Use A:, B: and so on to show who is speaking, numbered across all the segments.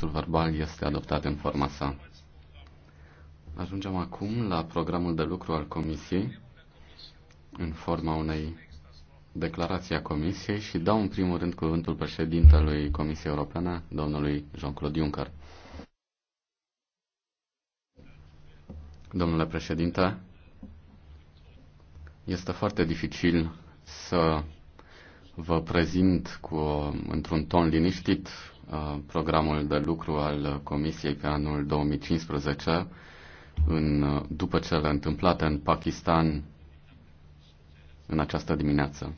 A: Textul verbal este adoptat în forma sa. Ajungem acum la programul de lucru al Comisiei, în forma unei declarații a Comisiei și dau în primul rând cuvântul președintelui Comisiei Europene, domnului Jean-Claude Juncker. Domnule președinte, este foarte dificil să vă prezint cu, într-un ton liniștit programul de lucru al Comisiei pe anul 2015, în, după cele întâmplate în Pakistan în această dimineață.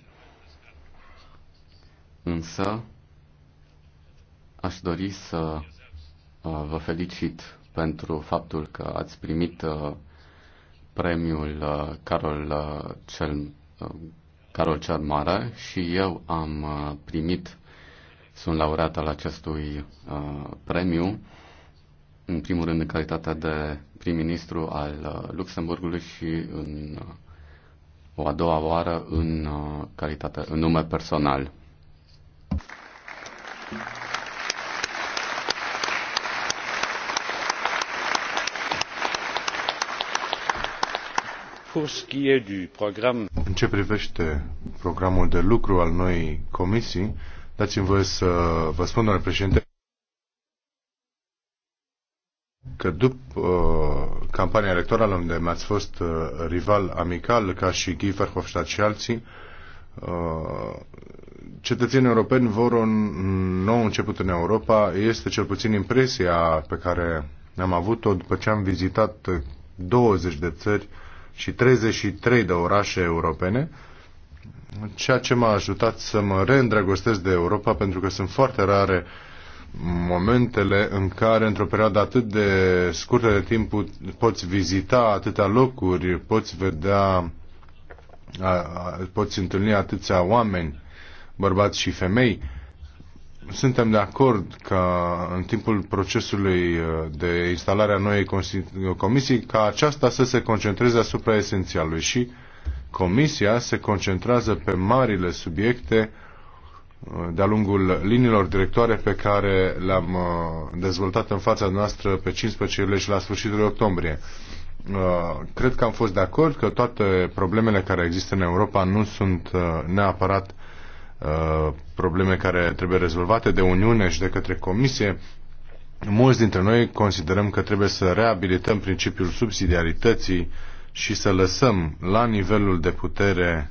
A: Însă, aș dori să uh, vă felicit pentru faptul că ați primit uh, premiul uh, Carol cel, Carol cel Mare și eu am primit sunt laureat al acestui uh, premiu, în primul rând în calitatea de prim-ministru al uh, Luxemburgului și în uh, o a doua oară în uh, calitate, în nume personal.
B: În ce privește programul de lucru al noii comisii, Dați-mi voie să vă spun, domnule președinte, că după uh, campania electorală unde mi-ați fost uh, rival amical ca și Guy Verhofstadt și alții, uh, cetățenii europeni vor un nou început în Europa. Este cel puțin impresia pe care am avut-o după ce am vizitat 20 de țări și 33 de orașe europene ceea ce m-a ajutat să mă reîndrăgostesc de Europa, pentru că sunt foarte rare momentele în care, într-o perioadă atât de scurtă de timp, poți vizita atâtea locuri, poți vedea, poți întâlni atâția oameni, bărbați și femei. Suntem de acord că în timpul procesului uh, de instalare a noii comisii, ca aceasta să se concentreze asupra esențialului și Comisia se concentrează pe marile subiecte uh, de-a lungul liniilor directoare pe care le-am uh, dezvoltat în fața noastră pe 15 iulie și la sfârșitul octombrie. Uh, cred că am fost de acord că toate problemele care există în Europa nu sunt neapărat probleme care trebuie rezolvate de Uniune și de către Comisie. Mulți dintre noi considerăm că trebuie să reabilităm principiul subsidiarității și să lăsăm la nivelul de putere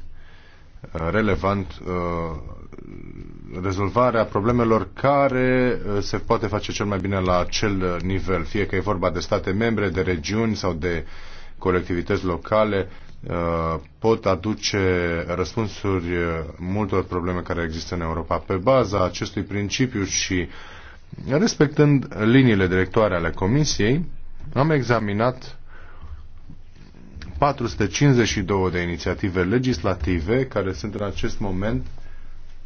B: uh, relevant uh, rezolvarea problemelor care uh, se poate face cel mai bine la acel nivel, fie că e vorba de state membre, de regiuni sau de colectivități locale, pot aduce răspunsuri multor probleme care există în Europa. Pe baza acestui principiu și respectând liniile directoare ale Comisiei, am examinat 452 de inițiative legislative care sunt în acest moment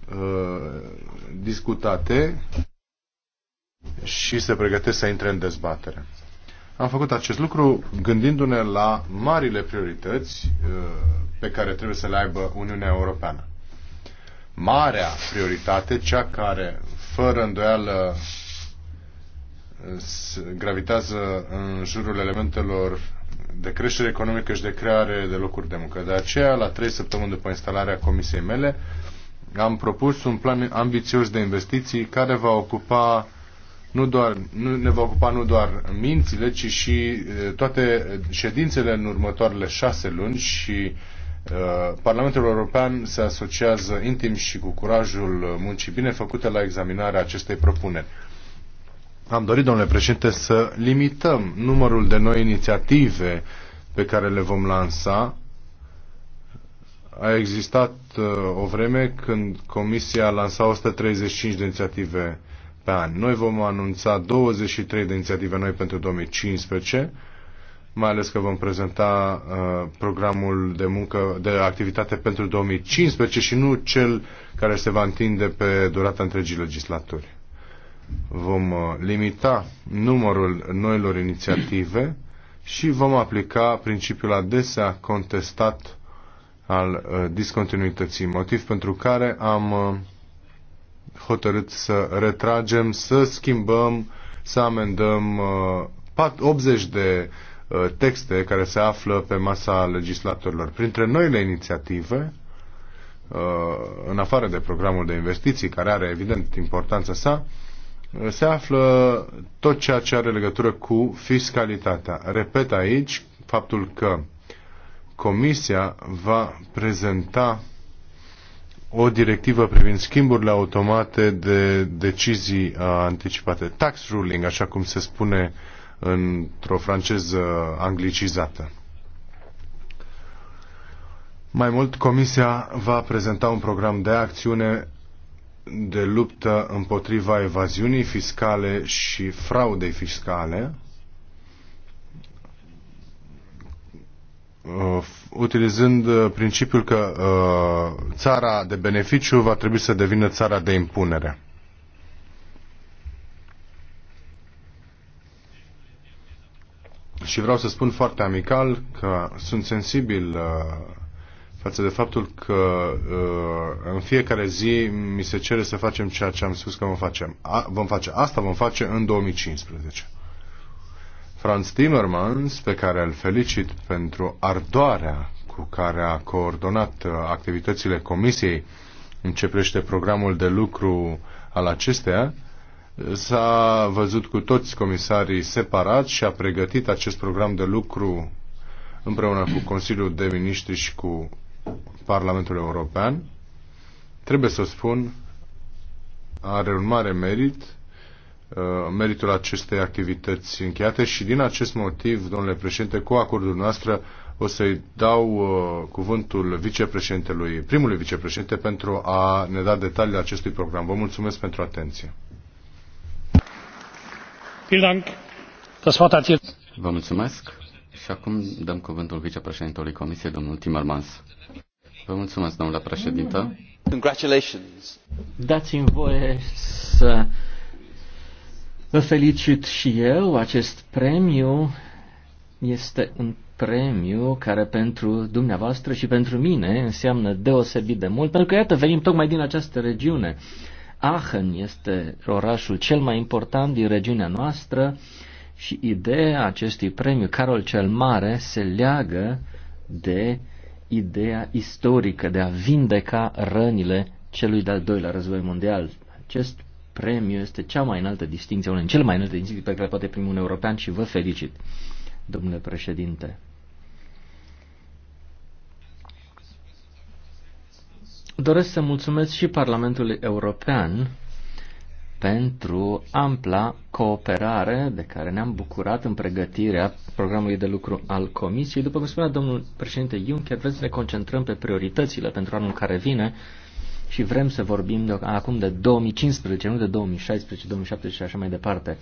B: uh, discutate și se pregătesc să intre în dezbatere. Am făcut acest lucru gândindu-ne la marile priorități uh, pe care trebuie să le aibă Uniunea Europeană. Marea prioritate, cea care, fără îndoială, gravitează în jurul elementelor de creștere economică și de creare de locuri de muncă. De aceea, la trei săptămâni după instalarea comisiei mele, am propus un plan ambițios de investiții care va ocupa nu doar, nu, ne va ocupa nu doar mințile, ci și toate ședințele în următoarele șase luni și uh, Parlamentul European se asociază intim și cu curajul muncii bine făcute la examinarea acestei propuneri. Am dorit, domnule președinte, să limităm numărul de noi inițiative pe care le vom lansa. A existat uh, o vreme când Comisia lansa 135 de inițiative pe an. Noi vom anunța 23 de inițiative noi pentru 2015, mai ales că vom prezenta uh, programul de muncă, de activitate pentru 2015 și nu cel care se va întinde pe durata întregii legislaturi vom uh, limita numărul noilor inițiative și vom aplica principiul adesea contestat al uh, discontinuității, motiv pentru care am uh, hotărât să retragem, să schimbăm, să amendăm 80 de texte care se află pe masa legislatorilor. Printre noile inițiative, în afară de programul de investiții, care are evident importanța sa, se află tot ceea ce are legătură cu fiscalitatea. Repet aici faptul că Comisia va prezenta o directivă privind schimburile automate de decizii uh, anticipate. Tax ruling, așa cum se spune într-o franceză anglicizată. Mai mult, Comisia va prezenta un program de acțiune de luptă împotriva evaziunii fiscale și fraudei fiscale, uh, utilizând uh, principiul că uh, țara de beneficiu va trebui să devină țara de impunere. Și vreau să spun foarte amical că sunt sensibil față de faptul că uh, în fiecare zi mi se cere să facem ceea ce am spus că vom face. A, vom face. Asta vom face în 2015. Franz Timmermans, pe care îl felicit pentru ardoarea cu care a coordonat uh, activitățile Comisiei, începește programul de lucru al acesteia, s-a văzut cu toți comisarii separat și a pregătit acest program de lucru împreună cu Consiliul de Miniștri și cu Parlamentul European, trebuie să spun, are un mare merit, uh, meritul acestei activități încheiate și din acest motiv, domnule președinte, cu acordul noastră o să-i dau uh, cuvântul vicepreședintelui, primului vicepreședinte pentru a ne da detaliile acestui program. Vă mulțumesc pentru atenție.
A: Vă mulțumesc. Și acum dăm cuvântul vicepreședintelui Comisiei, domnul Timmermans. Vă mulțumesc, domnule președinte.
C: Congratulations. Dați-mi voie să vă felicit și eu. Acest premiu este un premiu care pentru dumneavoastră și pentru mine înseamnă deosebit de mult, pentru că, iată, venim tocmai din această regiune. Aachen este orașul cel mai important din regiunea noastră și ideea acestui premiu, Carol cel Mare, se leagă de ideea istorică de a vindeca rănile celui de-al doilea război mondial. Acest premiu este cea mai înaltă distinție, una din cele mai înalte distinții pe care poate primi un european și vă felicit, domnule președinte. Doresc să mulțumesc și Parlamentului European pentru ampla cooperare de care ne-am bucurat în pregătirea programului de lucru al Comisiei. După cum spunea domnul președinte Juncker, vrem să ne concentrăm pe prioritățile pentru anul care vine și vrem să vorbim de, acum de 2015, nu de 2016, 2017 și așa mai departe.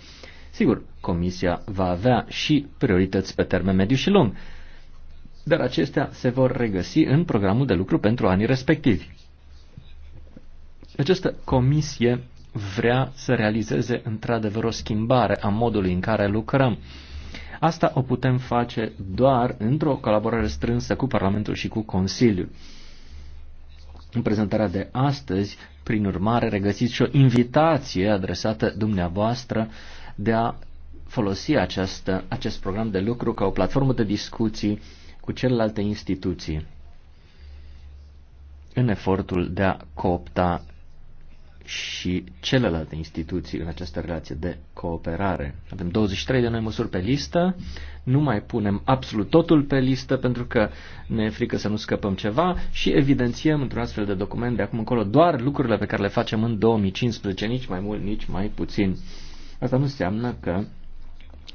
C: Sigur, Comisia va avea și priorități pe termen mediu și lung, dar acestea se vor regăsi în programul de lucru pentru anii respectivi. Această comisie vrea să realizeze într-adevăr o schimbare a modului în care lucrăm. Asta o putem face doar într-o colaborare strânsă cu Parlamentul și cu Consiliul. În prezentarea de astăzi, prin urmare, regăsiți și o invitație adresată dumneavoastră de a folosi această, acest program de lucru ca o platformă de discuții cu celelalte instituții în efortul de a coopta și celelalte instituții în această relație de cooperare. Avem 23 de noi măsuri pe listă, nu mai punem absolut totul pe listă pentru că ne e frică să nu scăpăm ceva și evidențiem într-un astfel de document de acum încolo doar lucrurile pe care le facem în 2015, nici mai mult, nici mai puțin. Asta nu înseamnă că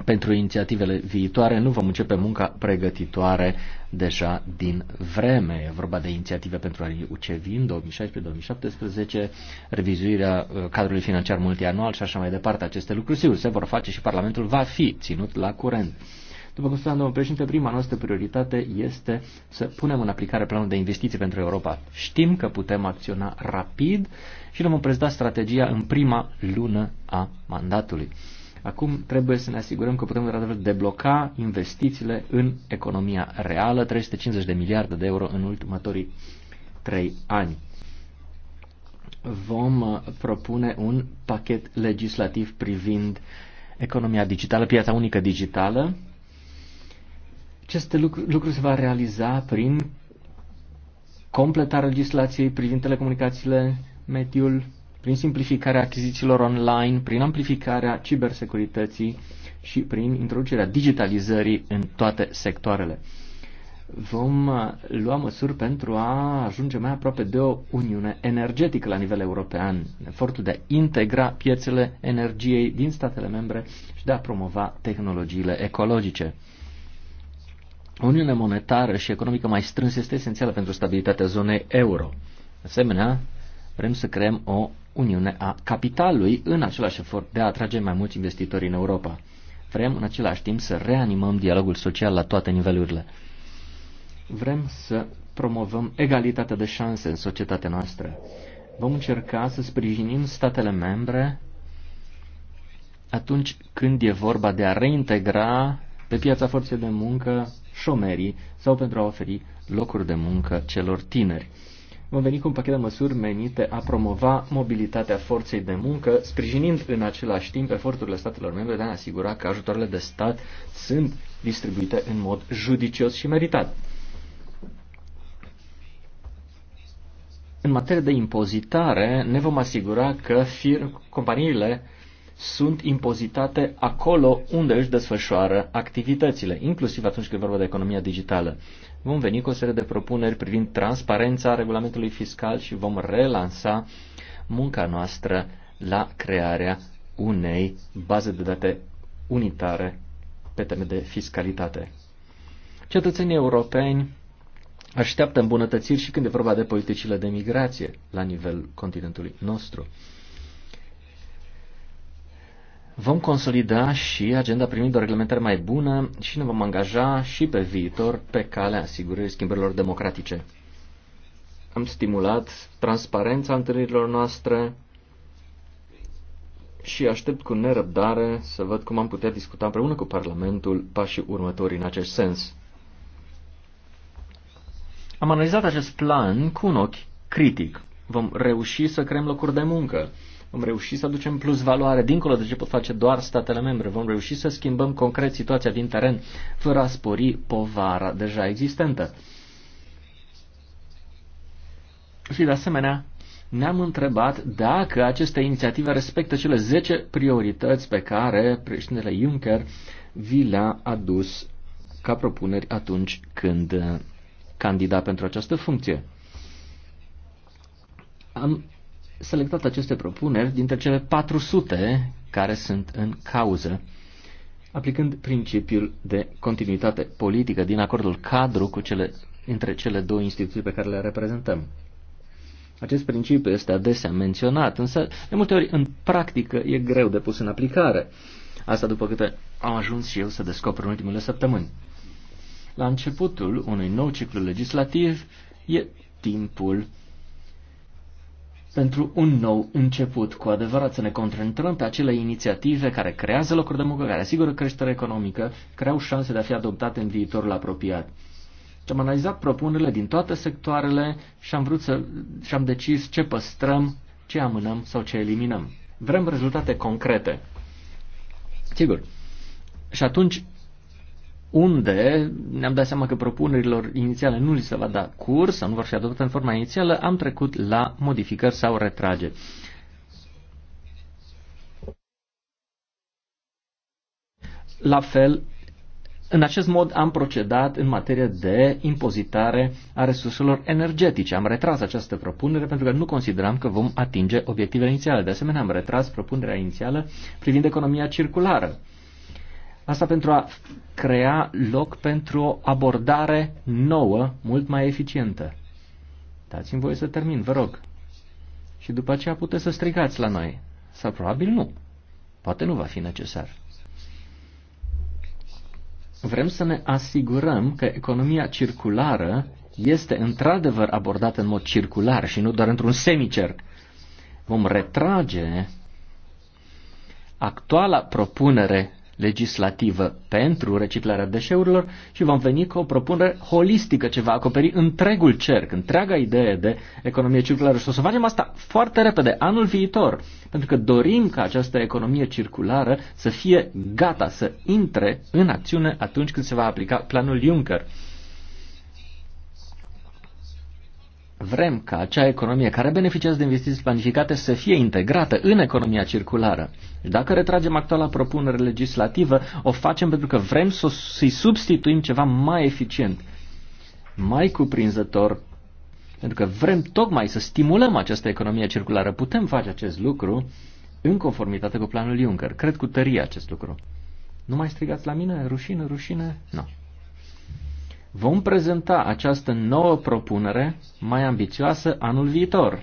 C: pentru inițiativele viitoare nu vom începe munca pregătitoare deja din vreme. E vorba de inițiative pentru anii UCVIN 2016-2017, revizuirea uh, cadrului financiar multianual și așa mai departe. Aceste lucruri sigur se vor face și Parlamentul va fi ținut la curent. După cum spuneam, domnul președinte, prima noastră prioritate este să punem în aplicare planul de investiții pentru Europa. Știm că putem acționa rapid și ne vom prezenta strategia în prima lună a mandatului. Acum trebuie să ne asigurăm că putem într-adevăr debloca investițiile în economia reală, 350 de miliarde de euro în următorii 3 ani. Vom uh, propune un pachet legislativ privind economia digitală, piața unică digitală. Acest lucru, lucru se va realiza prin completarea legislației privind telecomunicațiile, mediul prin simplificarea achizițiilor online, prin amplificarea cibersecurității și prin introducerea digitalizării în toate sectoarele. Vom uh, lua măsuri pentru a ajunge mai aproape de o uniune energetică la nivel european, în efortul de a integra piețele energiei din statele membre și de a promova tehnologiile ecologice. O uniune monetară și economică mai strânsă este esențială pentru stabilitatea zonei euro. De asemenea, vrem să creăm o uniune a capitalului în același efort de a atrage mai mulți investitori în Europa. Vrem în același timp să reanimăm dialogul social la toate nivelurile. Vrem să promovăm egalitatea de șanse în societatea noastră. Vom încerca să sprijinim statele membre atunci când e vorba de a reintegra pe piața forței de muncă șomerii sau pentru a oferi locuri de muncă celor tineri vom veni cu un pachet de măsuri menite a promova mobilitatea forței de muncă, sprijinind în același timp eforturile statelor membre de a asigura că ajutoarele de stat sunt distribuite în mod judicios și meritat. În materie de impozitare, ne vom asigura că fir- companiile sunt impozitate acolo unde își desfășoară activitățile, inclusiv atunci când vorba de economia digitală vom veni cu o serie de propuneri privind transparența regulamentului fiscal și vom relansa munca noastră la crearea unei baze de date unitare pe teme de fiscalitate. Cetățenii europeni așteaptă îmbunătățiri și când e vorba de politicile de migrație la nivel continentului nostru. Vom consolida și agenda primind o reglementare mai bună și ne vom angaja și pe viitor pe calea asigurării schimbărilor democratice. Am stimulat transparența întâlnirilor noastre și aștept cu nerăbdare să văd cum am putea discuta împreună cu Parlamentul pașii următori în acest sens. Am analizat acest plan cu un ochi critic. Vom reuși să creăm locuri de muncă Vom reuși să aducem plus valoare dincolo de ce pot face doar statele membre. Vom reuși să schimbăm concret situația din teren fără a spori povara deja existentă. Și de asemenea, ne-am întrebat dacă aceste inițiative respectă cele 10 priorități pe care președintele Juncker vi le-a adus ca propuneri atunci când candida pentru această funcție. Am selectat aceste propuneri dintre cele 400 care sunt în cauză, aplicând principiul de continuitate politică din acordul cadru cu cele, între cele două instituții pe care le reprezentăm. Acest principiu este adesea menționat, însă de multe ori în practică e greu de pus în aplicare. Asta după câte am ajuns și eu să descoper în ultimele săptămâni. La începutul unui nou ciclu legislativ e timpul pentru un nou început. Cu adevărat să ne concentrăm pe acele inițiative care creează locuri de muncă, care asigură creștere economică, creau șanse de a fi adoptate în viitorul apropiat. Și am analizat propunerile din toate sectoarele și am vrut să și am decis ce păstrăm, ce amânăm sau ce eliminăm. Vrem rezultate concrete. Sigur. Și atunci unde ne-am dat seama că propunerilor inițiale nu li se va da curs sau nu vor fi adoptate în forma inițială, am trecut la modificări sau retrageri. La fel, în acest mod am procedat în materie de impozitare a resurselor energetice. Am retras această propunere pentru că nu consideram că vom atinge obiectivele inițiale. De asemenea, am retras propunerea inițială privind economia circulară. Asta pentru a crea loc pentru o abordare nouă, mult mai eficientă. Dați-mi voie să termin, vă rog. Și după aceea puteți să strigați la noi. Sau probabil nu. Poate nu va fi necesar. Vrem să ne asigurăm că economia circulară este într-adevăr abordată în mod circular și nu doar într-un semicerc. Vom retrage actuala propunere legislativă pentru reciclarea deșeurilor și vom veni cu o propunere holistică ce va acoperi întregul cerc, întreaga idee de economie circulară. Și o să facem asta foarte repede, anul viitor, pentru că dorim ca această economie circulară să fie gata, să intre în acțiune atunci când se va aplica planul Juncker. Vrem ca acea economie care beneficiază de investiții planificate să fie integrată în economia circulară. Dacă retragem actuala propunere legislativă, o facem pentru că vrem să-i substituim ceva mai eficient, mai cuprinzător, pentru că vrem tocmai să stimulăm această economie circulară. Putem face acest lucru în conformitate cu planul Juncker. Cred cu tărie acest lucru. Nu mai strigați la mine? Rușine, rușine? Nu. Vom prezenta această nouă propunere mai ambițioasă anul viitor.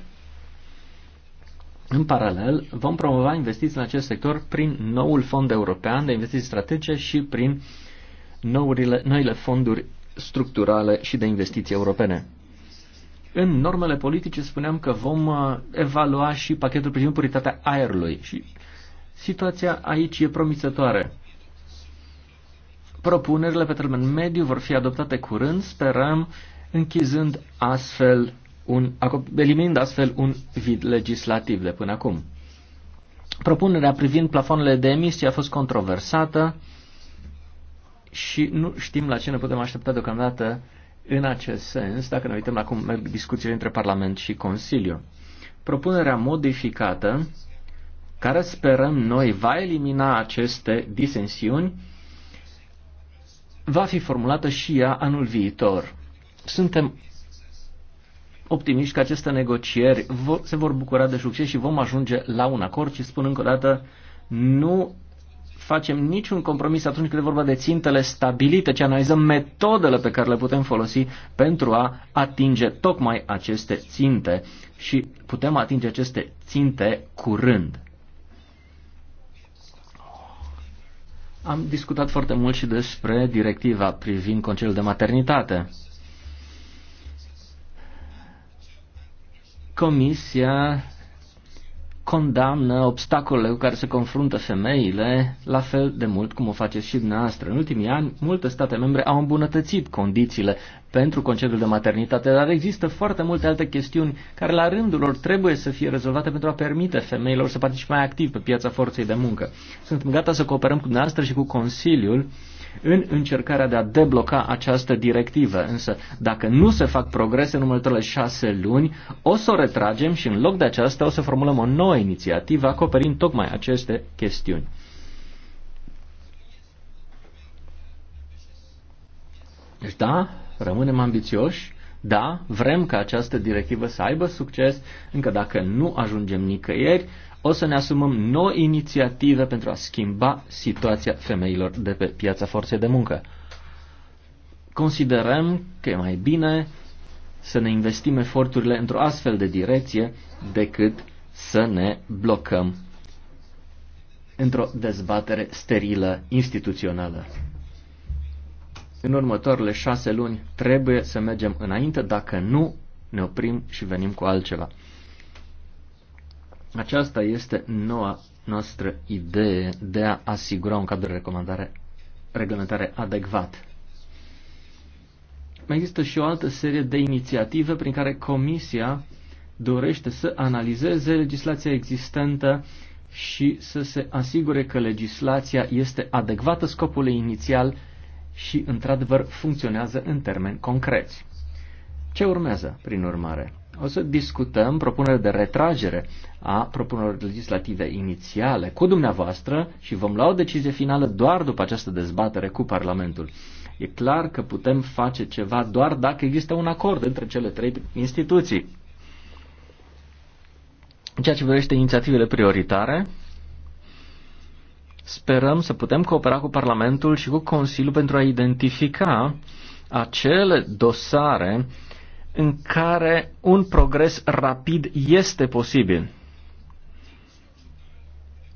C: În paralel, vom promova investiții în acest sector prin noul fond european de investiții strategice și prin nourile, noile fonduri structurale și de investiții europene. În normele politice spuneam că vom uh, evalua și pachetul privind puritatea aerului și situația aici e promițătoare. Propunerile pe termen mediu vor fi adoptate curând, sperăm, închizând astfel un, eliminând astfel un vid legislativ de până acum. Propunerea privind plafonele de emisie a fost controversată și nu știm la ce ne putem aștepta deocamdată în acest sens, dacă ne uităm la cum merg discuțiile între Parlament și Consiliu. Propunerea modificată, care sperăm noi, va elimina aceste disensiuni va fi formulată și ea anul viitor. Suntem optimiști că aceste negocieri se vor bucura de succes și vom ajunge la un acord și spun încă o dată, nu facem niciun compromis atunci când e vorba de țintele stabilite, ci analizăm metodele pe care le putem folosi pentru a atinge tocmai aceste ținte și putem atinge aceste ținte curând. Am discutat foarte mult și despre directiva privind concediul de maternitate. Comisia condamnă obstacolele cu care se confruntă femeile, la fel de mult cum o faceți și dumneavoastră. În ultimii ani, multe state membre au îmbunătățit condițiile pentru concediul de maternitate, dar există foarte multe alte chestiuni care la rândul lor trebuie să fie rezolvate pentru a permite femeilor să participe mai activ pe piața forței de muncă. Sunt gata să cooperăm cu dumneavoastră și cu Consiliul în încercarea de a debloca această directivă. Însă, dacă nu se fac progrese în următoarele șase luni, o să o retragem și în loc de aceasta o să formulăm o nouă inițiativă acoperind tocmai aceste chestiuni. Deci da, rămânem ambițioși, da, vrem ca această directivă să aibă succes, încă dacă nu ajungem nicăieri, o să ne asumăm noi inițiative pentru a schimba situația femeilor de pe piața forței de muncă. Considerăm că e mai bine să ne investim eforturile într-o astfel de direcție decât să ne blocăm într-o dezbatere sterilă instituțională. În următoarele șase luni trebuie să mergem înainte, dacă nu ne oprim și venim cu altceva. Aceasta este noua noastră idee de a asigura un cadru de recomandare, reglementare adecvat. Mai există și o altă serie de inițiative prin care Comisia dorește să analizeze legislația existentă și să se asigure că legislația este adecvată scopului inițial și, într-adevăr, funcționează în termeni concreți. Ce urmează, prin urmare? o să discutăm propunerea de retragere a propunerilor legislative inițiale cu dumneavoastră și vom lua o decizie finală doar după această dezbatere cu Parlamentul. E clar că putem face ceva doar dacă există un acord între cele trei instituții. În ceea ce privește inițiativele prioritare, sperăm să putem coopera cu Parlamentul și cu Consiliul pentru a identifica acele dosare în care un progres rapid este posibil.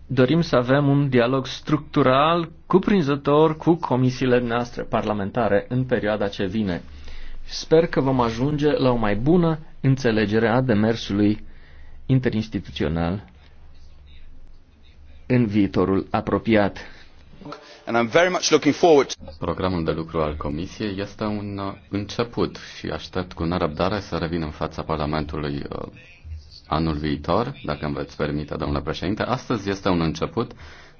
C: Dorim să avem un dialog structural cuprinzător cu comisiile noastre parlamentare în perioada ce vine. Sper că vom ajunge la o mai bună înțelegere a demersului
A: interinstituțional în viitorul apropiat and I'm very much looking forward Programul de lucru al Comisiei este un uh, început și aștept cu nerăbdare să revin în fața Parlamentului uh, anul viitor, dacă îmi veți permite, domnule președinte. Astăzi este un început.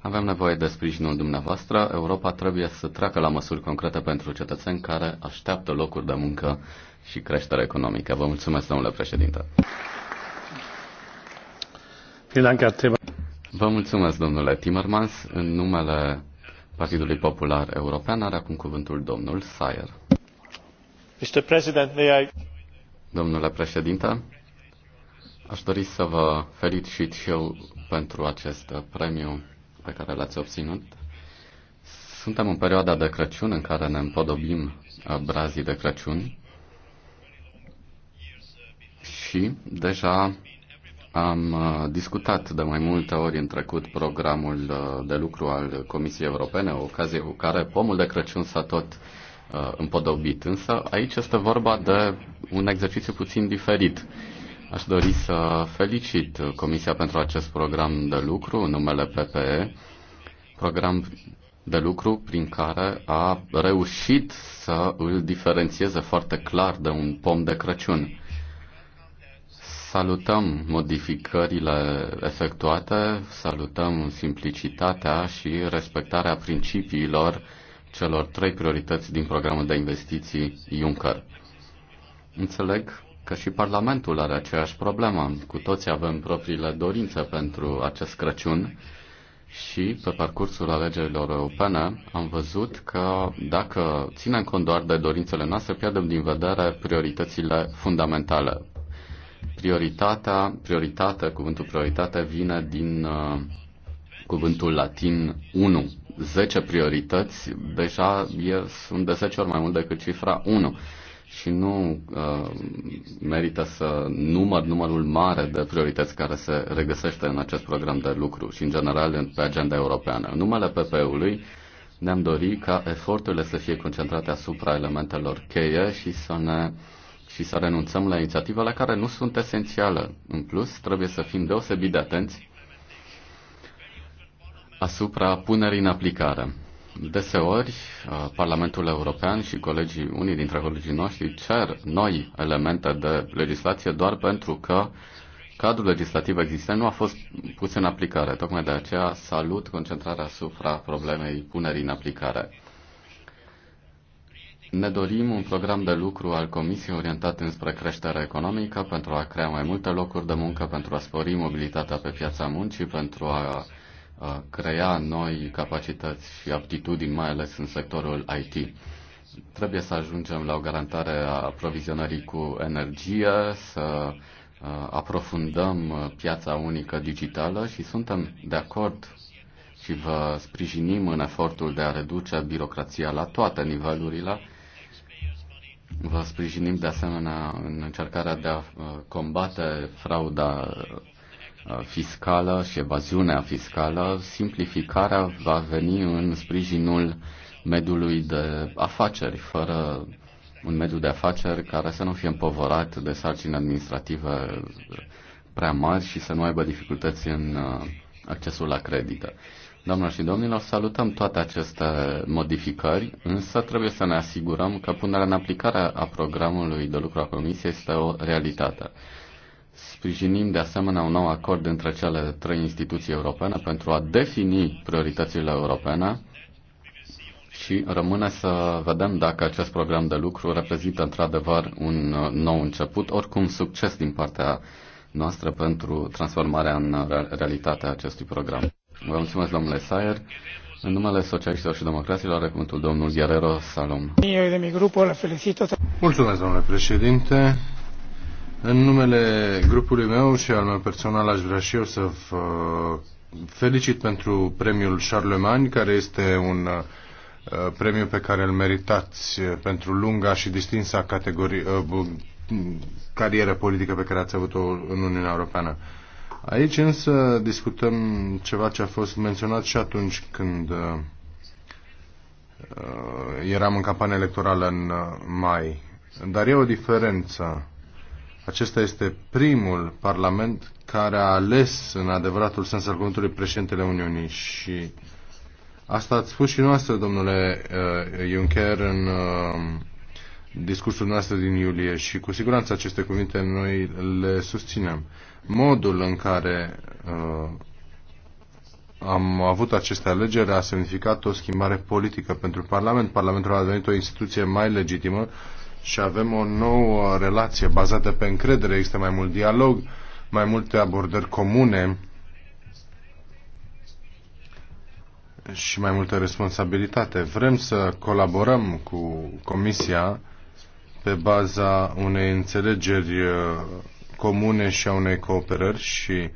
A: Avem nevoie de sprijinul dumneavoastră. Europa trebuie să treacă la măsuri concrete pentru cetățeni care așteaptă locuri de muncă și creștere economică. Vă mulțumesc, domnule președinte. Vă mulțumesc, domnule Timmermans. În numele Partidului Popular European. Are acum cuvântul domnul Sayer. Mr.
D: President, may I...
A: Domnule președinte, aș dori să vă felicit și eu pentru acest premiu pe care l-ați obținut. Suntem în perioada de Crăciun în care ne împodobim uh, brazii de Crăciun și deja am uh, discutat de mai multe ori în trecut programul uh, de lucru al Comisiei Europene, o ocazie cu care pomul de Crăciun s-a tot uh, împodobit. Însă aici este vorba de un exercițiu puțin diferit. Aș dori să felicit Comisia pentru acest program de lucru, numele PPE, program de lucru prin care a reușit să îl diferențieze foarte clar de un pom de Crăciun. Salutăm modificările efectuate, salutăm simplicitatea și respectarea principiilor celor trei priorități din programul de investiții Juncker. Înțeleg că și Parlamentul are aceeași problemă. Cu toții avem propriile dorințe pentru acest Crăciun și pe parcursul alegerilor europene am văzut că dacă ținem cont doar de dorințele noastre, pierdem din vedere prioritățile fundamentale. Prioritatea, prioritatea, cuvântul prioritate vine din uh, cuvântul latin 1. 10 priorități deja e, sunt de 10 ori mai mult decât cifra 1 și nu uh, merită să număr numărul mare de priorități care se regăsește în acest program de lucru și, în general, pe agenda europeană. În numele PP-ului ne-am dorit ca eforturile să fie concentrate asupra elementelor cheie și să ne uh, și să renunțăm la inițiativele care nu sunt esențiale. În plus, trebuie să fim deosebit de atenți asupra punerii în aplicare. Deseori, Parlamentul European și colegii, unii dintre colegii noștri cer noi elemente de legislație doar pentru că cadrul legislativ existent nu a fost pus în aplicare. Tocmai de aceea salut concentrarea asupra problemei punerii în aplicare. Ne dorim un program de lucru al Comisiei orientat înspre creșterea economică pentru a crea mai multe locuri de muncă, pentru a spori mobilitatea pe piața muncii, pentru a crea noi capacități și aptitudini, mai ales în sectorul IT. Trebuie să ajungem la o garantare a aprovizionării cu energie, să aprofundăm piața unică digitală și suntem de acord și vă sprijinim în efortul de a reduce birocrația la toate nivelurile Vă sprijinim de asemenea în încercarea de a uh, combate frauda uh, fiscală și evaziunea fiscală. Simplificarea va veni în sprijinul mediului de afaceri, fără un mediu de afaceri care să nu fie împovărat de sarcini administrative prea mari și să nu aibă dificultăți în uh, accesul la credită. Doamnelor și domnilor, salutăm toate aceste modificări, însă trebuie să ne asigurăm că punerea în aplicare a programului de lucru a Comisiei este o realitate. Sprijinim de asemenea un nou acord între cele trei instituții europene pentru a defini prioritățile europene și rămâne să vedem dacă acest program de lucru reprezintă într-adevăr un nou început, oricum succes din partea noastră pentru transformarea în realitatea acestui program. Vă mulțumesc, domnule Sayer. În numele socialiștilor și democraților, cuvântul domnul Guerrero Salom. Eu de mi grupul le Mulțumesc, domnule președinte. În numele grupului meu și al meu personal aș
B: vrea și eu să vă felicit pentru premiul Charlemagne, care este un uh, premiu pe care îl meritați pentru lunga și distinsa categorie, uh, carieră politică pe care ați avut-o în Uniunea Europeană. Aici însă discutăm ceva ce a fost menționat și atunci când uh, uh, eram în campanie electorală în uh, mai. Dar e o diferență. Acesta este primul parlament care a ales în adevăratul sens al cuvântului președintele Uniunii și asta ați spus și noastră, domnule Juncker, în discursul noastră din iulie și cu siguranță aceste cuvinte noi le susținem. Modul în care uh, am avut aceste alegeri a semnificat o schimbare politică pentru Parlament. Parlamentul a devenit o instituție mai legitimă și avem o nouă relație bazată pe încredere. Există mai mult dialog, mai multe abordări comune și mai multă responsabilitate. Vrem să colaborăm cu Comisia pe baza unei înțelegeri uh, comune și a unei cooperări și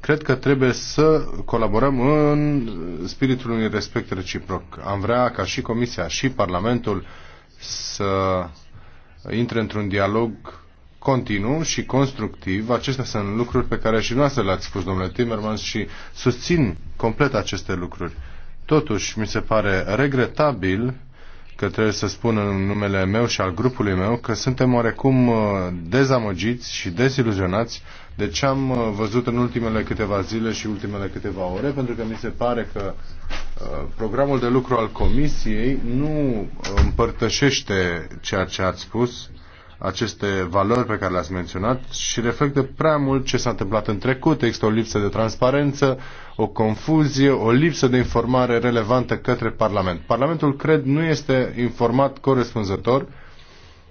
B: cred că trebuie să colaborăm în spiritul unui respect reciproc. Am vrea ca și Comisia și Parlamentul să intre într-un dialog continuu și constructiv. Acestea sunt lucruri pe care și noastră le-ați spus, domnule Timmermans, și susțin complet aceste lucruri. Totuși, mi se pare regretabil că trebuie să spun în numele meu și al grupului meu că suntem oarecum uh, dezamăgiți și deziluzionați de ce am uh, văzut în ultimele câteva zile și ultimele câteva ore, pentru că mi se pare că uh, programul de lucru al Comisiei nu împărtășește ceea ce ați spus aceste valori pe care le-ați menționat și reflectă prea mult ce s-a întâmplat în trecut. Există o lipsă de transparență, o confuzie, o lipsă de informare relevantă către Parlament. Parlamentul, cred, nu este informat corespunzător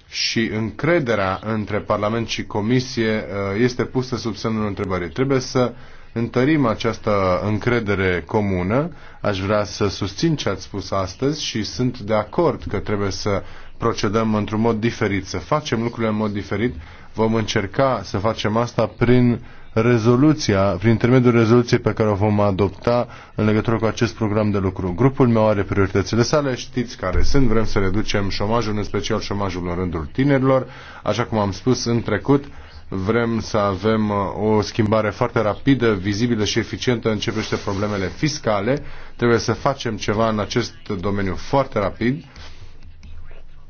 B: și încrederea între Parlament și Comisie uh, este pusă sub semnul întrebării. Trebuie să întărim această încredere comună. Aș vrea să susțin ce ați spus astăzi și sunt de acord că trebuie să procedăm într-un mod diferit, să facem lucrurile în mod diferit. Vom încerca să facem asta prin rezoluția, prin intermediul rezoluției pe care o vom adopta în legătură cu acest program de lucru. Grupul meu are prioritățile sale, știți care sunt, vrem să reducem șomajul, în special șomajul în rândul tinerilor, așa cum am spus în trecut, vrem să avem uh, o schimbare foarte rapidă, vizibilă și eficientă în ce privește problemele fiscale. Trebuie să facem ceva în acest domeniu foarte rapid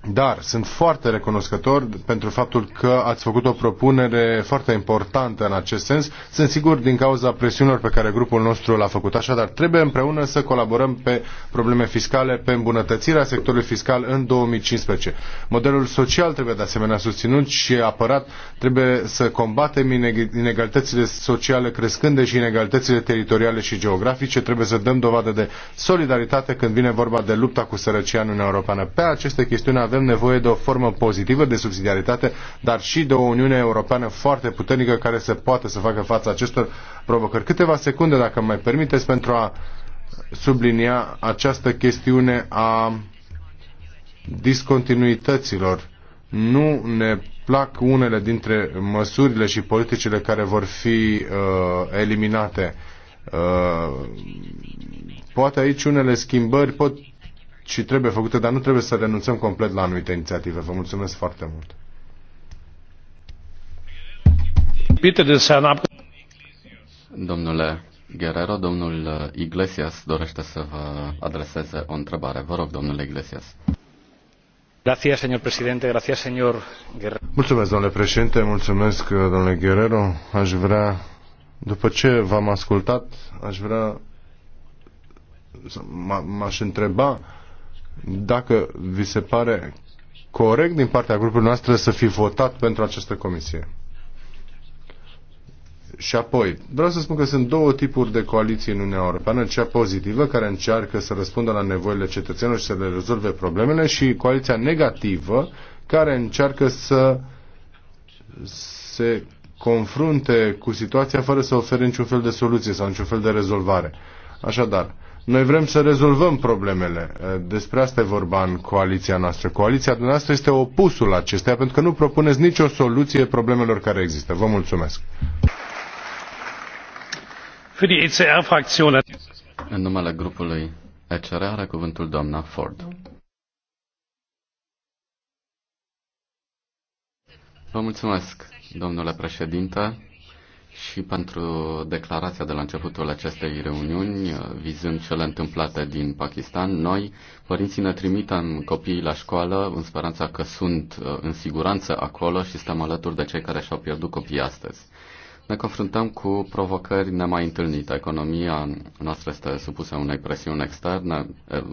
B: dar sunt foarte recunoscător pentru faptul că ați făcut o propunere foarte importantă în acest sens. Sunt sigur din cauza presiunilor pe care grupul nostru l-a făcut. Așadar, trebuie împreună să colaborăm pe probleme fiscale, pe îmbunătățirea sectorului fiscal în 2015. Modelul social trebuie de asemenea susținut și apărat. Trebuie să combatem inegalitățile sociale crescânde și inegalitățile teritoriale și geografice. Trebuie să dăm dovadă de solidaritate când vine vorba de lupta cu sărăcia în Uniunea Europeană. Pe aceste chestiuni avem nevoie de o formă pozitivă de subsidiaritate, dar și de o Uniune Europeană foarte puternică care să poată să facă față acestor provocări. Câteva secunde, dacă mai permiteți, pentru a sublinia această chestiune a discontinuităților. Nu ne plac unele dintre măsurile și politicile care vor fi uh, eliminate. Uh, poate aici unele schimbări pot și trebuie făcute, dar nu trebuie să renunțăm complet la anumite inițiative. Vă mulțumesc foarte mult.
A: Domnule Guerrero, domnul Iglesias dorește să vă adreseze o întrebare. Vă rog, domnule Iglesias.
D: Gracias, señor presidente. Gracias, señor Guerrero.
B: Mulțumesc, domnule președinte. Mulțumesc, domnule Guerrero. Aș vrea, după ce v-am ascultat, aș vrea m-aș întreba dacă vi se pare corect din partea grupului noastră să fi votat pentru această comisie. Și apoi, vreau să spun că sunt două tipuri de coaliții în Uniunea Europeană, cea pozitivă, care încearcă să răspundă la nevoile cetățenilor și să le rezolve problemele, și coaliția negativă, care încearcă să se confrunte cu situația fără să ofere niciun fel de soluție sau niciun fel de rezolvare. Așadar, uh, noi vrem să rezolvăm problemele. Despre asta e vorba în coaliția noastră. Coaliția dumneavoastră este opusul acesteia pentru că nu propuneți nicio soluție problemelor care există. Vă mulțumesc.
A: În numele grupului ECR are cuvântul doamna Ford. Vă mulțumesc, domnule președinte și pentru declarația de la începutul acestei reuniuni, vizând cele întâmplate din Pakistan. Noi, părinții, ne trimitem copiii la școală în speranța că sunt uh, în siguranță acolo și stăm alături de cei care și-au pierdut copiii astăzi. Ne confruntăm cu provocări nemai întâlnite. Economia noastră este supusă unei presiuni externe, uh,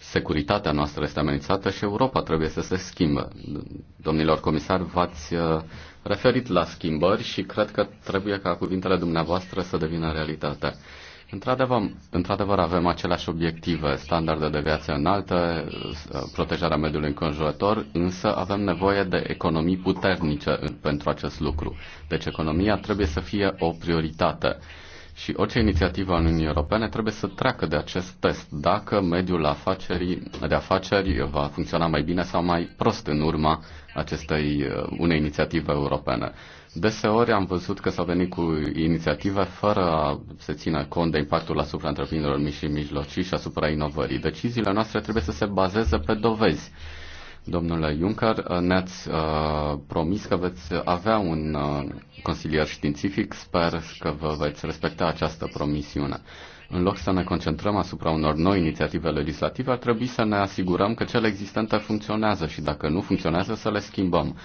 A: securitatea noastră este amenințată și Europa trebuie să se schimbe. Domnilor comisari, v-ați uh, referit la schimbări și cred că trebuie ca cuvintele dumneavoastră să devină realitate. Într-adevăr, într-adevăr avem aceleași obiective, standarde de viață înaltă, protejarea mediului înconjurător, însă avem nevoie de economii puternice pentru acest lucru. Deci economia trebuie să fie o prioritate. Și orice inițiativă a Uniunii Europene trebuie să treacă de acest test, dacă mediul afacerii, de afaceri va funcționa mai bine sau mai prost în urma acestei uh, unei inițiative europene. Deseori am văzut că s-au venit cu inițiative fără a se țină cont de impactul asupra întreprinderilor mici și mijlocii și asupra inovării. Deciziile noastre trebuie să se bazeze pe dovezi. Domnule Juncker, uh, ne-ați uh, promis că veți avea un uh, consilier științific. Sper că vă veți respecta această promisiune. În loc să ne concentrăm asupra unor noi inițiative legislative, ar trebui să ne asigurăm că cele existente funcționează și dacă nu funcționează, să le schimbăm.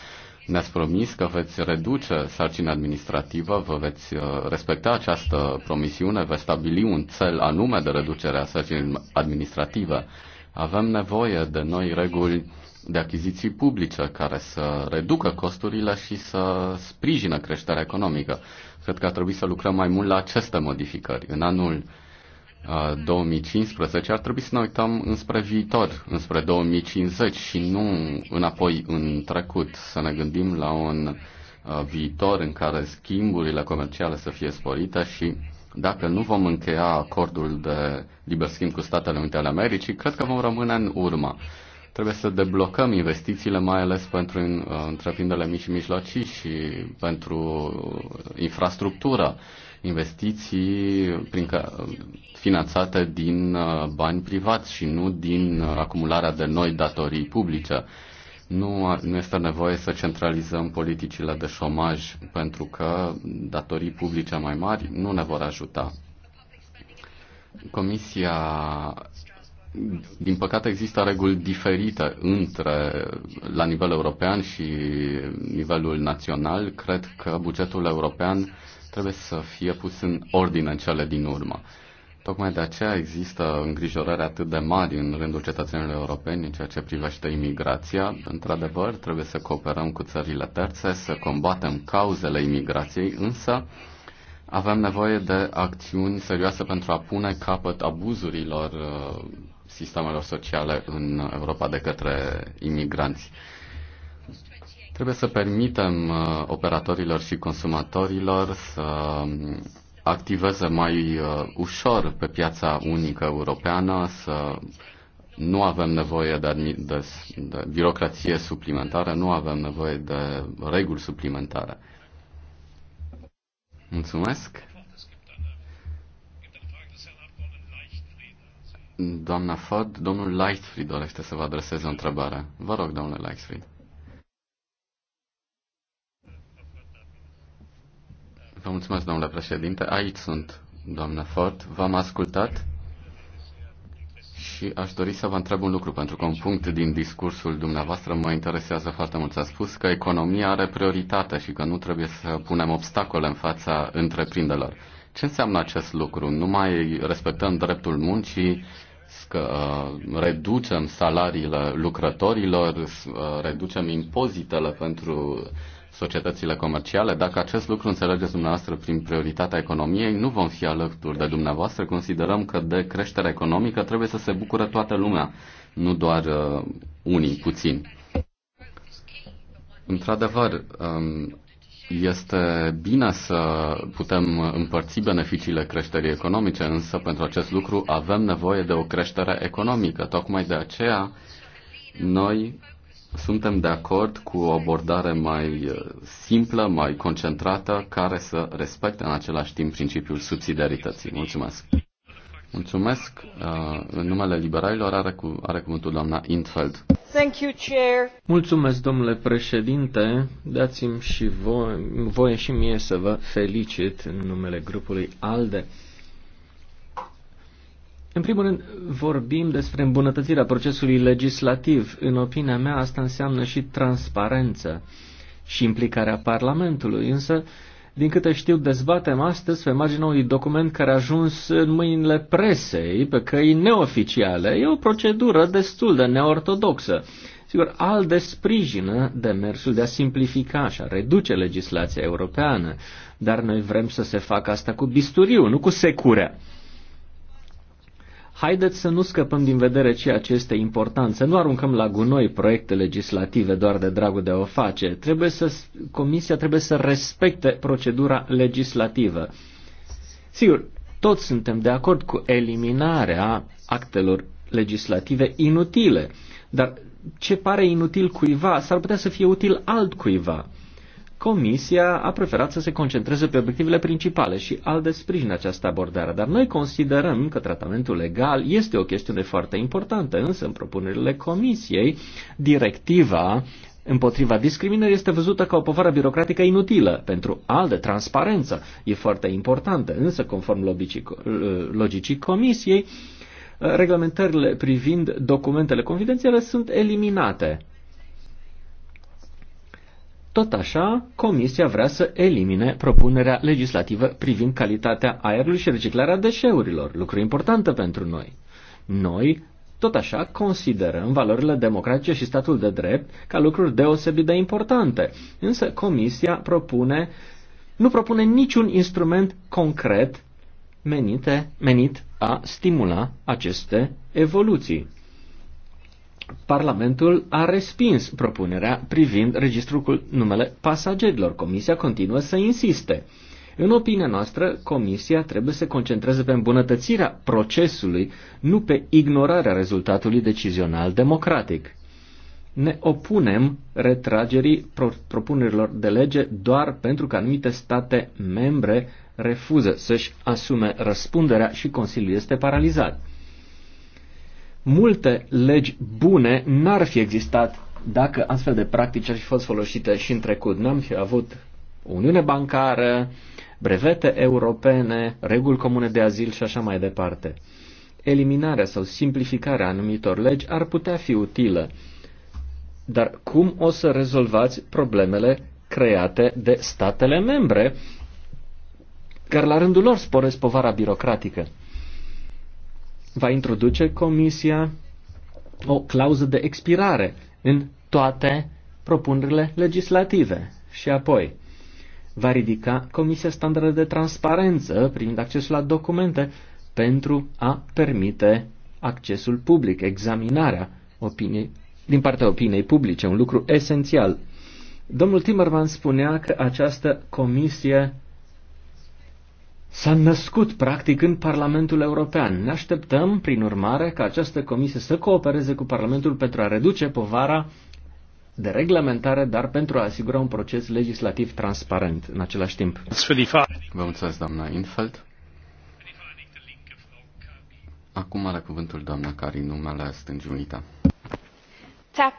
A: Ne-ați promis că veți reduce sarcina administrativă, vă veți uh, respecta această promisiune, veți stabili un cel anume de reducere a sarcinii administrative. Avem nevoie de noi reguli de achiziții publice care să reducă costurile și să sprijină creșterea economică. Cred că ar trebui să lucrăm mai mult la aceste modificări. În anul 2015, ar trebui să ne uităm înspre viitor, înspre 2050 și nu înapoi în trecut, să ne gândim la un viitor în care schimburile comerciale să fie sporite și dacă nu vom încheia acordul de liber schimb cu Statele Unite ale Americii, cred că vom rămâne în urmă. Trebuie să deblocăm investițiile, mai ales pentru întreprinderile mici și mijlocii și pentru infrastructură investiții prin ca, finanțate din uh, bani privați și nu din uh, acumularea de noi datorii publice. Nu, nu este nevoie să centralizăm politicile de șomaj pentru că datorii publice mai mari nu ne vor ajuta. Comisia din păcate există reguli diferite între la nivel european și nivelul național. Cred că bugetul european trebuie să fie pus în ordine în cele din urmă. Tocmai de aceea există îngrijorări atât de mari în rândul cetățenilor europeni în ceea ce privește imigrația. Într-adevăr, trebuie să cooperăm cu țările terțe, să combatem cauzele imigrației, însă avem nevoie de acțiuni serioase pentru a pune capăt abuzurilor uh, sistemelor sociale în Europa de către imigranți. Trebuie să permitem uh, operatorilor și consumatorilor să um, activeze mai uh, ușor pe piața unică europeană, să nu avem nevoie de, de, de birocrație suplimentară, nu avem nevoie de reguli suplimentare. Mulțumesc. Doamna Ford, domnul Lightfried dorește să vă adreseze o întrebare. Vă rog, domnule Lightfried. Vă mulțumesc, domnule președinte. Aici sunt, doamnă Ford. V-am ascultat și aș dori să vă întreb un lucru, pentru că un punct din discursul dumneavoastră mă interesează foarte mult. S-a spus că economia are prioritate și că nu trebuie să punem obstacole în fața întreprinderilor. Ce înseamnă acest lucru? Nu mai respectăm dreptul muncii, că uh, reducem salariile lucrătorilor, uh, reducem impozitele pentru societățile comerciale. Dacă acest lucru înțelegeți dumneavoastră prin prioritatea economiei, nu vom fi alături de dumneavoastră. Considerăm că de creștere economică trebuie să se bucure toată lumea, nu doar uh, unii, puțini. Într-adevăr, um, este bine să putem împărți beneficiile creșterii economice, însă pentru acest lucru avem nevoie de o creștere economică. Tocmai de aceea noi suntem de acord cu o abordare mai uh, simplă, mai concentrată, care să respecte în același timp principiul subsidiarității. Mulțumesc! Mulțumesc. Uh, în numele liberalilor are, cu, are cuvântul doamna Intfeld.
C: Thank you, Chair.
A: Mulțumesc, domnule președinte.
C: Dați-mi și voi, voie și mie să vă felicit în numele grupului ALDE. În primul rând, vorbim despre îmbunătățirea procesului legislativ. În opinia mea, asta înseamnă și transparență și implicarea Parlamentului. Însă, din câte știu, dezbatem astăzi pe marginea unui document care a ajuns în mâinile presei, pe căi neoficiale. E o procedură destul de neortodoxă. Sigur, al de sprijină demersul de a simplifica și a reduce legislația europeană, dar noi vrem să se facă asta cu bisturiu, nu cu securea. Haideți să nu scăpăm din vedere ceea ce este important, să nu aruncăm la gunoi proiecte legislative doar de dragul de a o face. Trebuie să, comisia trebuie să respecte procedura legislativă. Sigur, toți suntem de acord cu eliminarea actelor legislative inutile, dar ce pare inutil cuiva s-ar putea să fie util altcuiva. Comisia a preferat să se concentreze pe obiectivele principale și al de sprijin această abordare, dar noi considerăm că tratamentul legal este o chestiune foarte importantă, însă în propunerile Comisiei, directiva împotriva discriminării este văzută ca o povară birocratică inutilă. Pentru al de transparență e foarte importantă, însă conform logicii, logicii Comisiei, reglementările privind documentele confidențiale sunt eliminate tot așa, Comisia vrea să elimine propunerea legislativă privind calitatea aerului și reciclarea deșeurilor, lucru importantă pentru noi. Noi, tot așa, considerăm valorile democratice și statul de drept ca lucruri deosebit de importante, însă Comisia propune, nu propune niciun instrument concret menite, menit a stimula aceste evoluții. Parlamentul a respins propunerea privind registrul cu numele pasagerilor. Comisia continuă să insiste. În opinia noastră, Comisia trebuie să concentreze pe îmbunătățirea procesului, nu pe ignorarea rezultatului decizional democratic. Ne opunem retragerii pro- propunerilor de lege doar pentru că anumite state membre refuză să-și asume răspunderea și Consiliul este paralizat. Multe legi bune n-ar fi existat dacă astfel de practici ar fi fost folosite și în trecut. N-am fi avut uniune bancară, brevete europene, reguli comune de azil și așa mai departe. Eliminarea sau simplificarea anumitor legi ar putea fi utilă, dar cum o să rezolvați problemele create de statele membre, care la rândul lor sporesc povara birocratică? va introduce Comisia o clauză de expirare în toate propunerile legislative. Și apoi, va ridica Comisia Standarde de Transparență privind accesul la documente pentru a permite accesul public, examinarea opiniei, din partea opiniei publice, un lucru esențial. Domnul Timmerman spunea că această comisie s-a născut practic în Parlamentul European. Ne așteptăm, prin urmare, ca această comisie să coopereze cu Parlamentul pentru a reduce povara de reglementare, dar pentru a asigura
A: un proces legislativ transparent în același timp. Vă mulțumesc, doamna Infeld. Acum are cuvântul doamna Cari, numele stângi Unita.
E: Tak.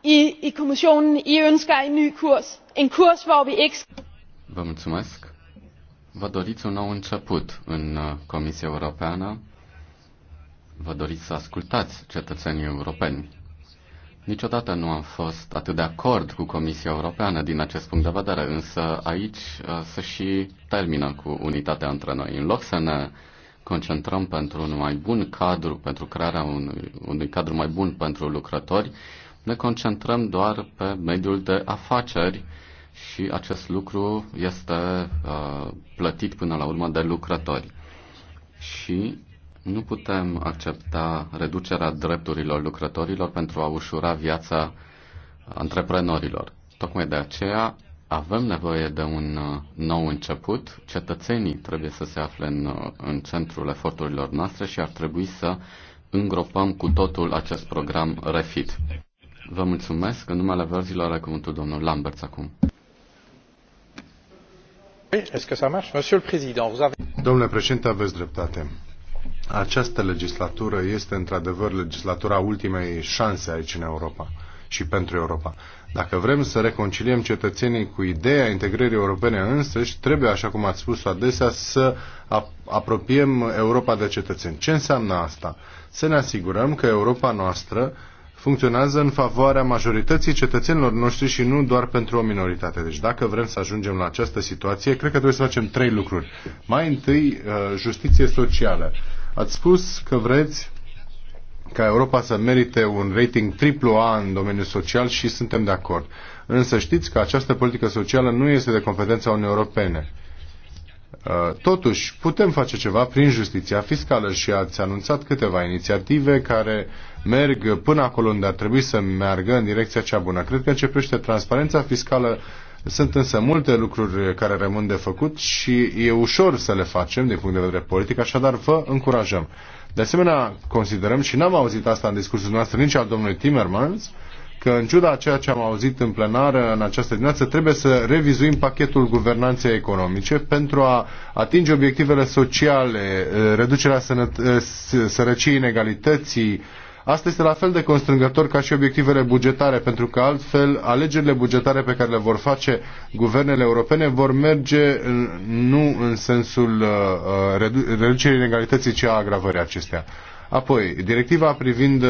E: I, i kommissionen, I ønsker en ny
F: kurs. En kurs, hvor vi ikke...
A: Vă mulțumesc. Vă doriți un nou început în uh, Comisia Europeană? Vă doriți să ascultați cetățenii europeni? Niciodată nu am fost atât de acord cu Comisia Europeană din acest punct de vedere, însă aici uh, se și termină cu unitatea între noi. În loc să ne concentrăm pentru un mai bun cadru, pentru crearea unui, unui cadru mai bun pentru lucrători, ne concentrăm doar pe mediul de afaceri și acest lucru este uh, plătit până la urmă de lucrători. Și nu putem accepta reducerea drepturilor lucrătorilor pentru a ușura viața antreprenorilor. Tocmai de aceea avem nevoie de un uh, nou început. Cetățenii trebuie să se afle în, uh, în centrul eforturilor noastre și ar trebui să îngropăm cu totul acest program refit. Vă mulțumesc. În numele verzilor are cuvântul domnul Lambert acum.
B: Eh, Domnule președinte, aveți dreptate. Această legislatură este într-adevăr legislatura ultimei șanse aici în Europa și pentru Europa. Dacă vrem să reconciliem cetățenii cu ideea integrării europene însăși, trebuie, așa cum ați spus adesea, să apropiem Europa de cetățeni. Ce înseamnă asta? Să ne asigurăm că Europa noastră funcționează în favoarea majorității cetățenilor noștri și nu doar pentru o minoritate. Deci dacă vrem să ajungem la această situație, cred că trebuie să facem trei lucruri. Mai întâi, uh, justiție socială. Ați spus că vreți ca Europa să merite un rating triplu A în domeniul social și suntem de acord. Însă știți că această politică socială nu este de competența Unii Europene. Uh, totuși, putem face ceva prin justiția fiscală și ați anunțat câteva inițiative care merg până acolo unde ar trebui să meargă, în direcția cea bună. Cred că începește transparența fiscală. Sunt însă multe lucruri care rămân de făcut și e ușor să le facem din punct de vedere politic, așadar vă încurajăm. De asemenea, considerăm, și n-am auzit asta în discursul noastră nici al domnului Timmermans, că în ciuda a ceea ce am auzit în plenară în această dimineață, trebuie să revizuim pachetul guvernanței economice pentru a atinge obiectivele sociale, reducerea sărăciei inegalității, Asta este la fel de constrângător ca și obiectivele bugetare, pentru că altfel alegerile bugetare pe care le vor face guvernele europene vor merge nu în sensul uh, uh, reducerii inegalității, ci a agravării acesteia. Apoi, directiva privind uh,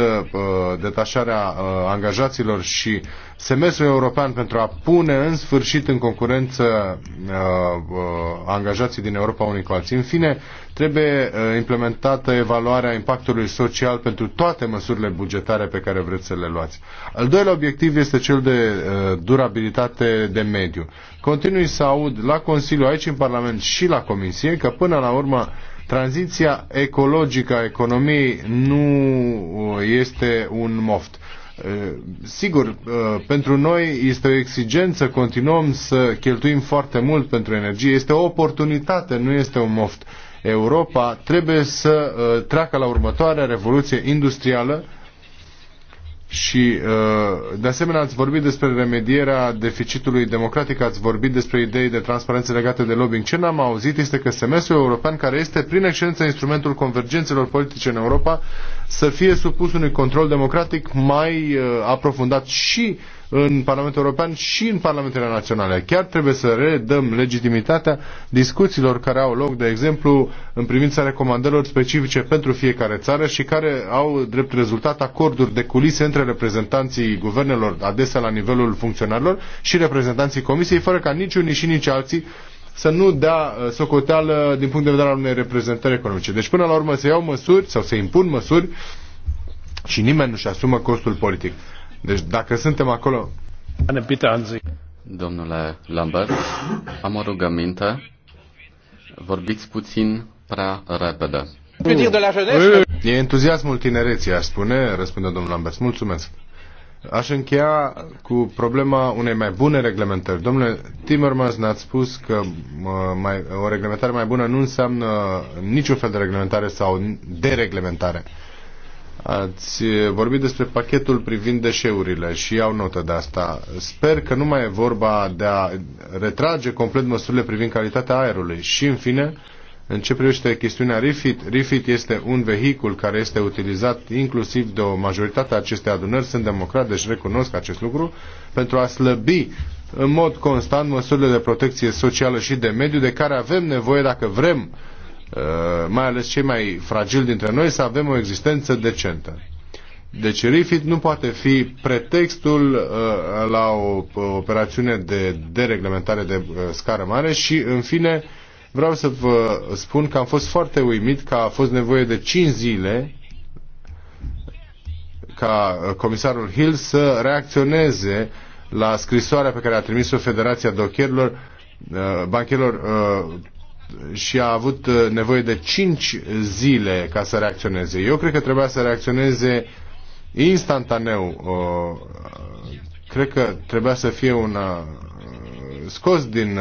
B: detașarea uh, angajaților și semestrul european pentru a pune în sfârșit în concurență uh, uh, angajații din Europa unii cu alții. În fine, trebuie uh, implementată evaluarea impactului social pentru toate măsurile bugetare pe care vreți să le luați. Al doilea obiectiv este cel de uh, durabilitate de mediu. Continui să aud la Consiliu, aici în Parlament și la Comisie că până la urmă Tranziția ecologică a economiei nu uh, este un moft. Uh, sigur, uh, pentru noi este o exigență, continuăm să cheltuim foarte mult pentru energie, este o oportunitate, nu este un moft. Europa trebuie să treacă la următoarea revoluție industrială și, uh, de asemenea, ați vorbit despre remedierea deficitului democratic, ați vorbit despre idei de transparență legate de lobbying. Ce n-am auzit este că semestrul european, care este prin excelență instrumentul convergențelor politice în Europa, să fie supus unui control democratic mai uh, aprofundat și uh, în Parlamentul European și în Parlamentele Naționale. Chiar trebuie să redăm legitimitatea discuțiilor care au loc, de exemplu, în privința recomandărilor specifice pentru fiecare țară și care au drept rezultat acorduri de culise între reprezentanții guvernelor, adesea la nivelul funcționarilor, și reprezentanții Comisiei, fără ca nici unii și nici alții să nu dea uh, socoteală din punct de vedere al unei reprezentări economice. Deci până la urmă se iau măsuri sau se impun măsuri și nimeni
A: nu-și asumă costul politic. Deci dacă suntem acolo... Domnule Lambert, am o rugăminte. Vorbiți puțin prea repede. E entuziasmul tinereții, aș spune, răspunde
B: domnul Lambert. Mulțumesc. Aș încheia cu problema unei mai bune reglementări. Domnule Timmermans, ne-ați spus că mai, o reglementare mai bună nu înseamnă niciun fel de reglementare sau dereglementare. Ați vorbit despre pachetul privind deșeurile și iau notă de asta. Sper că nu mai e vorba de a retrage complet măsurile privind calitatea aerului. Și, în fine, în ce privește chestiunea RIFIT, RIFIT este un vehicul care este utilizat inclusiv de o majoritate a acestei adunări, sunt democrat, deci recunosc acest lucru, pentru a slăbi în mod constant măsurile de protecție socială și de mediu de care avem nevoie dacă vrem Uh, mai ales cei mai fragili dintre noi, să avem o existență decentă. Deci RIFIT nu poate fi pretextul uh, la o operațiune de dereglementare de uh, scară mare și, în fine, vreau să vă spun că am fost foarte uimit că a fost nevoie de 5 zile ca uh, comisarul Hill să reacționeze la scrisoarea pe care a trimis-o Federația Docherilor, uh, bancherilor uh, și a avut uh, nevoie de 5 zile ca să reacționeze. Eu cred că trebuia să reacționeze instantaneu. Uh, cred că trebuia să fie un uh, scos din,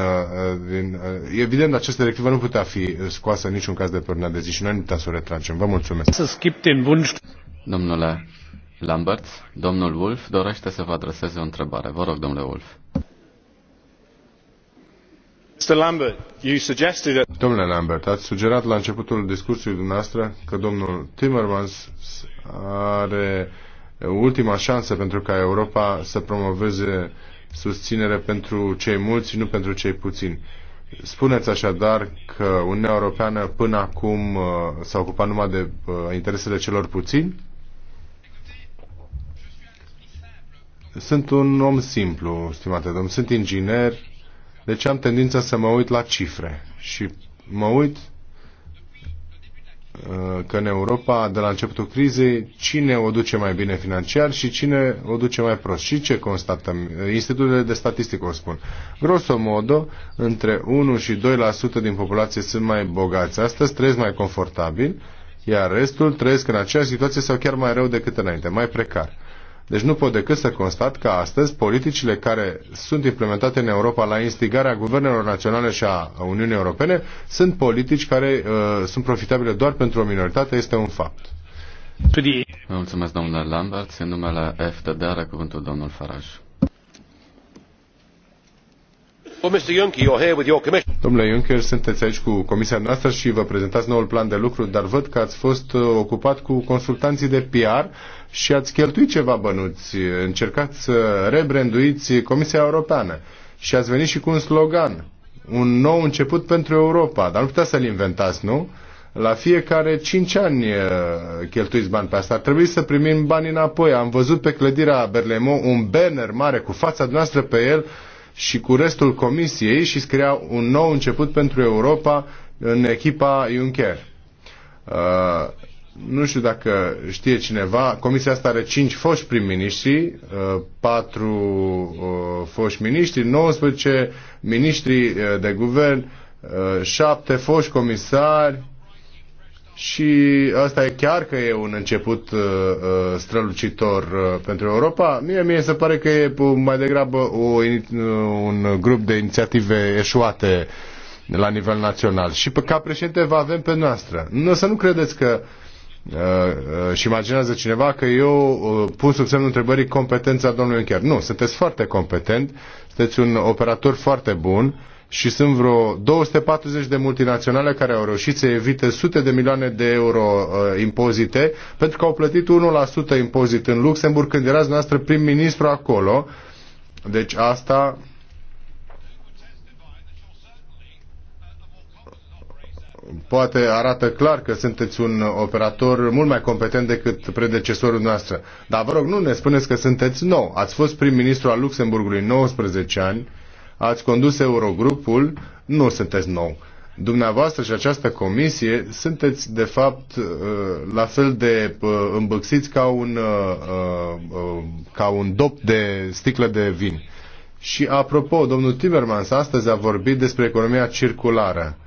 B: din... Evident, această directivă nu putea fi scoasă în
A: niciun caz de pe de zi și noi nu putem să o retragem. Vă mulțumesc. Să schip din bun Domnule Lambert, domnul Wolf dorește să vă adreseze o întrebare. Vă rog, domnule Wolf. Domnule Lambert, ați sugerat
B: la începutul discursului dumneavoastră că domnul Timmermans are ultima șansă pentru ca Europa să promoveze susținere pentru cei mulți, nu pentru cei puțini. Spuneți așadar că Uniunea Europeană până acum uh, s-a ocupat numai de uh, interesele celor puțini? Sunt un om simplu, stimate domn. Sunt inginer, deci am tendința să mă uit la cifre și mă uit uh, că în Europa, de la începutul crizei, cine o duce mai bine financiar și cine o duce mai prost. Și ce constatăm? Institutele de statistică o spun. Grosomodo, între 1 și 2% din populație sunt mai bogați astăzi, trăiesc mai confortabil, iar restul trăiesc în aceeași situație sau chiar mai rău decât înainte, mai precar. Deci nu pot decât să constat că astăzi politicile care sunt implementate în Europa la instigarea guvernelor naționale și a Uniunii Europene sunt politici care uh, sunt profitabile doar pentru o minoritate, este un fapt.
A: Vă mulțumesc, domnule Lambert. În numele FTD are cuvântul domnul Faraj.
B: Domnule Juncker, sunteți aici cu comisia noastră și vă prezentați noul plan de lucru, dar văd că ați fost uh, ocupat cu consultanții de PR și ați cheltuit ceva bănuți, încercați să rebranduiți Comisia Europeană și ați venit și cu un slogan, un nou început pentru Europa, dar nu puteți să-l inventați, nu? La fiecare cinci ani eh, cheltuiți bani pe asta. Ar trebui să primim bani înapoi. Am văzut pe clădirea Berlemo un banner mare cu fața noastră pe el și cu restul comisiei și scria un nou început pentru Europa în echipa Juncker. Uh, nu știu dacă știe cineva, comisia asta are 5 foști prim-ministri, 4 uh, uh, foști miniștri, 19 miniștri uh, de guvern, 7 foști comisari și asta e chiar că e un început strălucitor pentru Europa. Mie mi se pare că e mai degrabă un grup de inițiative eșuate la nivel național. Și pe, ca președinte vă avem pe noastră. Nu, să nu credeți că uh, Uh, uh, și imaginează cineva că eu uh, pun sub semnul întrebării competența domnului Încher. Nu, sunteți foarte competent, sunteți un operator foarte bun și sunt vreo 240 de multinaționale care au reușit să evite sute de milioane de euro uh, impozite pentru că au plătit 1% impozit în Luxemburg când erați noastră prim-ministru acolo. Deci asta poate arată clar că sunteți un operator mult mai competent decât predecesorul noastră. Dar vă rog, nu ne spuneți că sunteți nou. Ați fost prim-ministru al Luxemburgului 19 ani, ați condus Eurogrupul, nu sunteți nou. Dumneavoastră și această comisie sunteți, de fapt, uh, la fel de uh, îmbăxiți ca un, uh, ca un dop de sticlă de vin. Și apropo, domnul Timmermans astăzi a vorbit despre economia circulară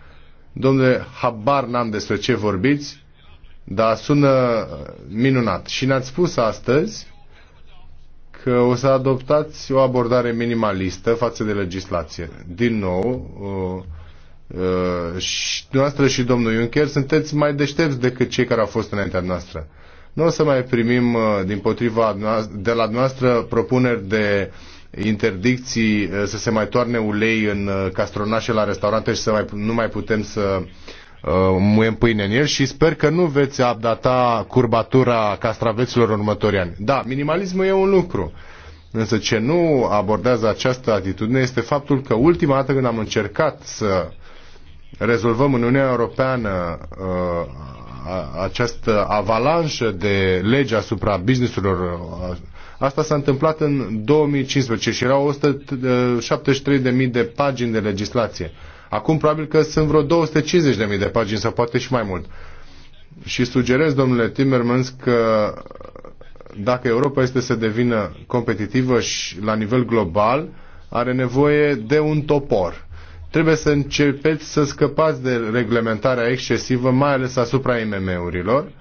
B: Domnule, habar n-am despre ce vorbiți, dar sună uh, minunat. Și ne-ați spus astăzi că o să adoptați o abordare minimalistă față de legislație. Din nou, uh, uh, și noastră și domnul Juncker sunteți mai deștepți decât cei care au fost înaintea noastră. Nu o să mai primim din potriva de la noastră propuneri de uh, interdicții eh, să se mai toarne ulei în eh, castronașe la restaurante și să mai, nu mai putem să eh, muiem pâine în el și sper că nu veți abdata curbatura castraveților în următorii ani. Da, minimalismul e un lucru. Însă ce nu abordează această atitudine este faptul că ultima dată când am încercat să rezolvăm în Uniunea Europeană uh, această avalanșă de legi asupra businessurilor, Asta s-a întâmplat în 2015 și erau 173.000 de pagini de legislație. Acum probabil că sunt vreo 250.000 de pagini sau poate și mai mult. Și sugerez, domnule Timmermans, că dacă Europa este să devină competitivă și la nivel global, are nevoie de un topor. Trebuie să începeți să scăpați de reglementarea excesivă, mai ales asupra IMM-urilor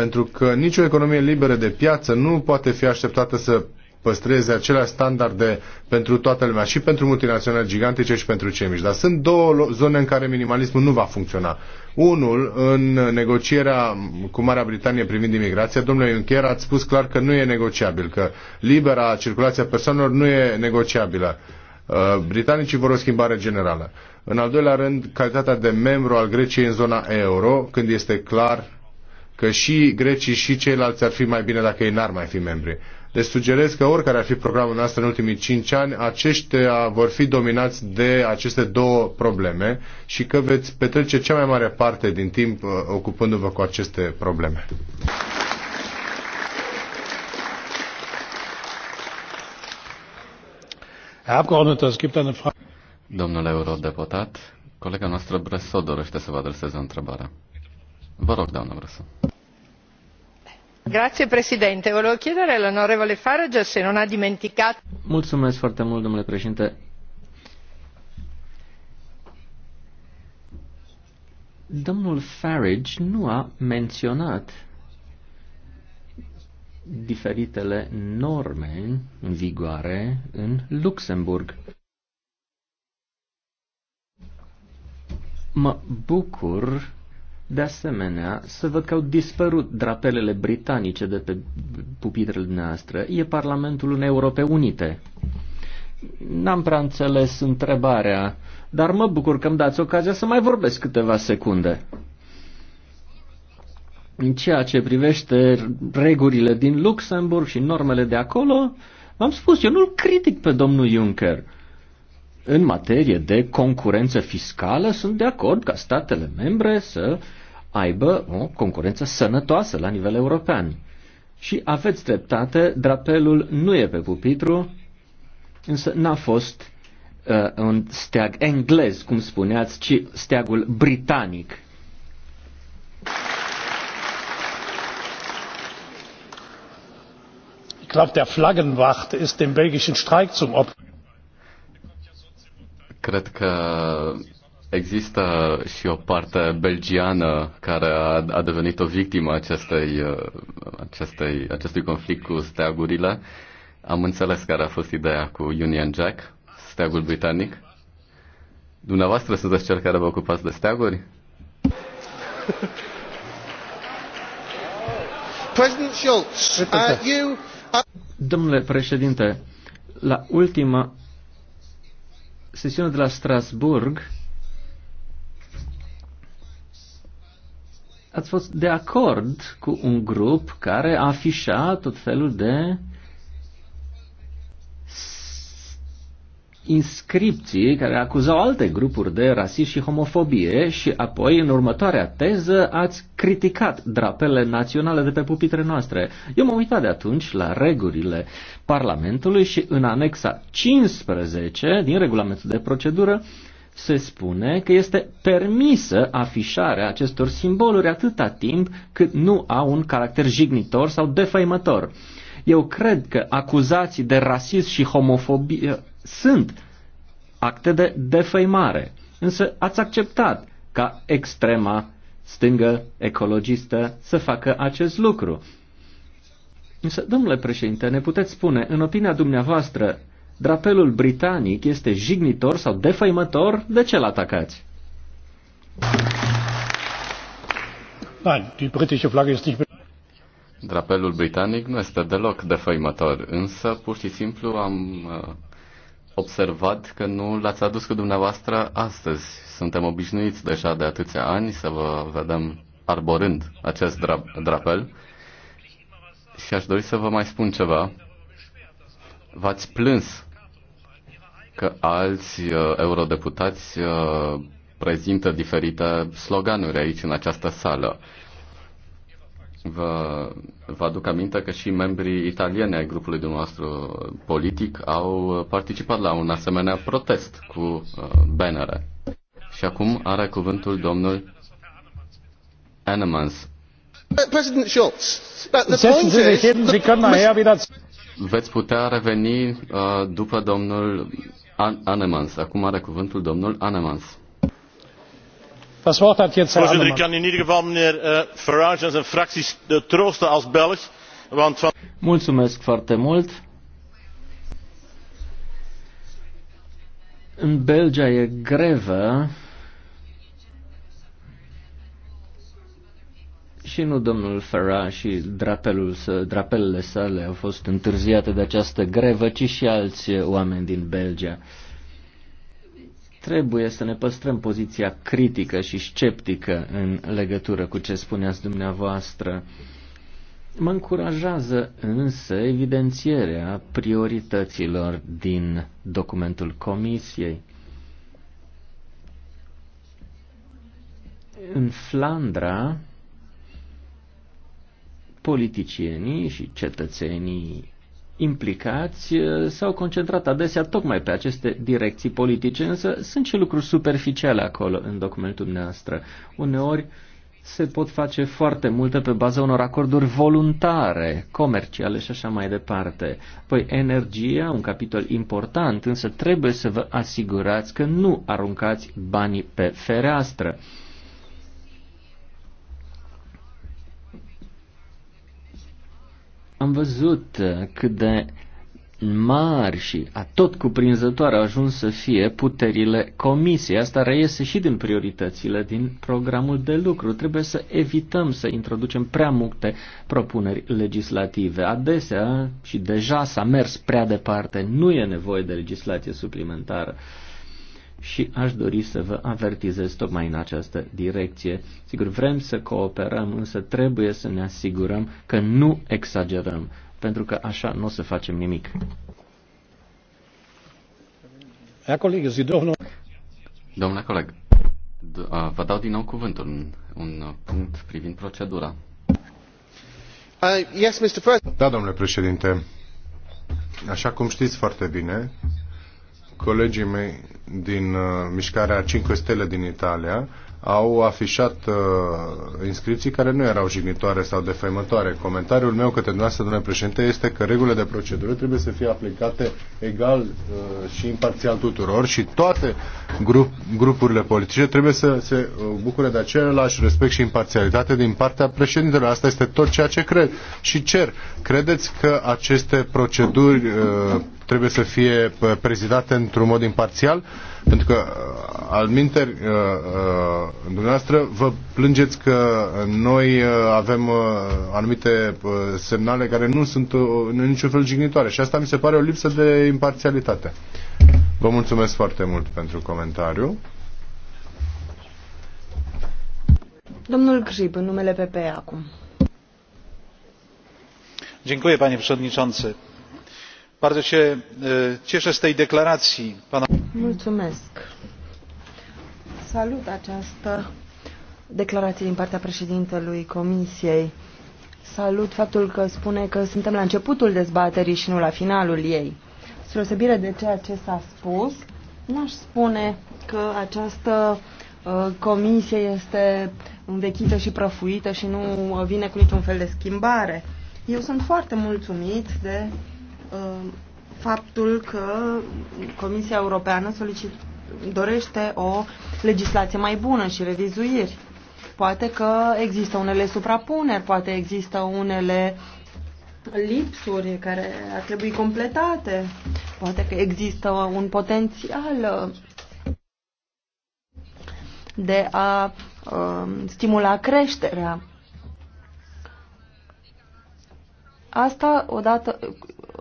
B: pentru că nicio economie liberă de piață nu poate fi așteptată să păstreze aceleași standarde pentru toată lumea, și pentru multinaționale gigantice și pentru cei mici. Dar sunt două zone în care minimalismul nu va funcționa. Unul, în negocierea cu Marea Britanie privind imigrația, domnule Juncker, a spus clar că nu e negociabil, că libera circulația persoanelor nu e negociabilă. Uh, britanicii vor o schimbare generală. În al doilea rând, calitatea de membru al Greciei în zona euro, când este clar că și grecii și ceilalți ar fi mai bine dacă ei n-ar mai fi membri. Deci sugerez că oricare ar fi programul noastră în ultimii 5 ani, aceștia vor fi dominați de aceste două probleme și că veți petrece cea mai mare parte din timp uh, ocupându-vă cu aceste probleme.
A: Domnule eurodeputat, colega noastră Bresso dorește să vă adreseze o întrebare. Vă rog, doamnă Brăsă.
G: Presidente. Volevo chiedere all'onorevole Farage se non ha dimenticato.
C: Mulțumesc foarte mult, domnule președinte. Domnul Farage nu a menționat diferitele norme în vigoare în Luxemburg. Mă bucur de asemenea, să văd că au dispărut drapelele britanice de pe pupitrele noastre. E Parlamentul în Europe Unite. N-am prea înțeles întrebarea, dar mă bucur că îmi dați ocazia să mai vorbesc câteva secunde. În ceea ce privește regulile din Luxemburg și normele de acolo, v-am spus, eu nu-l critic pe domnul Juncker în materie de concurență fiscală, sunt de acord ca statele membre să aibă o concurență sănătoasă la nivel european. Și aveți dreptate, drapelul nu e pe pupitru, însă n-a fost uh, un steag englez, cum spuneați, ci steagul britanic.
D: Ich glaube, der Flaggenwacht ist dem belgischen Streik zum Opfer.
A: Cred că există și o parte belgiană care a, a devenit o victimă acestei, uh, acestei, acestui conflict cu steagurile. Am înțeles care a fost ideea cu Union Jack, steagul britanic. Dumneavoastră sunteți cel care vă ocupați de steaguri?
C: Schultz, Domnule președinte, la ultima sesiunea de la Strasburg ați fost de acord cu un grup care afișa tot felul de inscripții care acuzau alte grupuri de rasism și homofobie și apoi, în următoarea teză, ați criticat drapele naționale de pe pupitre noastre. Eu m-am uitat de atunci la regulile Parlamentului și în anexa 15 din regulamentul de procedură se spune că este permisă afișarea acestor simboluri atâta timp cât nu au un caracter jignitor sau defăimător. Eu cred că acuzații de rasism și homofobie sunt acte de defăimare. Însă ați acceptat ca extrema stângă ecologistă să facă acest lucru. Însă, domnule președinte, ne puteți spune, în opinia dumneavoastră, drapelul britanic este jignitor sau defăimător? De ce-l atacați?
A: Drapelul britanic nu este deloc defăimător, însă pur și simplu am uh, observat că nu l-ați adus cu dumneavoastră astăzi. Suntem obișnuiți deja de atâția ani să vă vedem arborând acest dra- drapel. Și aș dori să vă mai spun ceva. V-ați plâns că alți uh, eurodeputați uh, prezintă diferite sloganuri aici în această sală. Uh, Vă, vă aduc aminte că și membrii italieni ai grupului dumneavoastră politic au participat la un asemenea protest cu uh, bannere. Și acum are cuvântul domnul Anemans.
D: President Schultz, the point is... The...
A: Veți putea reveni uh, după domnul An- Acum are cuvântul domnul Anemans
C: voorzitter ik kan
D: in ieder geval mijnheer farage eh, en zijn fractie eh, troosten als belg
C: want van. mult. În Belgia e grevă și nu domnul Ferra și drapelul, drapelele sale au fost întârziate de această grevă, ci și alți oameni din Belgia. Trebuie să ne păstrăm poziția critică și sceptică în legătură cu ce spuneați dumneavoastră. Mă încurajează însă evidențierea priorităților din documentul Comisiei. În Flandra, politicienii și cetățenii implicați uh, s-au concentrat adesea tocmai pe aceste direcții politice, însă sunt și lucruri superficiale acolo în documentul dumneavoastră. Uneori se pot face foarte multe pe baza unor acorduri voluntare, comerciale și așa mai departe. Păi energia, un capitol important, însă trebuie să vă asigurați că nu aruncați banii pe fereastră. am văzut uh, cât de mari și atot cuprinzătoare au ajuns să fie puterile comisiei. Asta reiese și din prioritățile din programul de lucru. Trebuie să evităm să introducem prea multe propuneri legislative. Adesea și deja s-a mers prea departe. Nu e nevoie de legislație suplimentară. Uh, și aș dori să vă avertizez tocmai în această direcție. Sigur, vrem să cooperăm, însă trebuie să ne asigurăm că nu exagerăm, pentru că așa nu o să facem nimic.
A: Domnule coleg, vă dau din nou cuvântul, un, un punct privind procedura.
B: Uh,
A: da, domnule președinte, așa cum știți foarte bine,
B: colegii mei din uh, mișcarea 5 stele din Italia, au afișat uh, inscripții care nu erau jignitoare sau defăimătoare. Comentariul meu către dumneavoastră, domnule președinte, este că regulile de procedură trebuie să fie aplicate egal uh, și imparțial tuturor și toate grup, grupurile politice trebuie să se uh, bucure de același respect și imparțialitate din partea președintelui. Asta este tot ceea ce cred și cer. Credeți că aceste proceduri uh, trebuie să fie uh, prezidate într-un mod imparțial? Uh, pentru că, uh, al minter, uh, uh, dumneavoastră vă plângeți că noi avem anumite semnale care nu sunt în niciun fel jignitoare și asta mi se pare o lipsă de imparțialitate. Vă mulțumesc foarte mult pentru comentariu.
F: Domnul Grzyb, în numele PP acum.
D: Dziękuję, panie przewodniczący bardzo się cieszę z tej deklaracji pana.
F: Mulțumesc. Salut această declarație din partea președintelui Comisiei. Salut faptul că spune că suntem la începutul dezbaterii și nu la finalul ei. Spre osebire de ceea ce s-a spus, n-aș spune că această uh, comisie este învechită și prăfuită și nu vine cu niciun fel de schimbare. Eu sunt foarte mulțumit de uh, Uh, faptul că Comisia Europeană solicit, dorește o legislație mai bună și revizuiri. Poate că există unele suprapuneri, poate există unele lipsuri care ar trebui completate, poate că există un potențial uh, de a uh, stimula creșterea. Asta odată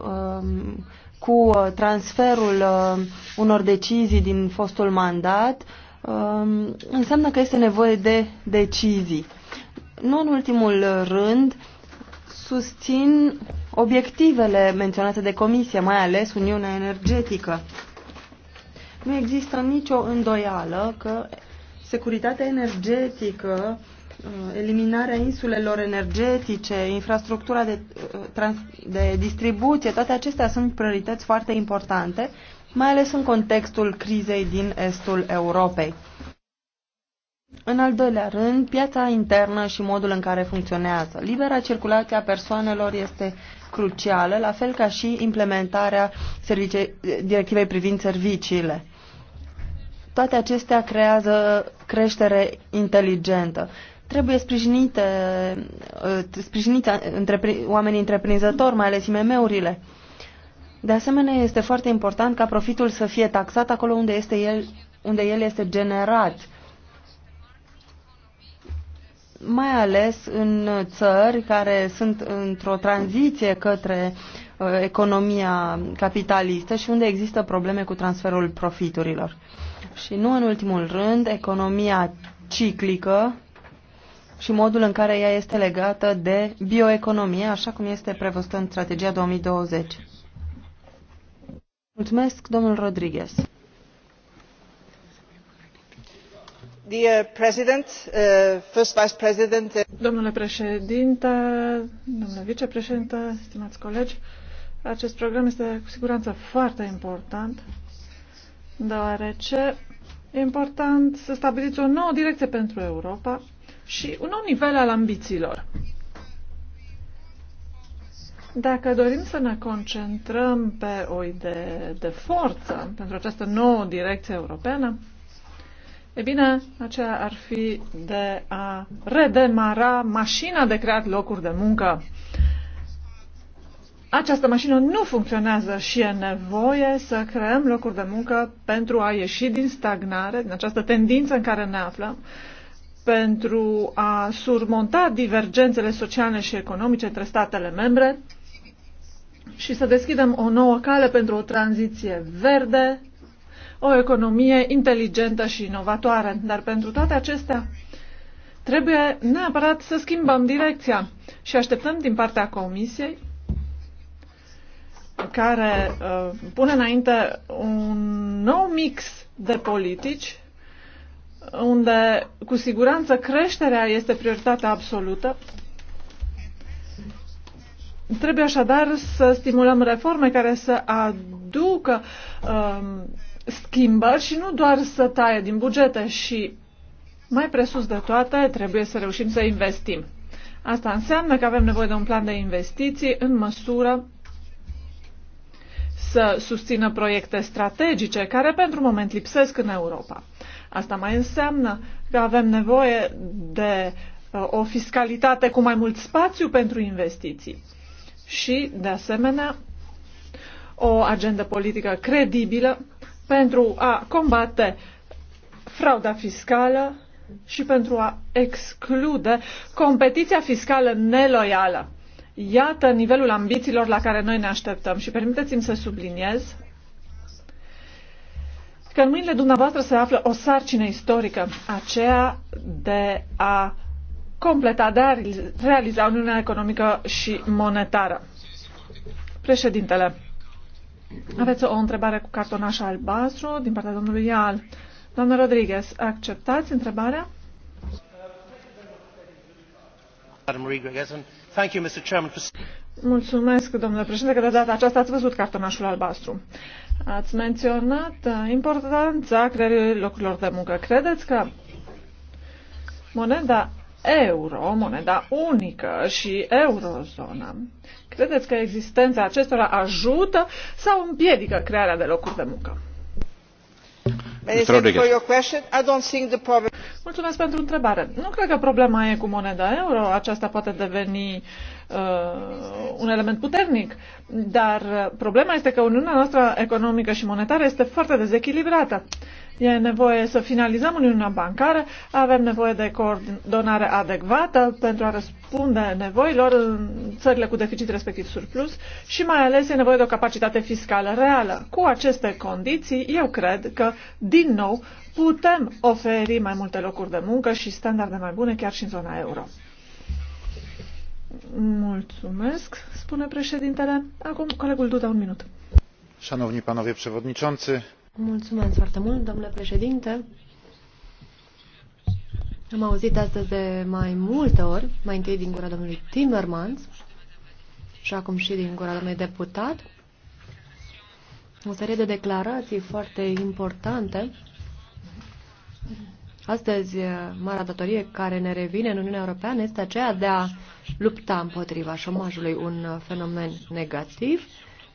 F: Um, cu uh, transferul uh, unor decizii din fostul mandat um, înseamnă că este nevoie de decizii. Nu în ultimul rând, susțin obiectivele menționate de comisie, mai ales Uniunea Energetică. Nu există nicio îndoială că securitatea energetică Uh, eliminarea insulelor energetice, infrastructura de, uh, de distribuție, toate acestea sunt priorități foarte importante, mai ales în contextul crizei din estul Europei. În al doilea rând, piața internă și modul în care funcționează. Libera circulație a persoanelor este crucială, la fel ca și implementarea servicii, directivei privind serviciile. Toate acestea creează creștere inteligentă. Trebuie sprijinite, uh, sprijinite uh, oamenii întreprinzători, mai ales IMM-urile. De asemenea, este foarte important ca profitul să fie taxat acolo unde, este el, unde el este generat mai ales în țări care sunt într-o tranziție către uh, economia capitalistă și unde există probleme cu transferul profiturilor. Și nu în ultimul rând, economia ciclică și modul în care ea este legată de bioeconomie, așa cum este prevăzută în strategia 2020. Mulțumesc, domnul Rodriguez.
E: Dear President, uh, First Vice President. Uh, domnule președinte, domnule vicepreședinte, stimați colegi, acest program este cu siguranță foarte important, deoarece e important să stabiliți o nouă direcție pentru Europa, și un nou nivel al ambițiilor. Dacă dorim să ne concentrăm pe o idee de forță pentru această nouă direcție europeană, e bine, aceea ar fi de a redemara mașina de creat locuri de muncă. Această mașină nu funcționează și e nevoie să creăm locuri de muncă pentru a ieși din stagnare, din această tendință în care ne aflăm, pentru a surmonta divergențele sociale și economice între statele membre și să deschidem o nouă cale pentru o tranziție verde, o economie inteligentă și inovatoare. Dar pentru toate acestea trebuie neapărat să schimbăm direcția și așteptăm din partea Comisiei care uh, pune înainte un nou mix de politici unde cu siguranță creșterea este prioritatea absolută. Trebuie așadar să stimulăm reforme care să aducă um, schimbări și nu doar să taie din bugete și mai presus de toate trebuie să reușim să investim. Asta înseamnă că avem nevoie de un plan de investiții în măsură să susțină proiecte strategice care pentru moment lipsesc în Europa. Asta mai înseamnă că avem nevoie de uh, o fiscalitate cu mai mult spațiu pentru investiții și, de asemenea, o agendă politică credibilă pentru a combate frauda fiscală și pentru a exclude competiția fiscală neloială. Iată nivelul ambițiilor la care noi ne așteptăm și permiteți-mi să subliniez că în mâinile dumneavoastră se află o sarcină istorică, aceea de a completa, de a realiza Uniunea Economică și Monetară. Președintele, aveți o întrebare cu cartonașa albastru din partea domnului Ial. Doamna Rodriguez, acceptați întrebarea? Mulțumesc, domnule președinte, că de data aceasta ați văzut cartonașul albastru. Uh, Ați menționat uh, importanța creării locurilor de muncă. Credeți că moneda euro, moneda unică și eurozona, credeți că existența acestora ajută sau împiedică crearea de locuri de muncă? Mulțumesc pentru întrebare. Nu cred că problema e cu moneda euro. Aceasta poate deveni uh, un element puternic, dar uh, problema este că Uniunea noastră economică și monetară este foarte dezechilibrată. E nevoie să finalizăm Uniunea Bancară, avem nevoie de coordonare adecvată pentru a răspunde nevoilor în țările cu deficit respectiv surplus și mai ales e nevoie de o capacitate fiscală reală. Cu aceste condiții, eu cred că, din nou, putem oferi mai multe locuri de muncă și standarde mai bune chiar și în zona euro. Mulțumesc, spune
G: președintele. Acum colegul Duda, un minut.
D: Szanowni panowie przewodniczący.
G: Mulțumesc foarte mult, domnule președinte. Am auzit astăzi de mai multe ori, mai întâi din gura domnului Timmermans și acum și din gura domnului deputat, o serie de declarații foarte importante Astăzi, uh, marea datorie care ne revine în Uniunea Europeană este aceea de a lupta împotriva șomajului, un uh, fenomen negativ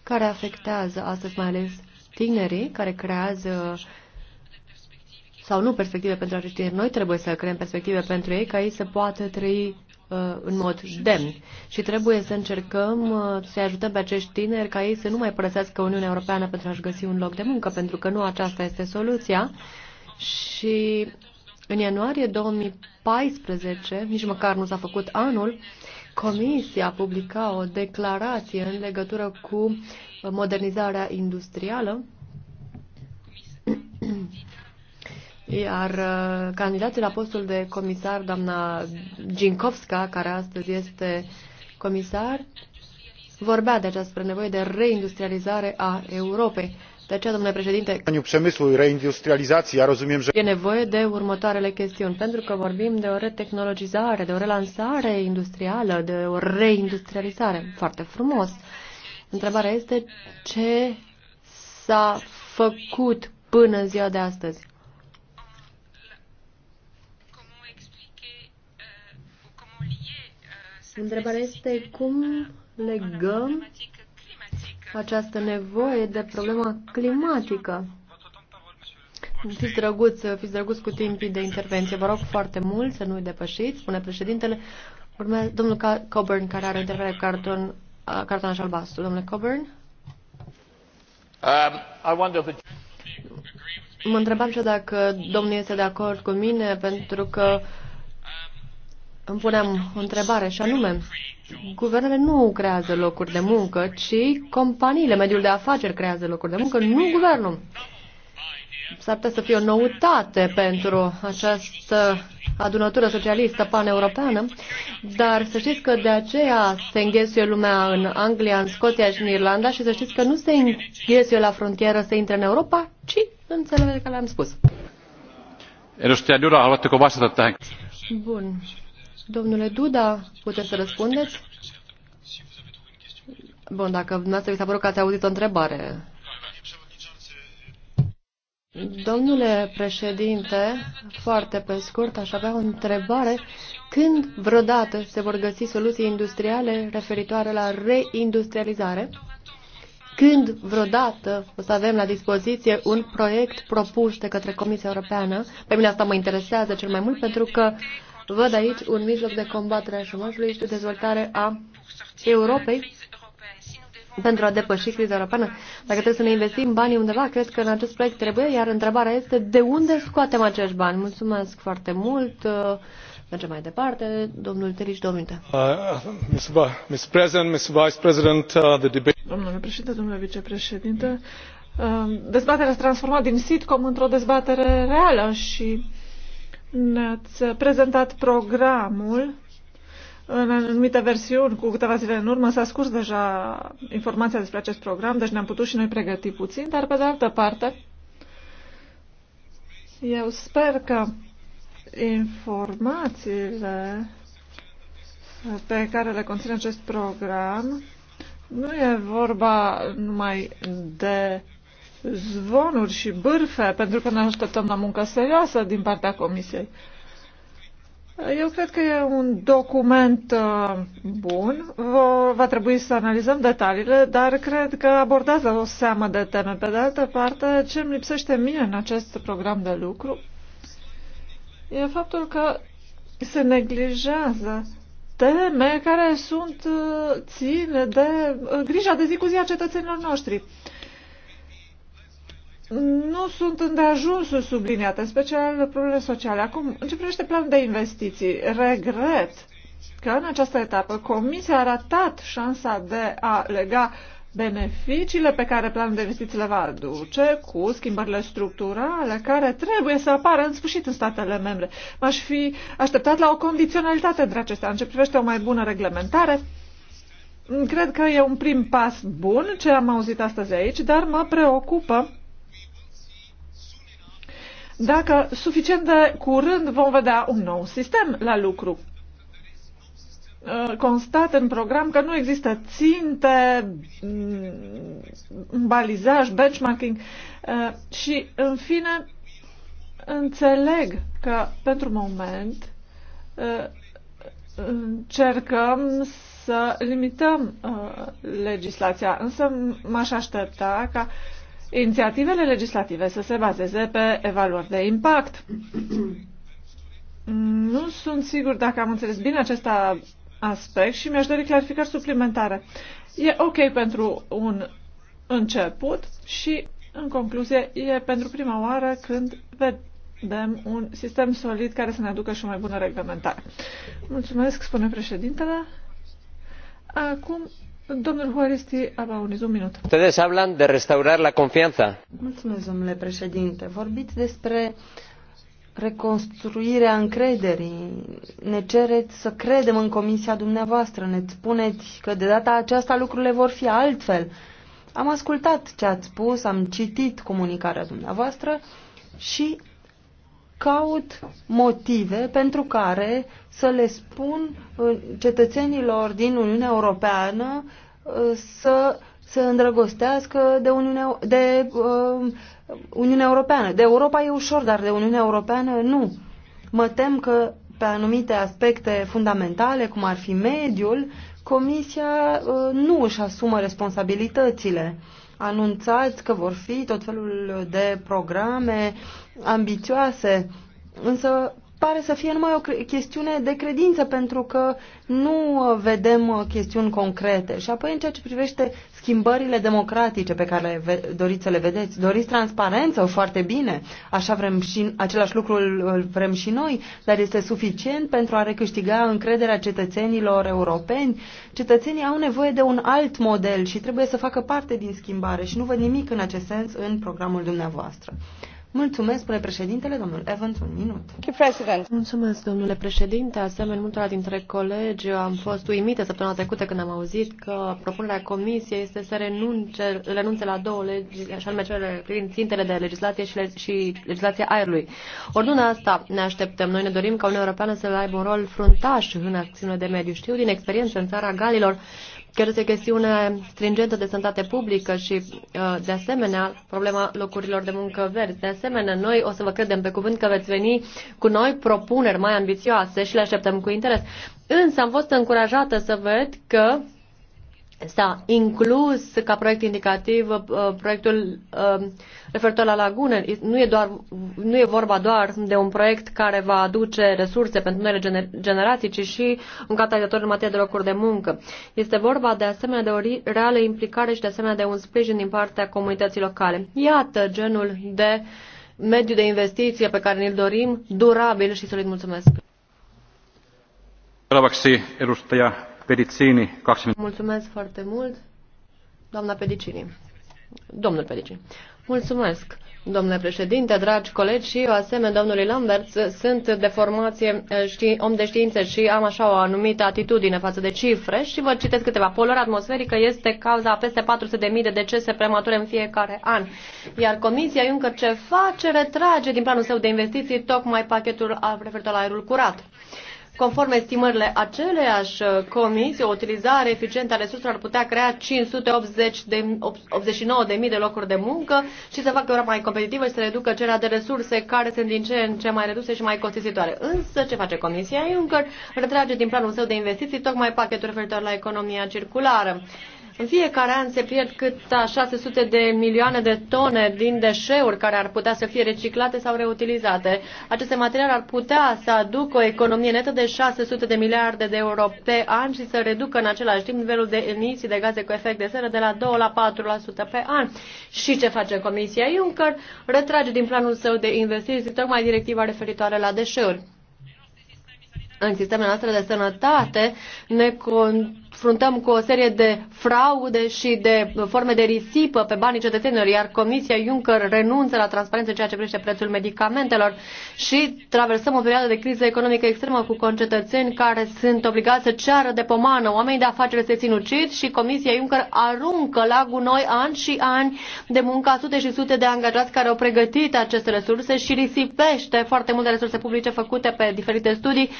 G: care afectează astăzi mai ales tinerii care creează sau nu perspective pentru acești tineri. Noi trebuie să creăm perspective pentru ei ca ei să poată trăi uh, în mod demn și trebuie să încercăm să ajutăm pe acești tineri ca ei să nu mai părăsească Uniunea Europeană pentru a-și găsi un loc de muncă, pentru că nu aceasta este soluția și în ianuarie 2014, nici măcar nu s-a făcut anul, Comisia publica o declarație în legătură cu modernizarea industrială, iar uh, candidatul la postul de comisar, doamna Ginkovska, care astăzi este comisar, vorbea de această nevoie de reindustrializare a Europei. De aceea, domnule președinte, e nevoie de următoarele chestiuni, pentru că vorbim de o retehnologizare, de o relansare industrială, de o reindustrializare. Foarte frumos. Întrebarea este ce s-a făcut până în ziua de astăzi. Întrebarea este cum legăm această nevoie de problema climatică. Fiți drăguți, fiți drăguți cu timpii de intervenție. Vă rog foarte mult să nu-i depășiți, spune președintele. Urmează domnul Coburn, care are întrebare carton, cartonaș albastru. Domnule Coburn?
C: Um, I wonder if
G: Mă întrebam și dacă domnul este de acord cu mine, pentru că uh, îmi punem o întrebare și anume, guvernele nu creează locuri de muncă, ci companiile, mediul de afaceri creează locuri de muncă, nu guvernul. S-ar putea să fie o noutate pentru această adunătură socialistă paneuropeană, dar să știți că de aceea se înghesuie lumea în Anglia, în Scoția și în Irlanda și să știți că nu se înghesuie la frontieră să intre în Europa, ci în țările care le-am spus.
D: Edustaja Dura, haluatteko vastata tähän?
G: Bun. Domnule Duda, puteți să răspundeți? Bun, dacă dumneavoastră vi s-a părut că ați auzit o întrebare. Domnule președinte, foarte pe scurt, aș avea o întrebare. Când vreodată se vor găsi soluții industriale referitoare la reindustrializare? Când vreodată o să avem la dispoziție un proiect propus de către Comisia Europeană? Pe mine asta mă interesează cel mai mult pentru că uh, Văd aici un mijloc de combatere a șomajului și de dezvoltare a Europei pentru a depăși criza europeană. Dacă trebuie să ne investim banii undeva, cred că în acest proiect trebuie, iar întrebarea este de unde scoatem acești bani. Mulțumesc foarte mult. Mergem mai departe. Domnul Teriș, două minute.
B: Uh, uh,
E: domnule președinte, domnule vicepreședinte, uh, dezbaterea s-a transformat din sitcom într-o dezbatere reală și ne-ați prezentat programul în anumite versiuni, cu câteva zile în urmă, s-a scurs deja informația despre acest program, deci ne-am putut și noi pregăti puțin, dar pe de altă parte, eu sper că informațiile pe care le conține acest program nu e vorba numai de zvonuri și bârfe, pentru că ne așteptăm la muncă serioasă din partea Comisiei. Eu cred că e un document uh, bun. Va trebui să analizăm detaliile, dar cred că abordează o seamă de teme. Pe de altă parte, ce îmi lipsește mie în acest program de lucru e faptul că se neglijează teme care sunt uh, ține de uh, grija de zi cu zi a cetățenilor noștri nu sunt îndeajuns subliniate, în special problemele sociale. Acum, în ce privește planul de investiții, regret că în această etapă Comisia a ratat șansa de a lega beneficiile pe care planul de investiții le va aduce cu schimbările structurale care trebuie să apară în sfârșit în statele membre. M-aș fi așteptat la o condiționalitate între acestea în ce privește o mai bună reglementare. Cred că e un prim pas bun ce am auzit astăzi aici, dar mă preocupă dacă suficient de curând vom vedea un nou sistem la lucru. Constat în program că nu există ținte, mm, balizaj, benchmarking uh, și, în fine, înțeleg că, pentru moment, uh, încercăm să limităm uh, legislația, însă m-aș aștepta ca inițiativele legislative să se bazeze pe evaluări de impact. Nu sunt sigur dacă am înțeles bine acest aspect și mi-aș dori clarificări suplimentare. E ok pentru un început și, în concluzie, e pentru prima oară când vedem un sistem solid care să ne aducă și o mai bună reglementare. Mulțumesc, spune președintele. Acum
C: Ustedes hablan de restaurar la confianza.
E: domnule
F: președinte. Vorbiți despre reconstruirea încrederii. Ne cereți să credem în comisia dumneavoastră. Ne spuneți că de data aceasta lucrurile vor fi altfel. Am ascultat ce ați spus, am citit comunicarea dumneavoastră și caut motive pentru care să le spun uh, cetățenilor din Uniunea Europeană uh, să se îndrăgostească de Uniunea, de, uh, Uniunea Europeană. De Europa e ușor, dar de Uniunea Europeană nu. Mă tem că pe anumite aspecte fundamentale, cum ar fi mediul, Comisia uh, nu își asumă responsabilitățile. Uh, anunțați că vor fi tot felul de programe ambițioase, însă pare să fie numai o chestiune de credință, pentru că nu vedem chestiuni concrete. Și apoi, în ceea ce privește schimbările democratice pe care le doriți să le vedeți. Doriți transparență, foarte bine, așa vrem și, același lucru îl vrem și noi, dar este suficient pentru a recâștiga încrederea cetățenilor europeni. Cetățenii au nevoie de un alt model și trebuie să facă parte din schimbare și nu văd nimic în acest sens în programul dumneavoastră.
G: Mulțumesc, domnule președintele, domnul Evans, un minut. Mulțumesc, domnule președinte. Asemenea, multora dintre colegi am fost uimite săptămâna trecută când am auzit că propunerea comisiei este să renunce, renunțe la două legi, așa nume cele privind țintele de legislație și, le, și legislația aerului. Ori nu asta ne așteptăm. Noi ne dorim ca Uniunea Europeană să aibă un rol fruntaș în acțiunile de mediu. Știu din experiență în țara Galilor chiar este o chestiune stringentă de sănătate publică și, uh, de asemenea, problema locurilor de muncă verzi. De asemenea, noi o să vă credem pe cuvânt că veți veni cu noi propuneri mai ambițioase și le așteptăm cu interes. Însă am fost încurajată să văd că s-a inclus ca proiect indicativ uh, proiectul uh, referitor la lagune. Nu e, doar, nu e vorba doar de un proiect care va aduce resurse pentru noile generații, ci și un catalizator în materie de locuri de muncă. Este vorba de asemenea de o reală implicare și de asemenea de un sprijin din partea comunității locale. Iată genul de mediu de investiție pe care ne-l dorim, durabil și solid. Mulțumesc!
D: Seuraavaksi edustaja Pedicini.
G: Mulțumesc foarte mult, doamna Pedicini. Domnul Pedicini. Mulțumesc. Domnule președinte, dragi colegi și eu, asemenea domnului Lamberts, sunt de formație eh, om de știință și am așa o anumită atitudine față de cifre și vă citesc câteva. Poluarea atmosferică este cauza a peste 400.000 de decese premature în fiecare an. Iar Comisia Juncker ce face? Retrage din planul său de investiții tocmai pachetul referitor la aerul curat. Conform estimările aceleași uh, comisii, o utilizare eficientă a resurselor ar putea crea 589.000 de, de, de locuri de muncă și să facă Europa mai competitivă și să reducă cererea de resurse care sunt din ce în ce mai reduse și mai costisitoare. Însă, ce face Comisia Juncker? Retrage din planul său de investiții tocmai pachetul referitor la economia circulară. În fiecare an se pierd cât 600 de milioane de tone din deșeuri care ar putea să fie reciclate sau reutilizate. Aceste materiale ar putea să aducă o economie netă de 600 de miliarde de euro pe an și să reducă în același timp nivelul de emisii de gaze cu efect de seră de la 2 la 4% pe an. Și ce face Comisia Juncker? Retrage din planul său de investiții tocmai directiva referitoare la deșeuri în sistemele noastre de sănătate ne confruntăm cu o serie de fraude și de forme de risipă pe banii cetățenilor, iar Comisia Juncker renunță la transparență în ceea ce privește prețul medicamentelor și traversăm o perioadă de criză economică extremă cu concetățeni care sunt obligați să ceară de pomană. Oamenii de afaceri se țin uciți și Comisia Juncker aruncă la gunoi ani și ani de muncă, sute și sute de angajați care au pregătit aceste resurse și risipește foarte multe resurse publice făcute pe diferite studii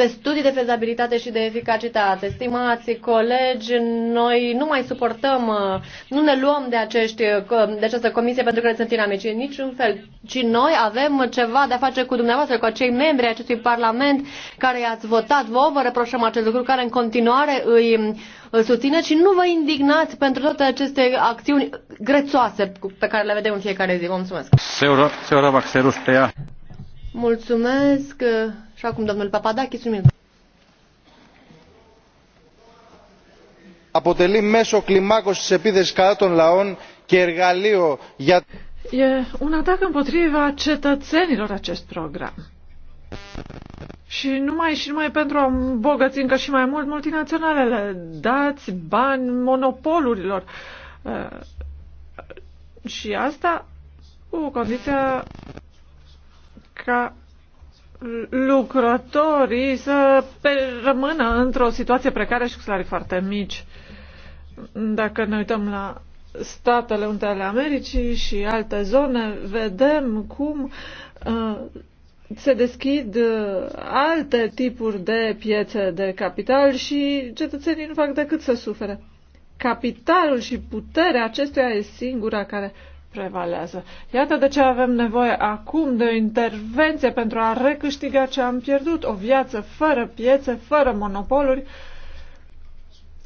G: pe studii de fezabilitate și de eficacitate. Stimați colegi, noi nu mai suportăm, uh, nu ne luăm de, acești, uh, de această comisie pentru că sunt inamici în niciun fel, ci noi avem ceva de a face cu dumneavoastră, cu acei membri acestui Parlament care i-ați votat. Vă, vă reproșăm acest lucru care în continuare îi îl susține și nu vă indignați pentru toate aceste acțiuni grețoase pe care le vedem în fiecare zi. Vă mulțumesc! Mulțumesc! Și acum domnul Papadakis, sunt minut.
D: αποτελεί μέσο κλιμάκωσης της επίθεσης κατά των λαών και εργαλείο για...
E: E un atac împotriva cetățenilor acest program. Și numai și numai pentru a îmbogăți încă și mai mult multinaționalele. Dați bani monopolurilor. Și asta cu condiția ca lucrătorii să rămână într-o situație precară și cu salarii foarte mici. Dacă ne uităm la Statele Unite ale Americii și alte zone, vedem cum uh, se deschid uh, alte tipuri de piețe de capital și cetățenii nu fac decât să sufere. Capitalul și puterea acestuia e singura care prevalează. Iată de ce avem nevoie acum de o intervenție pentru a recâștiga ce am pierdut, o viață fără piețe, fără monopoluri,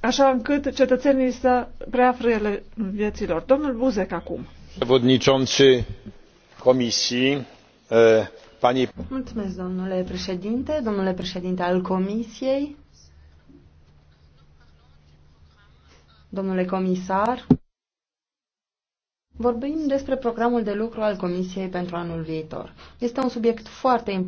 E: așa încât cetățenii să preia frâiele vieților. Domnul Buzek acum.
D: Przewodniczący Komisji, pani...
F: Mulțumesc, domnule președinte, domnule președinte al Comisiei, domnule comisar. Vorbim despre programul de lucru al Comisiei pentru anul viitor. Este un subiect foarte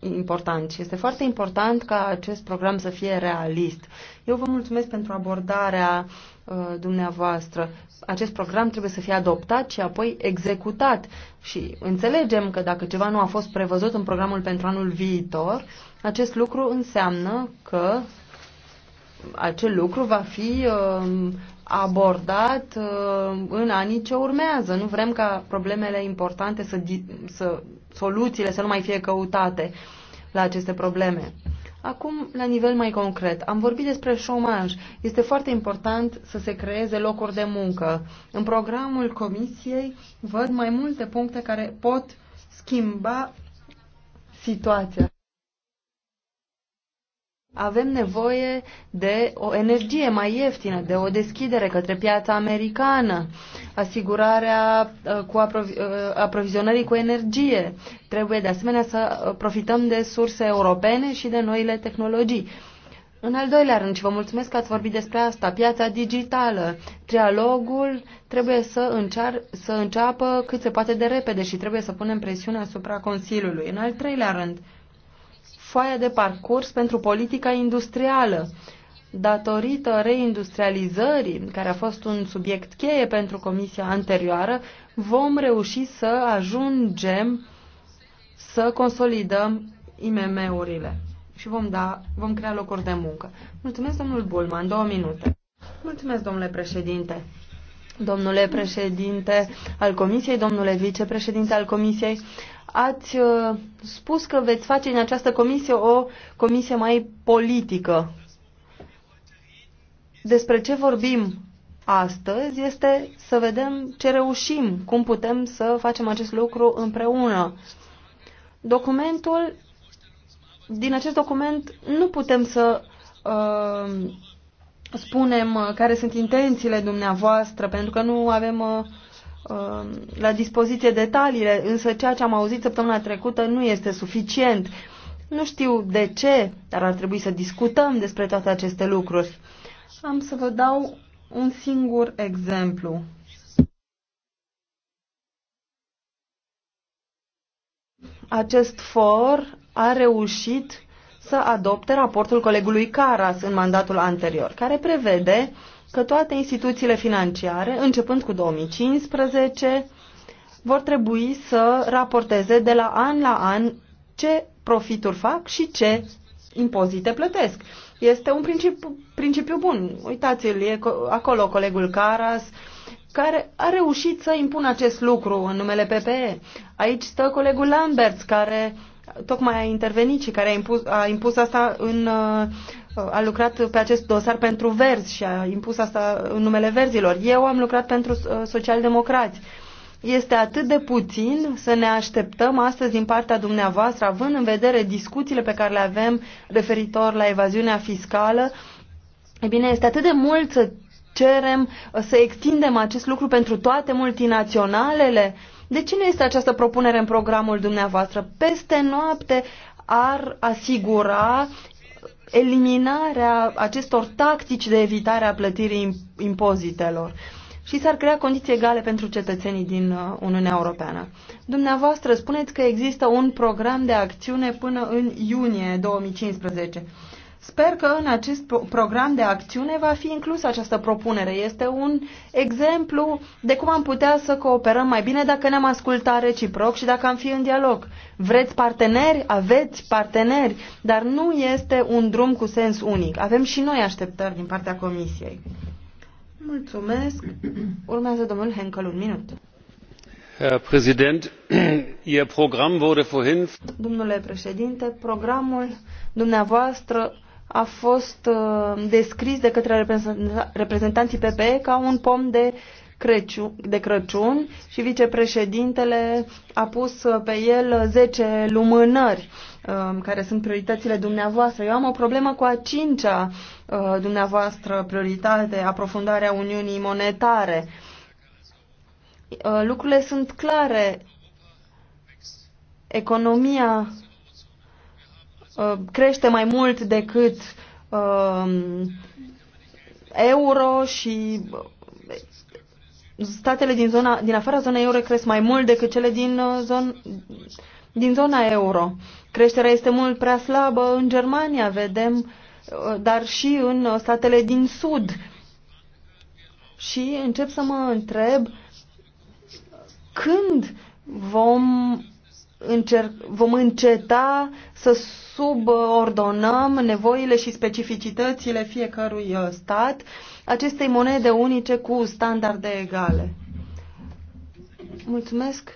F: important și este foarte important ca acest program să fie realist. Eu vă mulțumesc pentru abordarea uh, dumneavoastră. Acest program trebuie să fie adoptat și apoi executat. Și înțelegem că dacă ceva nu a fost prevăzut în programul pentru anul viitor, acest lucru înseamnă că acel lucru va fi uh, abordat uh, în anii ce urmează. Nu vrem ca problemele importante să, să soluțiile să nu mai fie căutate la aceste probleme. Acum, la nivel mai concret, am vorbit despre șomaj. Este foarte important să se creeze locuri de muncă. În programul comisiei văd mai multe puncte care pot schimba situația avem nevoie de o energie mai ieftină, de o deschidere către piața americană, asigurarea uh, cu aprovi- uh, aprovizionării cu energie. Trebuie de asemenea să uh, profităm de surse europene și de noile tehnologii. În al doilea rând, și vă mulțumesc că ați vorbit despre asta, piața digitală. Trialogul trebuie să, încear, să înceapă cât se poate de repede și trebuie să punem presiune asupra Consiliului. În al treilea rând, uh, foaia de parcurs pentru politica industrială. Datorită reindustrializării, care a fost un subiect cheie pentru comisia anterioară, vom reuși să ajungem să consolidăm IMM-urile și vom, da, vom crea locuri de muncă. Mulțumesc, domnul Bulman, două minute. Mulțumesc, domnule președinte. Domnule președinte al Comisiei, domnule vicepreședinte al Comisiei, Ați uh, spus că veți face în această comisie o comisie mai politică. Despre ce vorbim astăzi este să vedem ce reușim, cum putem să facem acest lucru împreună. Documentul, din acest document nu putem să uh, spunem care sunt intențiile dumneavoastră, pentru că nu avem uh, Um, la dispoziție detaliile, însă ceea ce am auzit săptămâna trecută nu este suficient. Nu știu de ce, dar ar trebui să discutăm despre toate aceste lucruri. Am să vă dau un singur exemplu. Acest for a reușit să adopte raportul colegului Caras în mandatul anterior, care prevede uh, că toate instituțiile financiare, începând cu 2015, vor trebui să raporteze de la an la an ce profituri fac și ce impozite plătesc. Este un principiu, principiu bun. Uitați-l, e acolo colegul Caras, care a reușit să impună acest lucru în numele PPE. Aici stă colegul Lamberts, care tocmai a intervenit și care a impus, a impus asta în uh, a lucrat pe acest dosar pentru verzi și a impus asta în numele verzilor. Eu am lucrat pentru uh, socialdemocrați. Este atât de puțin să ne așteptăm astăzi din partea dumneavoastră, având în vedere discuțiile pe care le avem referitor la evaziunea fiscală. E bine, este atât de mult să cerem uh, să extindem acest lucru pentru toate multinaționalele. De ce nu este această propunere în programul dumneavoastră? Peste noapte ar asigura eliminarea acestor tactici de evitare a plătirii impozitelor și s-ar crea condiții egale pentru cetățenii din uh, Uniunea Europeană. Dumneavoastră spuneți că există un program de acțiune până în iunie 2015. Sper că în acest program de acțiune va fi inclusă această propunere. Este un exemplu de cum am putea să cooperăm mai bine dacă ne-am ascultat reciproc și dacă am fi în dialog. Vreți parteneri? Aveți parteneri, dar nu este un drum cu sens unic. Avem și noi așteptări din partea Comisiei. Mulțumesc. Urmează domnul Henkel un minut.
D: Herr Präsident, Ihr Programm wurde vorhin.
F: Domnule președinte, programul dumneavoastră a fost uh, descris de către reprezentanții PPE ca un pom de Crăciun, de Crăciun și vicepreședintele a pus uh, pe el 10 lumânări um, care sunt prioritățile dumneavoastră. Eu am o problemă cu a cincea uh, dumneavoastră prioritate, aprofundarea Uniunii Monetare. Lucrurile sunt clare. Economia Uh, crește mai mult decât um, euro și uh, statele din, zona, din afara zonei euro cresc mai mult decât cele din, uh, zon, din zona euro. Creșterea este mult prea slabă în Germania, vedem, dar și în statele din sud. Și încep să mă întreb când vom încerc, vom înceta să subordonăm nevoile și specificitățile fiecărui uh, stat acestei monede unice cu
G: standarde egale. Mulțumesc.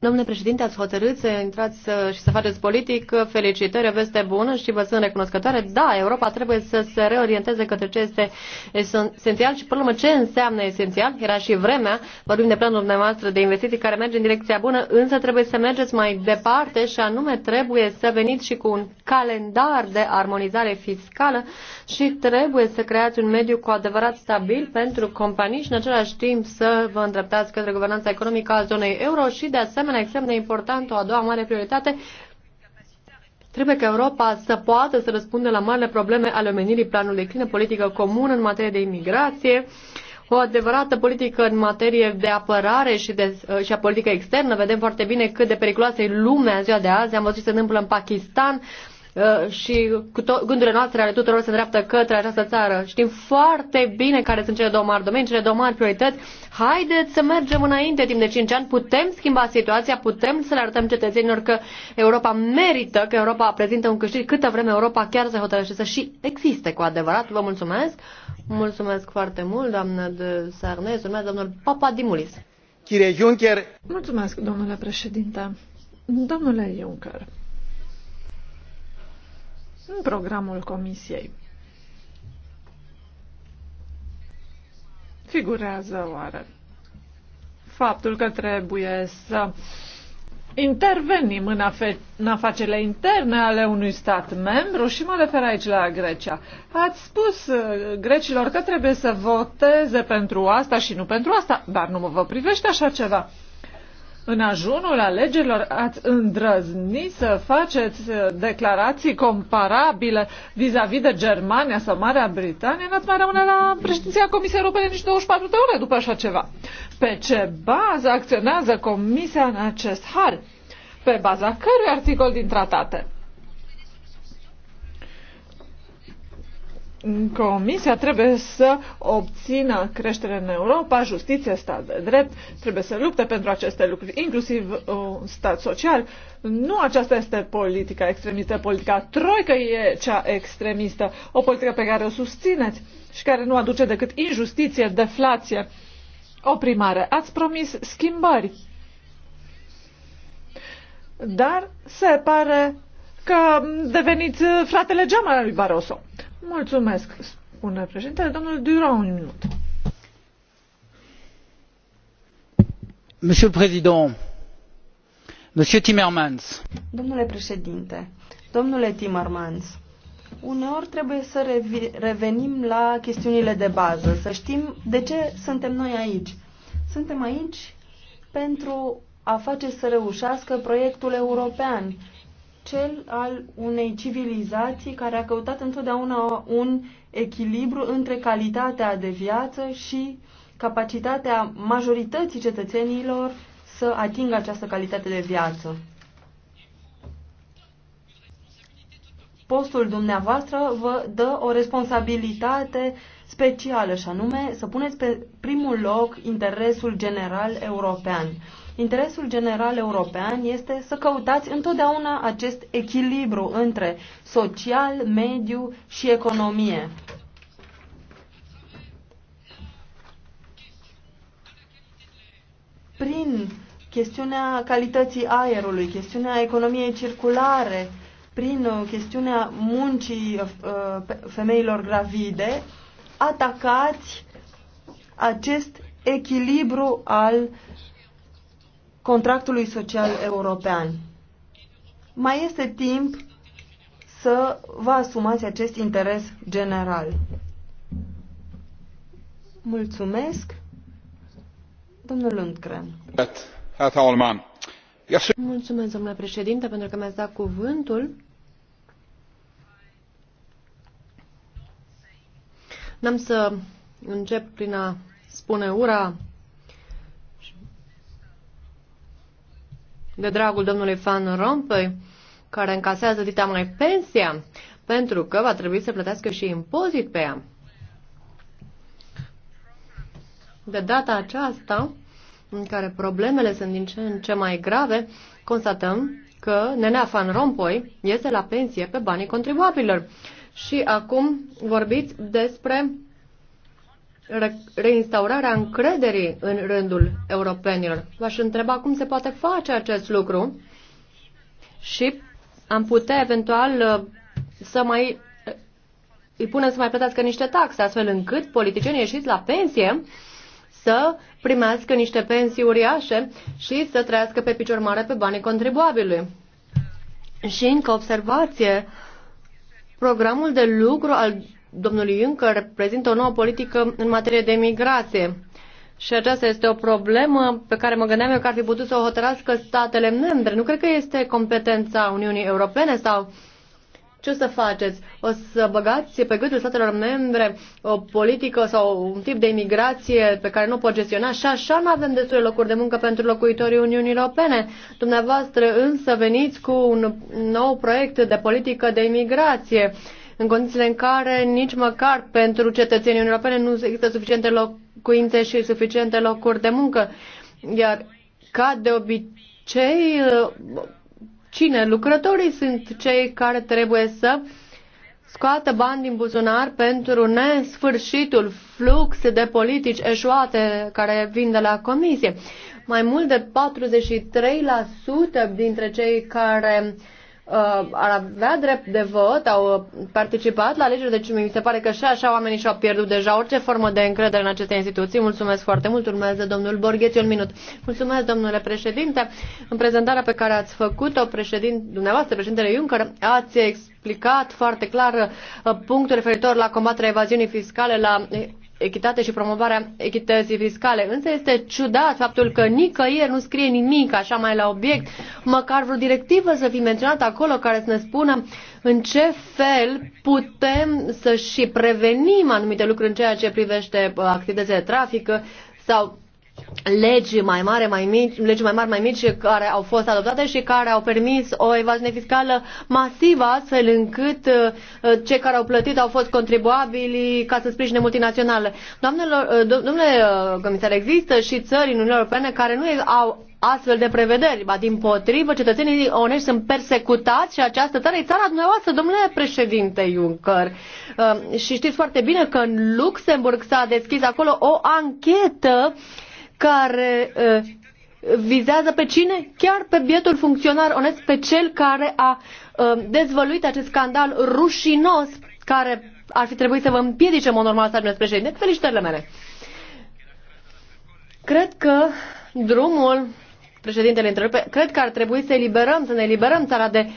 G: Domnule președinte, ați hotărât să intrați uh, și să faceți politic. Uh, felicitări, o veste bună și vă sunt recunoscătoare. Da, Europa trebuie să se reorienteze către ce este esențial și, până la urmă, ce înseamnă esențial. Era și vremea, vorbim de planul dumneavoastră de investiții care merge în direcția bună, însă trebuie să mergeți mai departe și anume trebuie să veniți și cu un calendar de armonizare fiscală și trebuie să creați un mediu cu adevărat stabil pentru companii și, în același timp, să vă îndreptați către guvernanță guvernanța economică a zonei euro și, de asemenea, extrem de important, o a doua mare prioritate, Trebuie ca Europa să poată să răspundă la marile probleme ale omenirii planului clină, politică comună în materie de imigrație, o adevărată politică în materie de apărare și, de, uh, și a politică externă. Vedem foarte bine cât de periculoasă e lumea în ziua de azi. Am văzut ce se întâmplă în Pakistan, Uh, și cu to- gândurile noastre ale tuturor se îndreaptă către această țară. Știm foarte bine care sunt cele două mari domenii, cele două mari priorități. Haideți să mergem înainte timp de 5 ani, putem schimba situația, putem să le arătăm cetățenilor că Europa merită, că Europa prezintă un câștig câtă vreme Europa chiar se hotărăște să și existe cu adevărat. Vă mulțumesc! Mulțumesc foarte mult, doamnă de Sarnez. Urmează domnul Papa Dimulis.
C: Chire Juncker.
E: Mulțumesc, domnule președinte. Domnule Juncker, în programul Comisiei. Figurează oare faptul că trebuie să intervenim în, afe- în afacerile interne ale unui stat membru și mă refer aici la Grecia. Ați spus uh, grecilor că trebuie să voteze pentru asta și nu pentru asta, dar nu mă vă privește așa ceva. În ajunul alegerilor ați îndrăznit să faceți uh, declarații comparabile vis-a-vis -vis de Germania sau Marea Britanie, n-ați mai rămâne la președinția Comisiei Europene nici 24 de ore după așa ceva. Pe ce bază acționează Comisia în acest har? Pe baza cărui articol din tratate? Comisia trebuie să obțină creștere în Europa, justiție, stat de drept, trebuie să lupte pentru aceste lucruri, inclusiv uh, un stat social. Nu aceasta este politica extremistă, politica troică e cea extremistă, o politică pe care o susțineți și care nu aduce decât injustiție, deflație, oprimare. Ați promis schimbări, dar se pare că deveniți fratele geamă al lui Barroso. Mulțumesc, spune președintele. Domnul Dura, un minut. Monsieur
D: Président, Monsieur Timmermans.
F: Domnule președinte, domnule Timmermans, uneori trebuie să revenim la chestiunile de bază, să știm de ce suntem noi aici. Suntem aici pentru a face să reușească proiectul european, cel al unei civilizații care a căutat întotdeauna un echilibru între calitatea de viață și capacitatea majorității cetățenilor să atingă această calitate de viață. Postul dumneavoastră vă dă o responsabilitate specială și anume să puneți pe primul loc interesul general european Interesul general european este să căutați întotdeauna acest echilibru între social, mediu și economie. Prin chestiunea calității aerului, chestiunea economiei circulare, prin uh, chestiunea muncii uh, femeilor gravide, atacați acest echilibru al uh, contractului social european. Mai este timp să vă asumați acest interes general.
G: Mulțumesc. Domnul Lundgren. Mulțumesc, domnule președinte, pentru că mi-ați dat cuvântul. N-am să încep prin a spune ura de dragul domnului Fan Rompuy, care încasează dita mai pensia, pentru că va trebui să plătească și impozit pe ea. De data aceasta, în care problemele sunt din ce în ce mai grave, constatăm că Nenea Fan Rompoi iese la pensie pe banii contribuabililor. Și acum vorbiți despre reinstaurarea încrederii în rândul europenilor. V-aș întreba cum se poate face acest lucru și am putea eventual uh, să mai uh, îi punem să mai plătească niște taxe, astfel încât politicienii ieșiți la pensie să primească niște pensii uriașe și să trăiască pe picior mare pe banii contribuabilului. Și încă observație, programul de lucru al domnului Juncker reprezintă o nouă politică în materie de migrație. Și aceasta este o problemă pe care mă gândeam eu că ar fi putut să o hotărască statele membre. Nu cred că este competența Uniunii Europene sau ce o să faceți? O să băgați pe gâtul statelor membre o politică sau un tip de imigrație pe care nu o pot gestiona și așa nu avem destule locuri de muncă pentru locuitorii Uniunii Europene. Dumneavoastră însă veniți cu un nou proiect de politică de imigrație în condițiile în care nici măcar pentru cetățenii europene nu există suficiente locuințe și suficiente locuri de muncă. Iar ca de obicei, cine? Lucrătorii sunt cei care trebuie să scoată bani din buzunar pentru nesfârșitul flux de politici eșuate care vin de la comisie. Mai mult de 43% dintre cei care uh, uh, ar avea drept de vot, au participat la alegeri, deci mi se pare că și așa oamenii și-au pierdut deja orice formă de încredere în aceste instituții. Mulțumesc foarte mult, urmează domnul Borgheți un minut. Mulțumesc, domnule președinte. În prezentarea pe care ați făcut-o, președin, dumneavoastră, președintele Juncker, ați explicat foarte clar uh, punctul referitor la combaterea evaziunii fiscale, la echitate și promovarea echității fiscale. Însă este ciudat faptul că nicăieri nu scrie nimic așa mai la obiect, măcar vreo directivă să fie menționată acolo care să ne spună în ce fel putem să și prevenim anumite lucruri în ceea ce privește activitățile de trafic sau legi mai mare, mai mici, legi mai mari, mai mici care au fost adoptate și care au permis o evaziune fiscală masivă, astfel încât uh, cei care au plătit au fost contribuabili ca să sprijine multinaționale. Doamnelor, uh, domnule uh, comisar, există și țări în Uniunea Europeană care nu au astfel de prevederi. Ba din potrivă, cetățenii onești sunt persecutați și această țară e țara dumneavoastră, domnule președinte Juncker. Uh, și știți foarte bine că în Luxemburg s-a deschis acolo o anchetă uh, care vizează pe cine? Chiar pe bietul funcționar onest, pe cel care a dezvăluit acest scandal rușinos care ar fi trebuit să vă împiedice, în mod normal, să ajungeți președinte. Felicitările mele! Cred că drumul, președintele întrerupe, cred că ar trebui să eliberăm, să ne eliberăm țara de uh,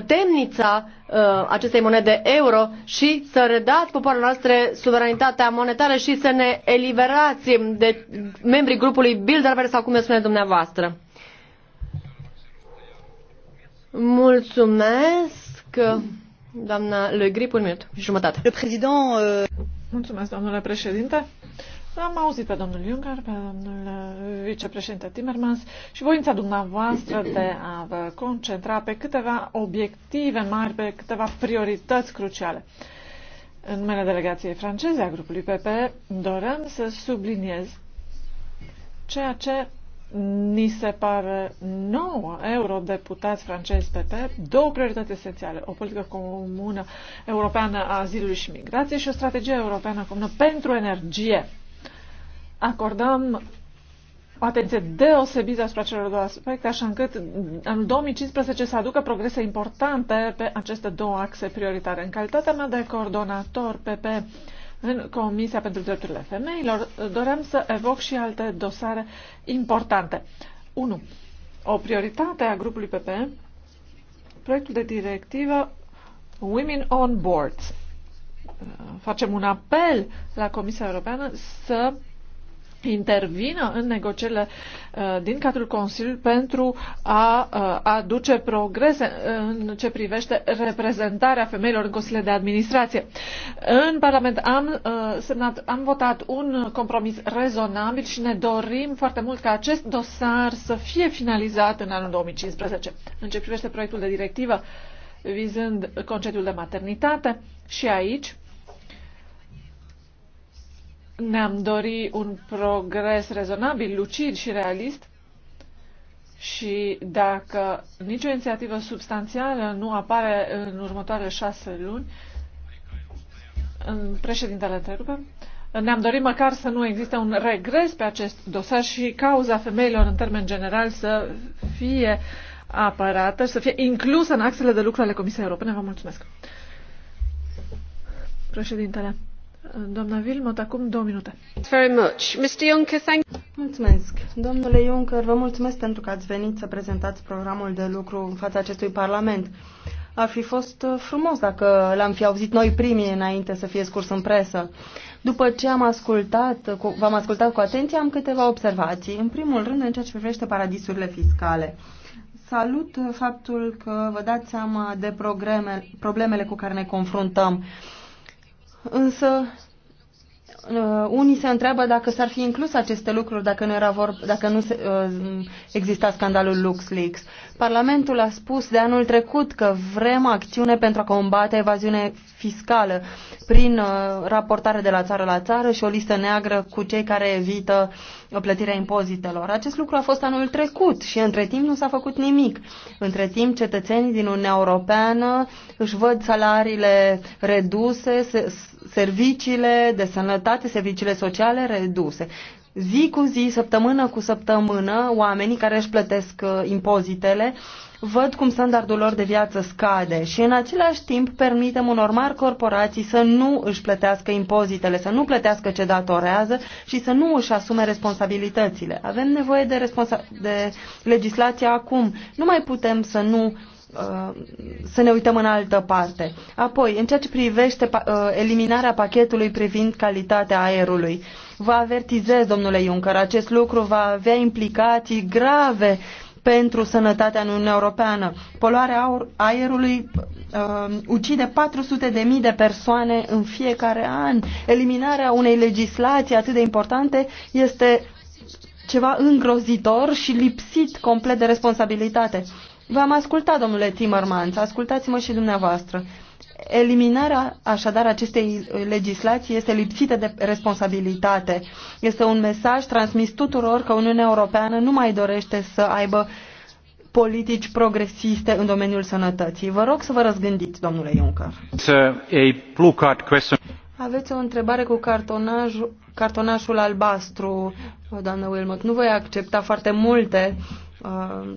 G: temnița uh, acestei monede euro și să redați popoarelor noastre suveranitatea monetară și să ne eliberați de membrii grupului Bilderberg sau cum le spune dumneavoastră. Mulțumesc, doamna Le Grip, un minut și jumătate. Euh, Mulțumesc, domnule președinte.
E: Am auzit pe domnul Juncker, pe domnul uh, vicepreședinte Timmermans și voința dumneavoastră de a vă concentra pe câteva obiective mari, pe câteva priorități cruciale. În numele delegației franceze a grupului PP dorem să subliniez ceea ce ni se pare 9 eurodeputați francezi PP, două priorități esențiale, o politică comună europeană a azilului și migrației și o strategie europeană comună pentru energie acordăm o atenție deosebită asupra celor două aspecte, așa încât în 2015 să aducă progrese importante pe aceste două axe prioritare. În calitatea mea de coordonator PP în Comisia pentru Drepturile Femeilor, doream să evoc și alte dosare importante. 1. O prioritate a grupului PP, proiectul de directivă Women on Boards. Facem un apel la Comisia Europeană să intervină în negocierile uh, din cadrul Consiliului pentru a uh, aduce progrese în ce privește reprezentarea femeilor în consiliile de administrație. În Parlament am uh, semnat, am votat un compromis rezonabil și ne dorim foarte mult ca acest dosar să fie finalizat în anul 2015. În ce privește proiectul de directivă vizând concediul de maternitate și aici ne-am dori un progres rezonabil, lucid și realist și dacă nicio inițiativă substanțială nu apare în următoarele șase luni, în președintele întrerupe, ne-am dorit măcar să nu existe un regres pe acest dosar și cauza femeilor în termen general să fie apărată și să fie inclusă în axele de lucru ale Comisiei Europene. Vă mulțumesc. Președintele. Doamna Wilmot, acum două minute. Very much. Mr. Juncker, thank mulțumesc. Domnule Juncker, vă mulțumesc pentru
F: că ați venit să prezentați programul de lucru în fața acestui Parlament. Ar fi fost uh, frumos dacă l-am fi auzit noi primii înainte să fie scurs în presă. După ce am ascultat, v-am ascultat cu atenție, am câteva observații. În primul rând, în ceea ce privește paradisurile fiscale. Salut faptul că vă dați seama de problemele cu care ne confruntăm însă uh, unii se întreabă dacă s-ar fi inclus aceste lucruri dacă nu, era vor, dacă nu se, uh, exista scandalul LuxLeaks. Parlamentul a spus de anul trecut că vrem acțiune pentru a combate evaziune fiscală prin uh, raportare de la țară la țară și o listă neagră cu cei care evită uh, plătirea impozitelor. Acest lucru a fost anul trecut și între timp nu s-a făcut nimic. Între timp, cetățenii din Uniunea Europeană își văd salariile reduse, serviciile de sănătate, serviciile sociale reduse zi cu zi, săptămână cu săptămână, oamenii care își plătesc uh, impozitele văd cum standardul lor de viață scade și în același timp permitem unor mari corporații să nu își plătească impozitele, să nu plătească ce datorează și să nu își asume responsabilitățile. Avem nevoie de, responsa- de legislație acum. Nu mai putem să nu să ne uităm în altă parte. Apoi, în ceea ce privește uh, eliminarea pachetului privind calitatea aerului, vă avertizez, domnule Juncker, acest lucru va avea implicații grave pentru sănătatea în Uniunea Europeană. Poluarea aerului uh, ucide 400.000 de, de persoane în fiecare an. Eliminarea unei legislații atât de importante este ceva îngrozitor și lipsit complet de responsabilitate. V-am ascultat, domnule Timmermans, ascultați-mă și dumneavoastră. Eliminarea, așadar, acestei legislații este lipsită de responsabilitate. Este un mesaj transmis tuturor că Uniunea Europeană nu mai dorește să aibă politici progresiste în domeniul sănătății. Vă rog să vă răzgândiți, domnule Juncker. Aveți o întrebare cu cartonaj, cartonașul albastru, doamnă Wilmot. Nu voi accepta foarte multe uh,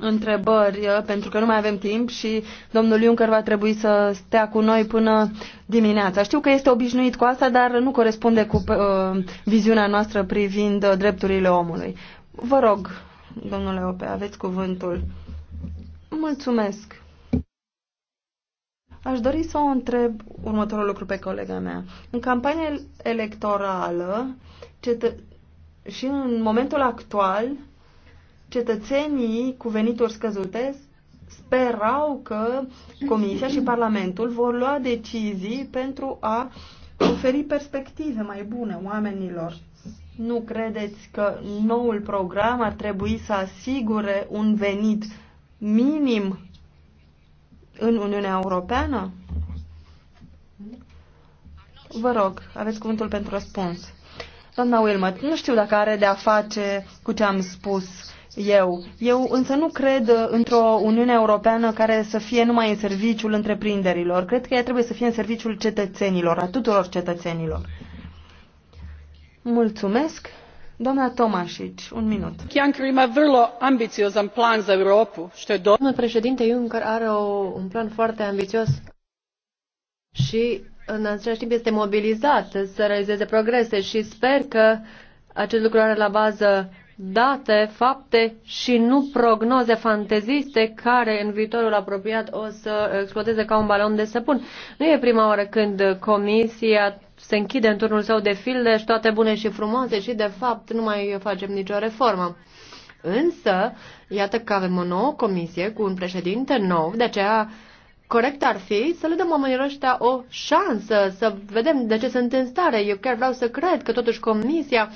F: întrebări, uh, pentru că nu mai avem timp și domnul Juncker va trebui să stea cu noi până dimineața. Știu că este obișnuit cu asta, dar nu corespunde cu uh, viziunea noastră privind uh, drepturile omului. Vă rog, domnule Ope, aveți cuvântul. Mulțumesc. Aș dori să o întreb următorul lucru pe colega mea. În campania electorală cetă- și în momentul actual, cetățenii cu venituri scăzute sperau că Comisia și Parlamentul vor lua decizii pentru a oferi perspective mai bune oamenilor. Nu credeți că noul program ar trebui să asigure un venit minim în Uniunea Europeană? Vă rog, aveți cuvântul pentru răspuns. Doamna Wilmot, nu știu dacă are de a face cu ce am spus eu. Eu însă nu cred uh, într-o Uniune Europeană care să fie numai în serviciul întreprinderilor. Cred că ea trebuie să fie în serviciul cetățenilor, a tuturor cetățenilor. Mulțumesc. Doamna Tomașici, un minut.
G: Domnul președinte Juncker are o, un plan foarte ambițios și în același timp este mobilizat să realizeze progrese și sper că acest lucru are la bază date, fapte și nu prognoze fanteziste care în viitorul apropiat o să explodeze ca un balon de săpun. Nu e prima oară când Comisia se închide în turnul său de filde și toate bune și frumoase și de fapt nu mai facem nicio reformă. Însă, iată că avem o nouă comisie cu un președinte nou, de aceea corect ar fi să le dăm oamenilor ăștia o șansă, să vedem de ce sunt în stare. Eu chiar vreau să cred că totuși comisia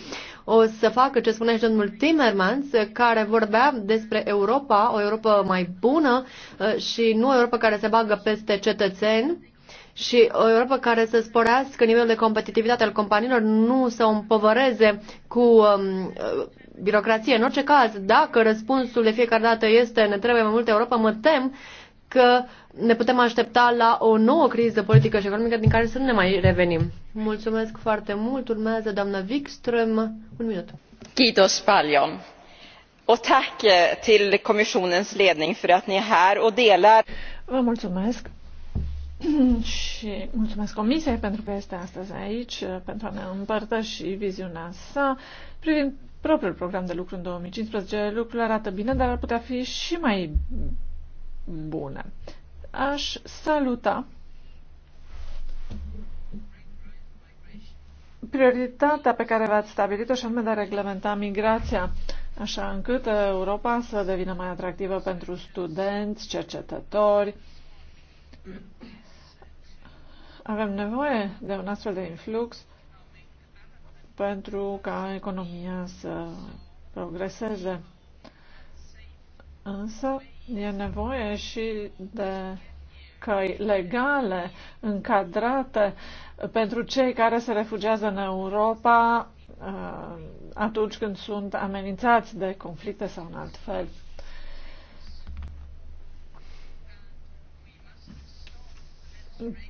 G: o să facă ce spunea și domnul Timmermans, care vorbea despre Europa, o Europa mai bună uh, și nu o Europa care se bagă peste cetățeni, și o Europa care să sporească nivelul de competitivitate al companiilor, nu să o împovăreze cu um, uh, birocrație. În orice caz, dacă răspunsul de fiecare dată este ne trebuie mai multă Europa, mă tem că ne putem aștepta la o nouă criză politică și economică din care să nu ne mai revenim. Mulțumesc foarte mult. Urmează doamna Wikström. Un minut. Kiitos paljon. O tack eh,
F: till kommissionens ledning för att ni är här och delar... Vă mulțumesc
E: și mulțumesc Comisiei pentru că este astăzi aici, eh, pentru a ne împărtăși viziunea sa privind propriul program de lucru în 2015. Lucrurile arată bine, dar ar putea fi și mai bune. Aș saluta prioritatea pe care v-ați stabilit-o și anume de a reglementa migrația, așa încât uh, Europa să devină mai atractivă pentru studenți, cercetători. Avem nevoie de un astfel de influx pentru ca economia să progreseze. Însă, E nevoie și de căi legale încadrate pentru cei care se refugiază în Europa uh, atunci când sunt amenințați de conflicte sau în alt fel.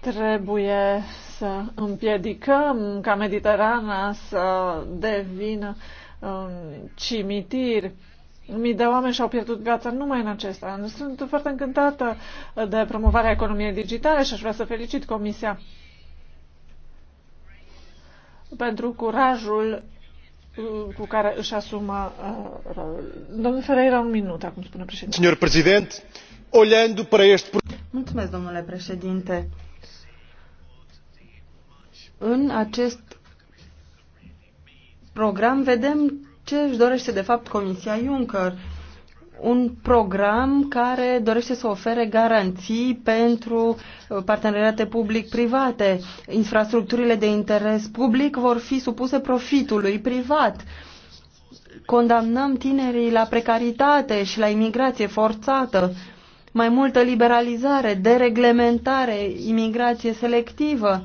E: Trebuie să împiedicăm ca Mediterana să devină un cimitir Mii de oameni și-au pierdut viața numai în acest an. Sunt foarte încântată de promovarea economiei digitale și aș vrea să felicit Comisia pentru curajul uh, cu care își asumă uh, rolul. Domnul Ferreira, un minut, acum spune președinte.
D: Signor prezident,
F: olhando para este...
E: Mulțumesc, domnule președinte.
F: În acest program vedem ce își dorește de fapt Comisia Juncker? Un program care dorește să ofere garanții pentru uh, parteneriate public-private. Infrastructurile de interes public vor fi supuse profitului privat. Condamnăm tinerii la precaritate și la imigrație forțată. Mai multă liberalizare, dereglementare, imigrație selectivă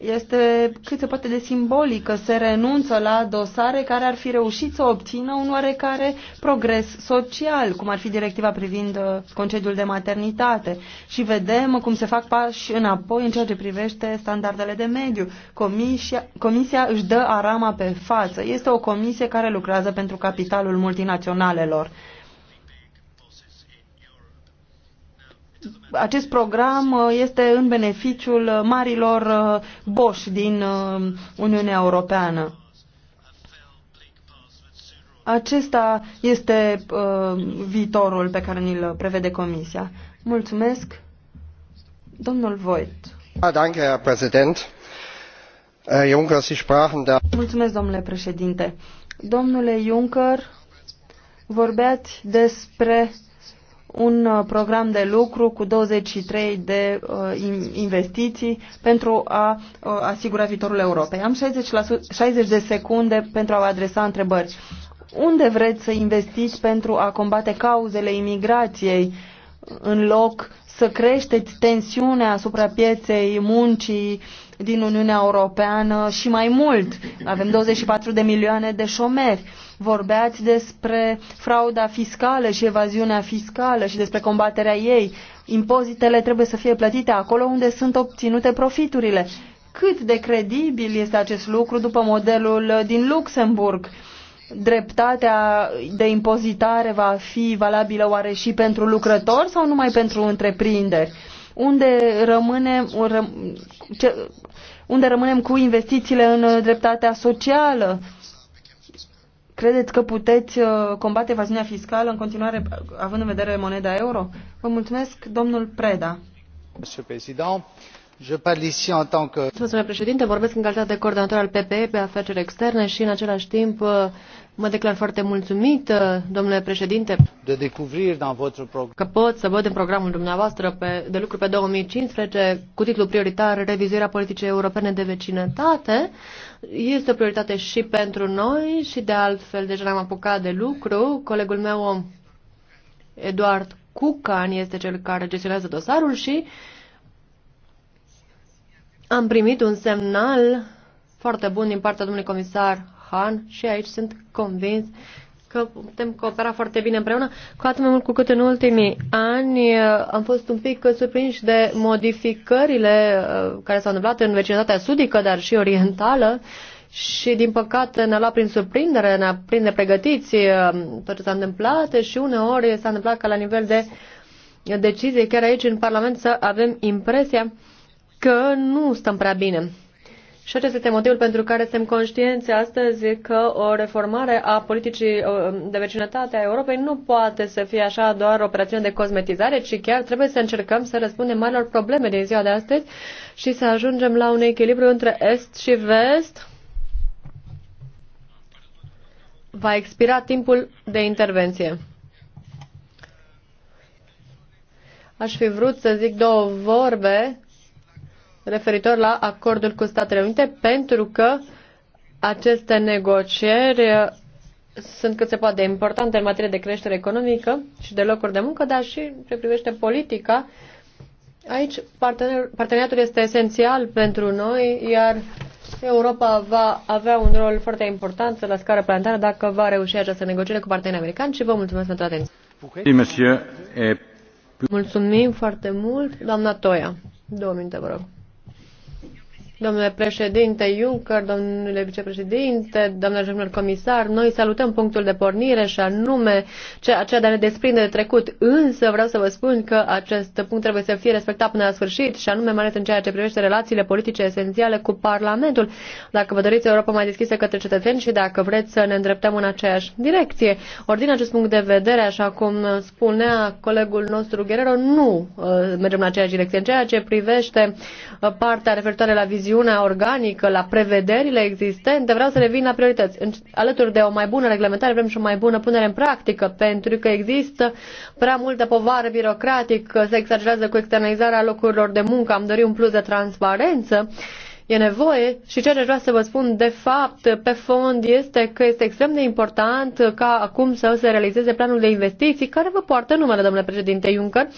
F: este cât se poate de simbolică. Se renunță la dosare care ar fi reușit să obțină un oarecare progres social, cum ar fi directiva privind uh, concediul de maternitate. Și vedem cum se fac pași înapoi în ceea ce privește standardele de mediu. Comisia, comisia își dă arama pe față. Este o comisie care lucrează pentru capitalul multinaționalelor. acest program uh, este în beneficiul uh, marilor uh, boși din Uniunea Europeană. Acesta este viitorul pe care ni-l prevede Comisia. Mulțumesc. Domnul Voigt. Da, danke, Herr Präsident. Äh, Juncker, Sie sprachen da... Mulțumesc, domnule președinte. Domnule Juncker, vorbeați despre un uh, program de lucru cu 23 de uh, investiții pentru a uh, asigura viitorul Europei. Am 60, la 60 de secunde pentru a vă adresa întrebări. Unde vreți să investiți pentru a combate cauzele imigrației în loc să creșteți tensiunea asupra pieței muncii din Uniunea Europeană și mai mult? Avem 24 de milioane de șomeri Vorbeați despre frauda fiscală și evaziunea fiscală și despre combaterea ei. Impozitele trebuie să fie plătite acolo unde sunt obținute profiturile. Cât de credibil este acest lucru după modelul din Luxemburg? dreptatea de impozitare va fi valabilă oare și pentru lucrători sau numai pentru întreprinderi? Unde, rămâne, unde rămânem cu investițiile în dreptatea socială? Credeți că puteți uh, combate evaziunea fiscală în continuare, uh, având în vedere moneda euro? Vă mulțumesc, domnul Preda.
D: Mulțumesc, domnule
G: președinte. Vorbesc în calitate de coordonator al PPE pe afaceri externe și, în același timp, uh, Mă declar foarte mulțumit, uh, domnule președinte,
D: de descoperire din votre program. că
G: pot să văd în programul dumneavoastră pe, de lucru pe 2015 cu titlul prioritar Revizuirea politicii europene de vecinătate. Este o prioritate și pentru noi și de altfel deja ne-am apucat de lucru. Colegul meu, Eduard Cucan, este cel care gestionează dosarul și am primit un semnal foarte bun din partea domnului comisar Han și aici sunt convins că putem coopera foarte bine împreună, cu atât mai mult cu cât în ultimii ani uh, am fost un pic surprinși de modificările uh, care s-au întâmplat în vecinătatea sudică, dar și orientală, și din păcate ne-a luat prin surprindere, ne-a prins pregătiți uh, tot ce s-a întâmplat și uneori s-a întâmplat ca la nivel de decizie, chiar aici în Parlament, să avem impresia că nu stăm prea bine. Și acesta este motivul pentru care suntem conștienți astăzi că o reformare a politicii uh, de vecinătate a Europei nu poate să fie așa doar o operațiune de cosmetizare, ci chiar trebuie să încercăm să răspundem marilor probleme din ziua de astăzi și să ajungem la un echilibru între est și vest. Va expira timpul de intervenție. Aș fi vrut să zic două vorbe referitor la acordul cu Statele Unite, pentru că aceste negocieri sunt cât se poate importante în materie de creștere economică și de locuri de muncă, dar și ce privește politica. Aici partener, parteneriatul este esențial pentru noi, iar Europa va avea un rol foarte important la scară planetară dacă va reuși această negociere cu partenerii americani și vă mulțumesc pentru atenție. Mulțumim foarte mult, doamna Toia. Două minute, vă rog. Domnule președinte Juncker, domnule vicepreședinte, domnule jurnal comisar, noi salutăm punctul de pornire și anume ceea de a ne desprinde de trecut, însă vreau să vă spun că acest punct trebuie să fie respectat până la sfârșit și anume mai ales în ceea ce privește relațiile politice esențiale cu Parlamentul. Dacă vă doriți Europa mai deschisă către cetățeni și dacă vreți să ne îndreptăm în aceeași direcție. Ori din acest punct de vedere, așa cum spunea colegul nostru Guerrero, nu uh, mergem în aceeași direcție. În ceea ce privește uh, partea referitoare la viziune coeziunea organică, la prevederile existente, vreau să revin la priorități. Alături de o mai bună reglementare, vrem și o mai bună punere în practică, pentru că există prea multă povară birocratică, se exagerează cu externalizarea locurilor de muncă, am dorit un plus de transparență e nevoie și ceea ce vreau să vă spun de fapt pe fond este că este extrem de important ca acum să se realizeze planul de investiții care vă poartă numele, domnule președinte Juncker,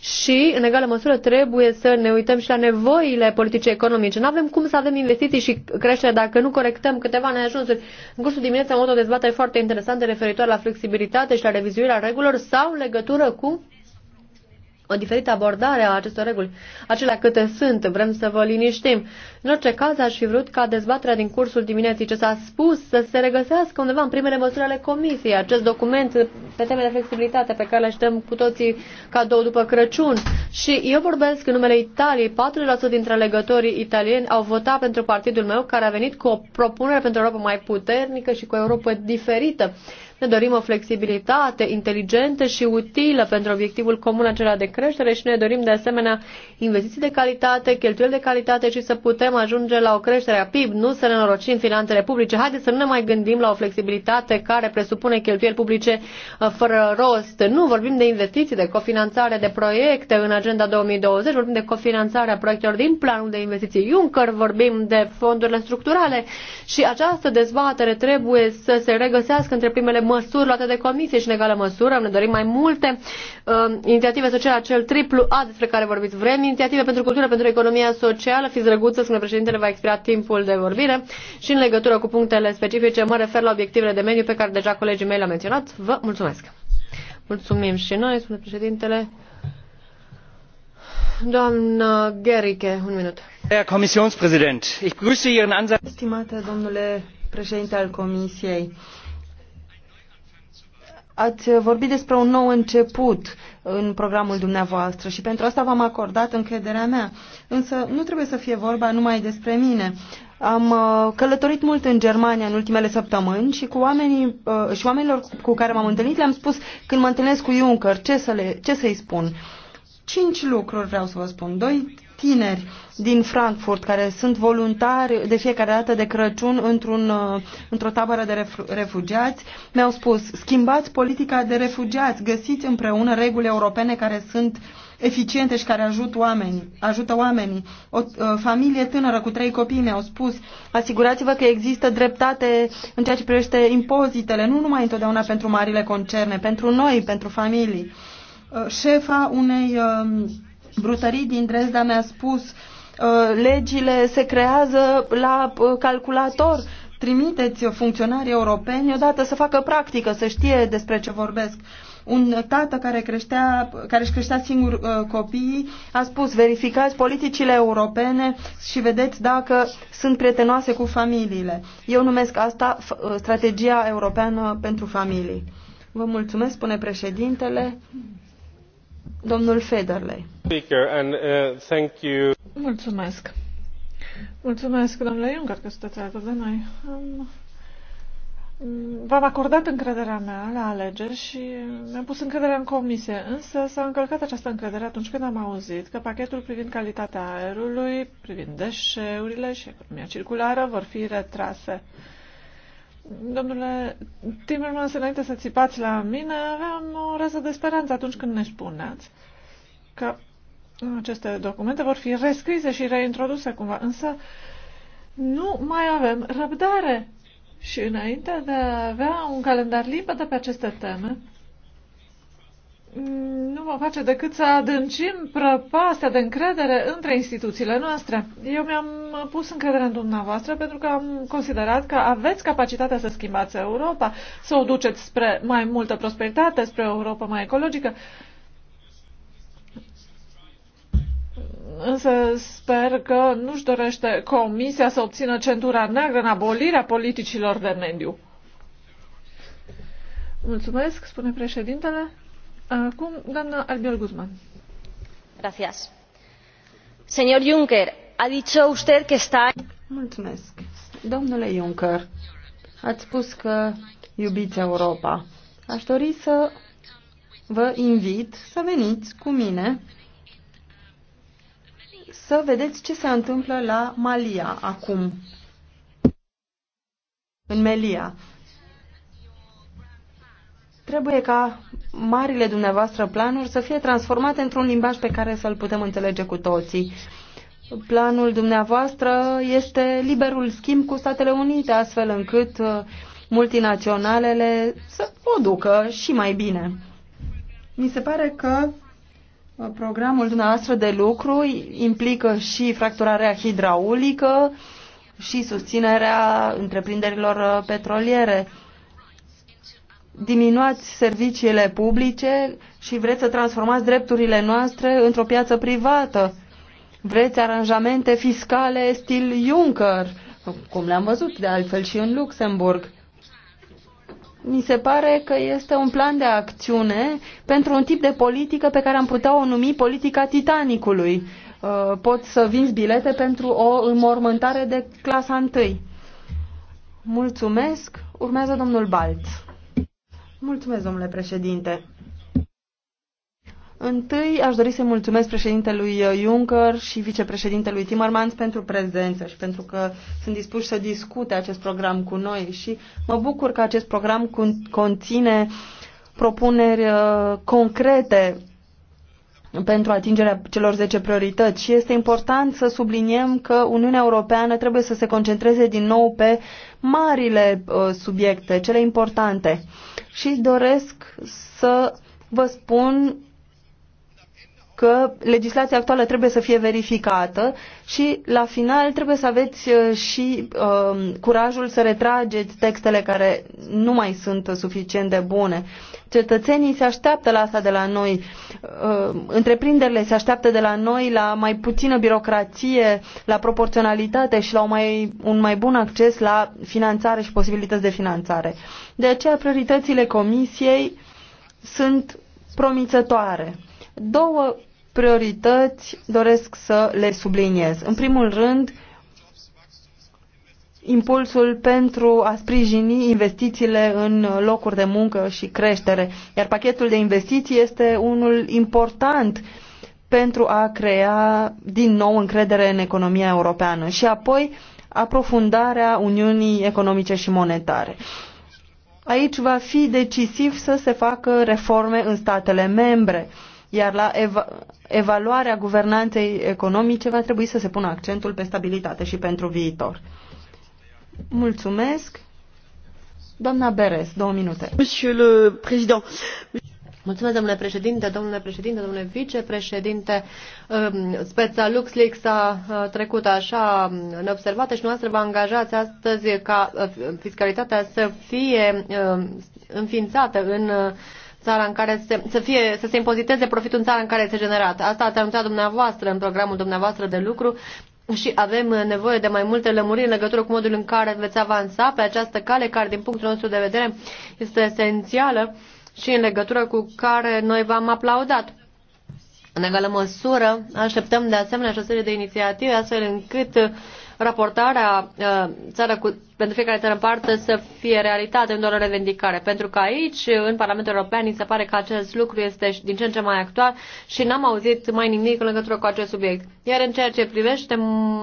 G: și în egală măsură trebuie să ne uităm și la nevoile politice economice. Nu avem cum să avem investiții și creștere dacă nu corectăm câteva neajunsuri. În cursul dimineții am avut o dezbatere foarte interesantă referitoare la flexibilitate și la revizuirea regulilor sau legătură cu o diferită abordare a acestor reguli, acelea câte sunt, vrem să vă liniștim. În orice caz, aș fi vrut ca dezbaterea din cursul dimineții ce s-a spus să se regăsească undeva în primele măsuri ale comisiei. Acest document pe teme de flexibilitate pe care le așteptăm cu toții cadou după Crăciun. Și eu vorbesc în numele Italiei. 4% dintre legătorii italieni au votat pentru partidul meu care a venit cu o propunere pentru Europa mai puternică și cu o Europa diferită. Ne dorim o flexibilitate inteligentă și utilă pentru obiectivul comun acela de creștere și ne dorim de asemenea investiții de calitate, cheltuieli de calitate și să putem ajunge la o creștere a PIB, nu să ne norocim finanțele publice. Haideți să nu ne mai gândim la o flexibilitate care presupune cheltuieli publice uh, fără rost. Nu vorbim de investiții, de cofinanțare de proiecte în Agenda 2020, vorbim de cofinanțarea proiectelor din planul de investiții Juncker, vorbim de fondurile structurale și această dezbatere trebuie să se regăsească între primele măsuri luate de comisie și în egală măsură ne dorim mai multe uh, inițiative sociale, acel triplu A despre care vorbiți. Vrem inițiative pentru cultură, pentru economia socială. Fiți drăguță, spune președintele, va expira timpul de vorbire și în legătură cu punctele specifice mă refer la obiectivele de mediu pe care deja colegii mei le-au menționat. Vă mulțumesc! Mulțumim și noi, spune președintele. Doamna Gerike, un minut.
C: Herr Kommissionspräsident,
G: ich begrüße Ihren Ansatz. Stimate domnule
F: președinte al Comisiei, Ați vorbit despre un nou început în programul dumneavoastră și pentru asta v-am acordat încrederea mea. Însă nu trebuie să fie vorba numai despre mine. Am uh, călătorit mult în Germania în ultimele săptămâni și cu oamenii uh, și oamenilor cu care m-am întâlnit le-am spus când mă întâlnesc cu Juncker ce, să le, ce să-i spun. Cinci lucruri vreau să vă spun. Doi tineri din Frankfurt, care sunt voluntari de fiecare dată de Crăciun într-un, uh, într-o tabără de refugiați, mi-au spus, schimbați politica de refugiați, găsiți împreună reguli europene care sunt eficiente și care ajut oamenii, ajută oamenii. O uh, familie tânără cu trei copii mi-au spus, asigurați-vă că există dreptate în ceea ce privește impozitele, nu numai întotdeauna pentru marile concerne, pentru noi, pentru familii. Uh, șefa unei um, brutării din Dresda mi-a spus, uh, Uh, legile se creează la uh, calculator. Trimiteți funcționarii europeni odată să facă practică, să știe despre ce vorbesc. Un tată care, creștea, care își creștea singur uh, copiii a spus verificați politicile europene și vedeți dacă sunt prietenoase cu familiile. Eu numesc asta uh, strategia europeană pentru familii. Vă mulțumesc, spune președintele.
E: Domnul Federley.
D: Uh,
E: Mulțumesc. Mulțumesc, domnule Juncker, că sunteți alături de noi. V-am acordat încrederea mea la alegeri și mi-am pus încrederea în comisie, însă s-a încălcat această încredere atunci când am auzit că pachetul privind calitatea aerului, privind deșeurile și economia circulară vor fi retrase. Domnule Timmermans, înainte să țipați la mine, aveam o rază de speranță atunci când ne spuneați că aceste documente vor fi rescrise și reintroduse cumva, însă nu mai avem răbdare. Și înainte de a avea un calendar limpede pe aceste teme, Mm, nu vom face decât să adâncim prăpastea de încredere între instituțiile noastre. Eu mi-am pus încredere în dumneavoastră pentru că am considerat că aveți capacitatea să schimbați Europa, să o duceți spre mai multă prosperitate, spre o Europa mai ecologică. Însă sper că nu-și dorește Comisia să obțină centura neagră în abolirea politicilor de mediu. Mulțumesc, spune președintele. Acum, Guzman. Señor
C: Juncker, ha dicho usted que está...
E: Mulțumesc.
F: Domnule Juncker, ați spus că iubiți Europa. Aș dori să vă invit să veniți cu mine să vedeți ce se întâmplă la Malia acum, în Melia. Trebuie ca marile dumneavoastră planuri să fie transformate într-un limbaj pe care să-l putem înțelege cu toții. Planul dumneavoastră este liberul schimb cu Statele Unite, astfel încât uh, multinaționalele să o ducă și mai bine. Mi se pare că uh, programul dumneavoastră de lucru implică și fracturarea hidraulică și susținerea întreprinderilor uh, petroliere diminuați serviciile publice și vreți să transformați drepturile noastre într-o piață privată. Vreți aranjamente fiscale stil Juncker, cum le-am văzut de altfel și în Luxemburg. Mi se pare că este un plan de acțiune pentru un tip de politică pe care am putea o numi politica Titanicului. Uh, pot să vinzi bilete pentru o înmormântare de clasa întâi. Mulțumesc. Urmează domnul Balț. Mulțumesc, domnule președinte. Întâi aș dori să mulțumesc președintelui Juncker și vicepreședintelui Timmermans pentru prezență și pentru că sunt dispuși să discute acest program cu noi și mă bucur că acest program conține propuneri uh, concrete pentru atingerea celor 10 priorități și este important să subliniem că Uniunea Europeană trebuie să se concentreze din nou pe marile uh, subiecte, cele importante. Și doresc să vă spun că legislația actuală trebuie să fie verificată și la final trebuie să aveți uh, și uh, curajul să retrageți textele care nu mai sunt suficient de bune. Cetățenii se așteaptă la asta de la noi, uh, întreprinderile se așteaptă de la noi la mai puțină birocrație, la proporționalitate și la mai, un mai bun acces la finanțare și posibilități de finanțare. De aceea prioritățile Comisiei sunt promițătoare. Două priorități doresc să le subliniez. În primul rând, impulsul pentru a sprijini investițiile în locuri de muncă și creștere. Iar pachetul de investiții este unul important pentru a crea din nou încredere în economia europeană și apoi aprofundarea Uniunii Economice și Monetare. Aici va fi decisiv să se facă reforme în statele membre, iar la eva evaluarea guvernanței economice va trebui să se pună accentul pe stabilitate și pentru viitor. Mulțumesc.
G: Doamna Beres, două minute. Monsieur le Président. Mulțumesc, domnule președinte, domnule președinte, domnule vicepreședinte. Ehm, speța LuxLeaks a trecut așa neobservată și noastră vă angajați astăzi ca fiscalitatea să fie ehm, înființată în țara în care se, să, fie, să se impoziteze profitul în țara în care este generat. Asta ați anunțat dumneavoastră în programul dumneavoastră de lucru și avem nevoie de mai multe lămuriri în legătură cu modul în care veți avansa pe această cale, care din punctul nostru de vedere este esențială și în legătură cu care noi v-am aplaudat. În egală măsură, așteptăm de asemenea și o serie de inițiative astfel încât raportarea uh, țară cu pentru fiecare țară în parte să fie realitate, nu doar o revendicare. Pentru că aici, în Parlamentul European, mi se pare că acest lucru este din ce în ce mai actual și n-am auzit mai nimic în legătură cu acest subiect. Iar în ceea ce privește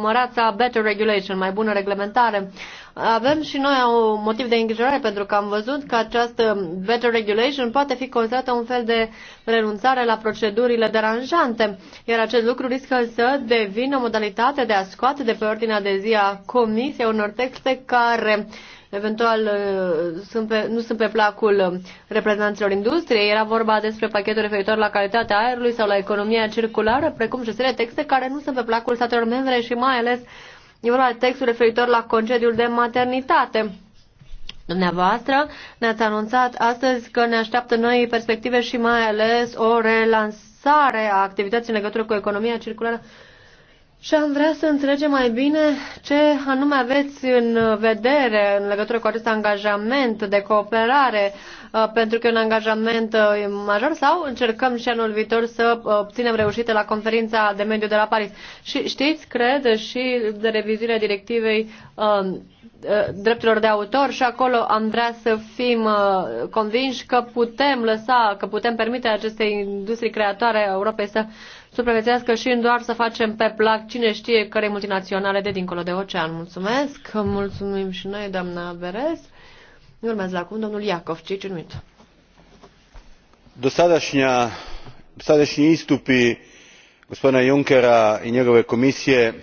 G: mărața better regulation, mai bună reglementare, avem și noi un motiv de îngrijorare pentru că am văzut că această better regulation poate fi considerată un fel de renunțare la procedurile deranjante, iar acest lucru riscă să devină modalitate de a scoate de pe ordinea de zi a Comisiei unor texte care care eventual uh, sunt pe, nu sunt pe placul uh, reprezentanților industriei. Era vorba despre pachetul referitor la calitatea aerului sau la economia circulară, precum și serie texte care nu sunt pe placul statelor membre și mai ales e vorba de textul referitor la concediul de maternitate. Dumneavoastră ne-ați anunțat astăzi că ne așteaptă noi perspective și mai ales o relansare a activității în legătură cu economia circulară și am vrea să înțelegem mai bine ce anume aveți în vedere în legătură cu acest angajament de cooperare, uh, pentru că e un angajament uh, major sau încercăm și anul viitor să uh, obținem reușite la conferința de mediu de la Paris. Și știți, cred, și de revizuirea directivei um, drepturilor de autor și acolo am vrea să fim convinși că putem lăsa, că putem permite acestei industrii creatoare a Europei să supraviețuiască și în doar să facem pe plac cine știe care multinaționale de dincolo de ocean. Mulțumesc! Mulțumim și noi, doamna Berez. Urmează acum domnul Iacov, cei cinut.
D: Dosadašnji istupi gospodina Junckera i njegove komisije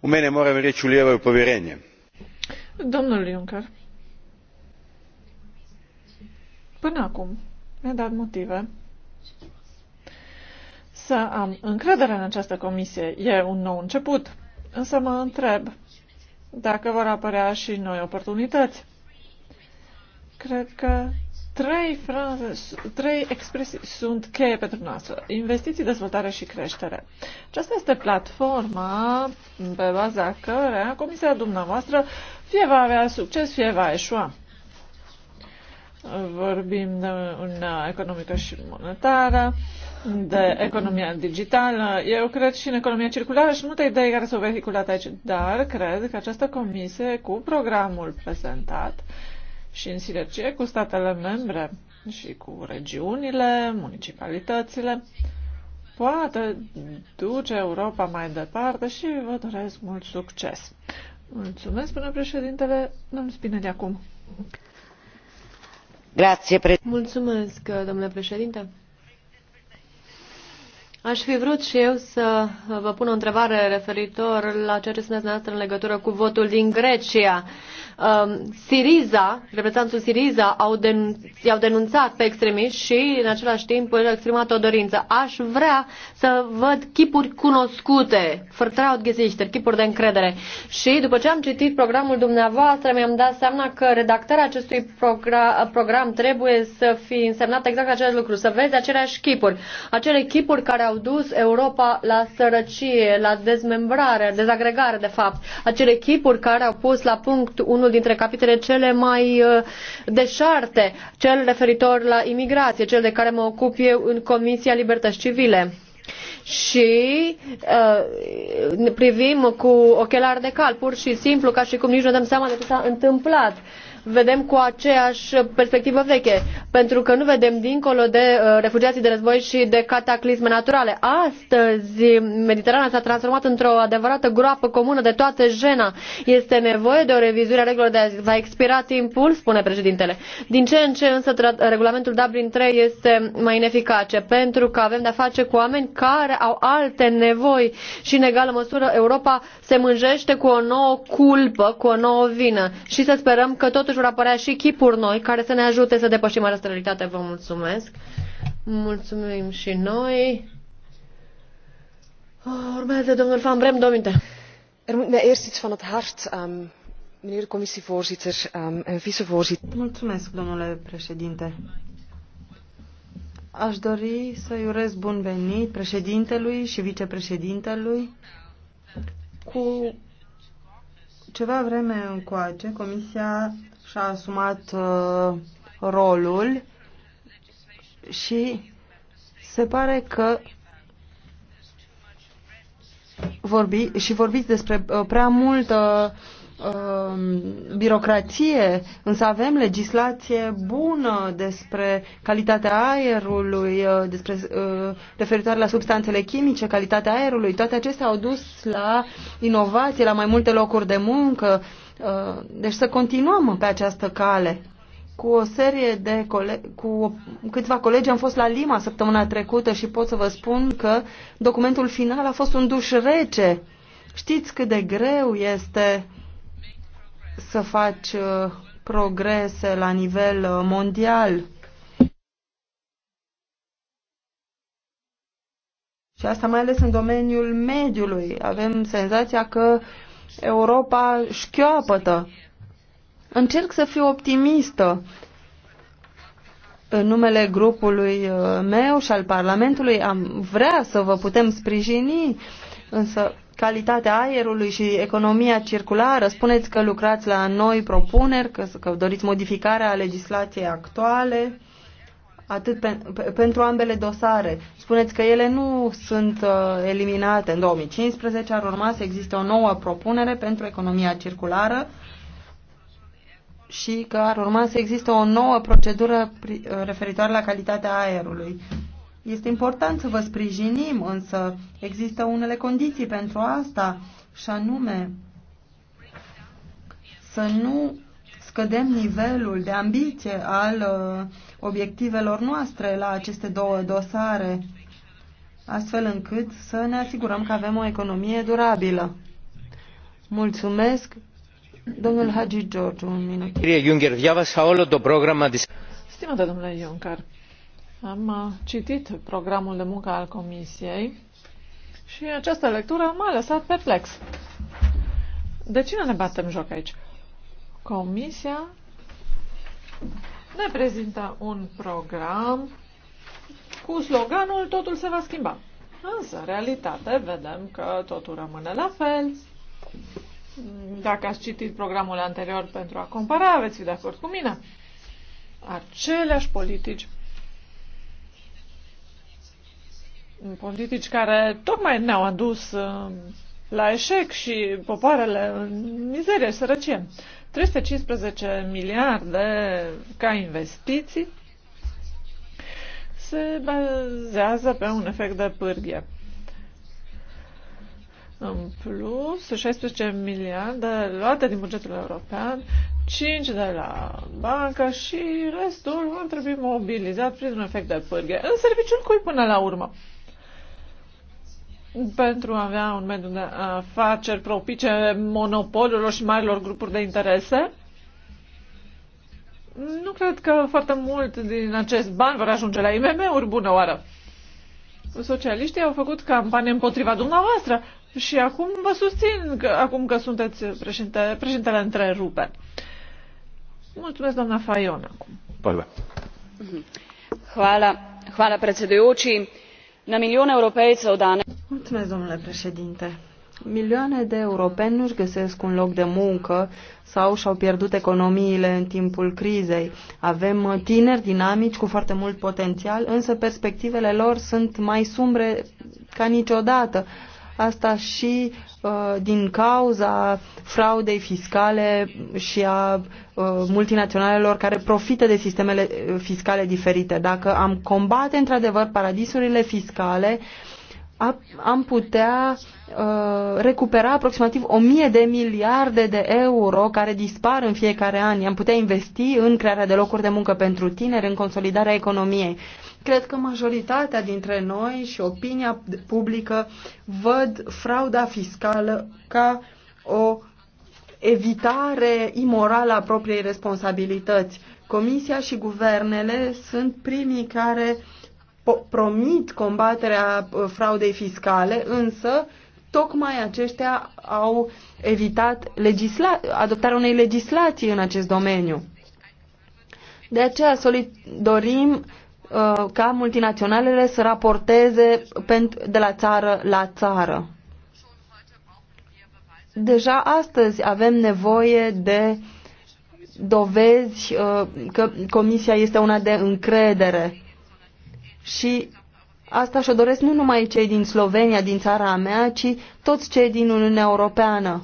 D: u mene, moram reći, ulijevaju povjerenje.
E: Domnul Juncker, până acum mi-a dat motive să am încredere în această comisie. E un nou început, însă mă întreb dacă vor apărea și noi oportunități. Cred că trei, fraze, trei expresii sunt cheie pentru noastră. Investiții, dezvoltare și creștere. Aceasta este platforma pe baza căreia comisia dumneavoastră fie va avea succes, fie va eșua. Vorbim de una economică și monetară, de economia digitală. Eu cred și în economia circulară și multe idei care s-au vehiculat aici, dar cred că această comisie, cu programul prezentat și în sinergie cu statele membre și cu regiunile, municipalitățile, poate duce Europa mai departe și vă doresc mult succes. Mulțumesc, până președintele. Domnul Spine de acum.
G: Grazie, pre- Mulțumesc, domnule președinte. Aș fi vrut și eu să vă pun o întrebare referitor la ceea ce spuneți dumneavoastră în legătură cu votul din Grecia um, Siriza, reprezentantul Siriza, au denunț, i-au denunțat pe extremiști și în același timp au exprimat o dorință. Aș vrea să văd chipuri cunoscute, vertrautgesichter, chipuri de încredere. Și după ce am citit programul dumneavoastră, mi-am dat seama că redactarea acestui program, program trebuie să fi însemnat exact același lucru, să vezi aceleași chipuri. Acele chipuri care au dus Europa la sărăcie, la dezmembrare, dezagregare, de fapt. Acele chipuri care au pus la punct unul unul dintre capitele cele mai uh, deșarte, cel referitor la imigrație, cel de care mă ocup eu în Comisia Libertăți Civile și uh, privim cu ochelari de cal, pur și simplu, ca și cum nici nu dăm seama de ce s-a întâmplat. Uh, vedem cu aceeași perspectivă veche, pentru că nu vedem dincolo de uh, refugiații de război și de cataclisme naturale. Astăzi, Mediterana s-a transformat într-o adevărată groapă comună de toată jena. Este nevoie de o revizuire a regulilor de a va expira timpul, spune președintele. Din ce în ce însă regulamentul Dublin 3 este mai ineficace, pentru că avem de-a face cu oameni care au alte nevoi și în egală măsură Europa se mânjește cu o nouă culpă, cu o nouă vină și să sperăm că tot totuși vor apărea și chipuri noi care să ne ajute să depășim această realitate. Vă mulțumesc! Mulțumim și noi! Ah, urmează domnul Van Brem, două Er moet mij eerst iets van het hart, um, meneer de commissievoorzitter um,
F: en vicevoorzitter. Mulțumesc, domnule președinte. Aș dori să-i urez bun venit președintelui și vicepreședintelui. Cu ceva vreme încoace, Comisia și-a asumat uh, rolul și se pare că vorbi, și vorbiți despre uh, prea multă uh, birocrație, însă avem legislație bună despre calitatea aerului, uh, despre uh, referitoare la substanțele chimice, calitatea aerului. Toate acestea au dus la inovație, la mai multe locuri de muncă. Uh, Uh, deci să continuăm pe această cale. Cu o serie de cole- cu câțiva colegi am fost la Lima săptămâna trecută și pot să vă spun că documentul final a fost un duș rece. Știți cât de greu este să faci uh, progrese la nivel uh, mondial. Și asta mai ales în domeniul mediului. Avem senzația că Europa șchioapătă. Încerc să fiu optimistă în numele grupului uh, meu și al Parlamentului. Am vrea să vă putem sprijini, însă calitatea aerului și economia circulară, spuneți că lucrați la noi propuneri, că, că doriți modificarea legislației actuale atât pe, pe, pentru ambele dosare. Spuneți că ele nu sunt uh, eliminate. În 2015 ar urma să existe o nouă propunere pentru economia circulară și că ar urma să existe o nouă procedură uh, referitoare la calitatea aerului. Este important să vă sprijinim, însă există unele condiții pentru asta, și anume să nu scădem nivelul de ambiție al uh, obiectivelor noastre la aceste două dosare, astfel încât să ne asigurăm că avem o economie durabilă.
E: Mulțumesc. Domnul Hagi George, un minut. Stimată domnule Juncker, am uh, citit programul de muncă al Comisiei și această lectură m-a lăsat perplex. De cine ne batem joc aici? Comisia ne prezintă un program cu sloganul Totul se va schimba. Însă, în realitate, vedem că totul rămâne la fel. Dacă ați citit programul anterior pentru a compara, veți fi de acord cu mine. Aceleași politici politici care tocmai ne-au adus uh, la eșec și popoarele în mizerie și sărăcie. 315 miliarde ca investiții se bazează pe un efect de pârghie. În plus, 16 miliarde luate din bugetul european, 5 de la bancă și restul va trebui mobilizat prin un efect de pârghie. În serviciul cui până la urmă? pentru a avea un mediu de afaceri propice monopolurilor și marilor grupuri de interese. Nu cred că foarte mult din acest ban vor ajunge la IMM-uri, bună oară. Socialiștii au făcut campanie împotriva dumneavoastră și acum vă susțin, că, acum că sunteți președinte, președintele întrerupe. Mulțumesc, doamna Faion, acum. Hvala. Hvala, predsedujoči na domnule președinte.
F: Milioane de europeni nu își găsesc un loc de muncă sau și-au pierdut economiile în timpul crizei. Avem tineri dinamici cu foarte mult potențial, însă perspectivele lor sunt mai sumbre ca niciodată asta și uh, din cauza fraudei fiscale și a uh, multinaționalelor care profită de sistemele uh, fiscale diferite. Dacă am combate într-adevăr paradisurile fiscale, am putea uh, recupera aproximativ 1000 de miliarde de euro care dispar în fiecare an. Am putea investi în crearea de locuri de muncă pentru tineri, în consolidarea economiei. Uh, Cred că majoritatea dintre noi și opinia publică văd frauda fiscală ca o evitare imorală a propriei responsabilități. Comisia și guvernele sunt primii care promit combaterea uh, fraudei fiscale, însă tocmai aceștia au evitat adoptarea unei legislații în acest domeniu. De aceea dorim Uh, ca multinaționalele să raporteze de la țară la țară. Deja astăzi avem nevoie de dovezi uh, că Comisia este una de încredere și asta și-o doresc nu numai cei din Slovenia, din țara mea, ci toți cei din Uniunea Europeană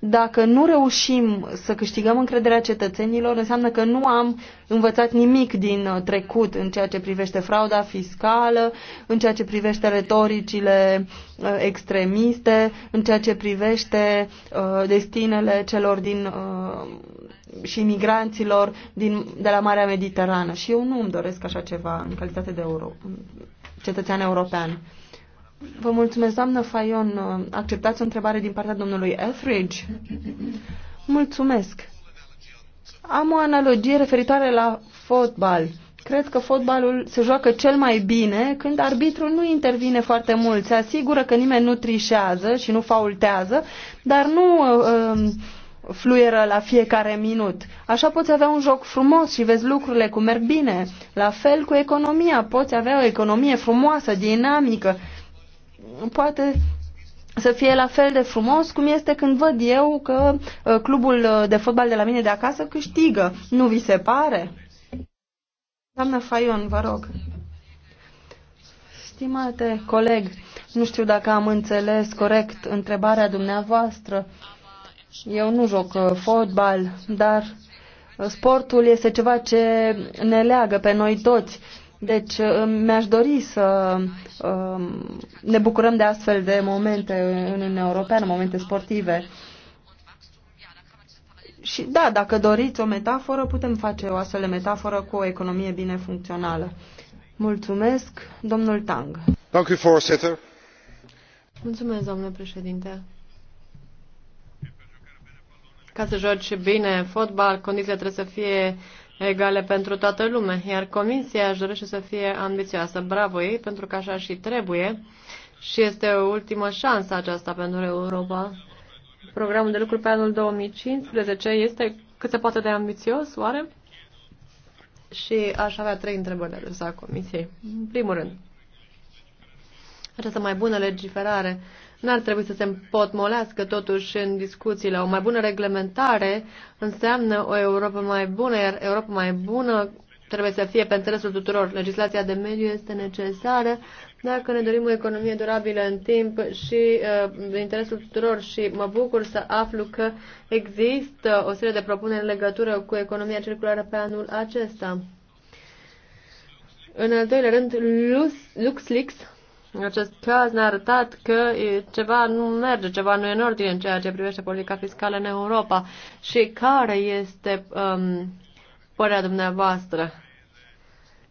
F: Dacă nu reușim să câștigăm încrederea cetățenilor, înseamnă că nu am învățat nimic din uh, trecut în ceea ce privește frauda fiscală, în ceea ce privește retoricile uh, extremiste, în ceea ce privește uh, destinele celor din și migranților din, de la Marea Mediterană. Și eu nu îmi doresc așa ceva în calitate de euro, cetățean european. Vă mulțumesc, doamnă Fayon. Acceptați o întrebare din partea domnului Elfridge? Mulțumesc. Am o analogie referitoare la fotbal. Cred că fotbalul se joacă cel mai bine când arbitrul nu intervine foarte mult. Se asigură că nimeni nu trișează și nu faultează, dar nu uh, fluieră la fiecare minut. Așa poți avea un joc frumos și vezi lucrurile cum merg bine. La fel cu economia, poți avea o economie frumoasă, dinamică poate să fie la fel de frumos cum este când văd eu că uh, clubul uh, de fotbal de la mine de acasă câștigă. Nu vi se pare? Doamna Faion, vă rog. Stimate coleg, nu știu dacă am înțeles corect întrebarea dumneavoastră. Eu nu joc uh, fotbal, dar sportul este ceva ce ne leagă pe noi toți. Deci mi-aș dori să um, ne bucurăm de astfel de momente în Uniunea Europeană, momente sportive. Și da, dacă doriți o metaforă, putem face o astfel de metaforă cu o economie bine funcțională. Mulțumesc, domnul Tang.
G: Mulțumesc, domnule președinte. Ca să joci bine fotbal, condițiile trebuie să fie egale pentru toată lumea, iar Comisia își dorește să fie ambițioasă. Bravo ei, pentru că așa și trebuie și este o ultimă șansă aceasta pentru Europa. Programul de lucru pe anul 2015 este cât se poate de ambițios, oare? Și aș avea trei întrebări de adresa Comisiei. În primul rând, această mai bună legiferare n-ar trebui să se împotmolească totuși în discuțiile. O mai bună reglementare înseamnă o Europa mai bună, iar Europa mai bună trebuie să fie pe interesul tuturor. Legislația de mediu este necesară dacă ne dorim o economie durabilă în timp și uh, interesul tuturor și mă bucur să aflu că există o serie de propuneri în legătură cu economia circulară pe anul acesta. În al doilea rând, LuxLeaks în acest caz ne-a arătat că ceva nu merge, ceva nu e în ordine în ceea ce privește politica fiscală în Europa. Și care este um, părerea dumneavoastră?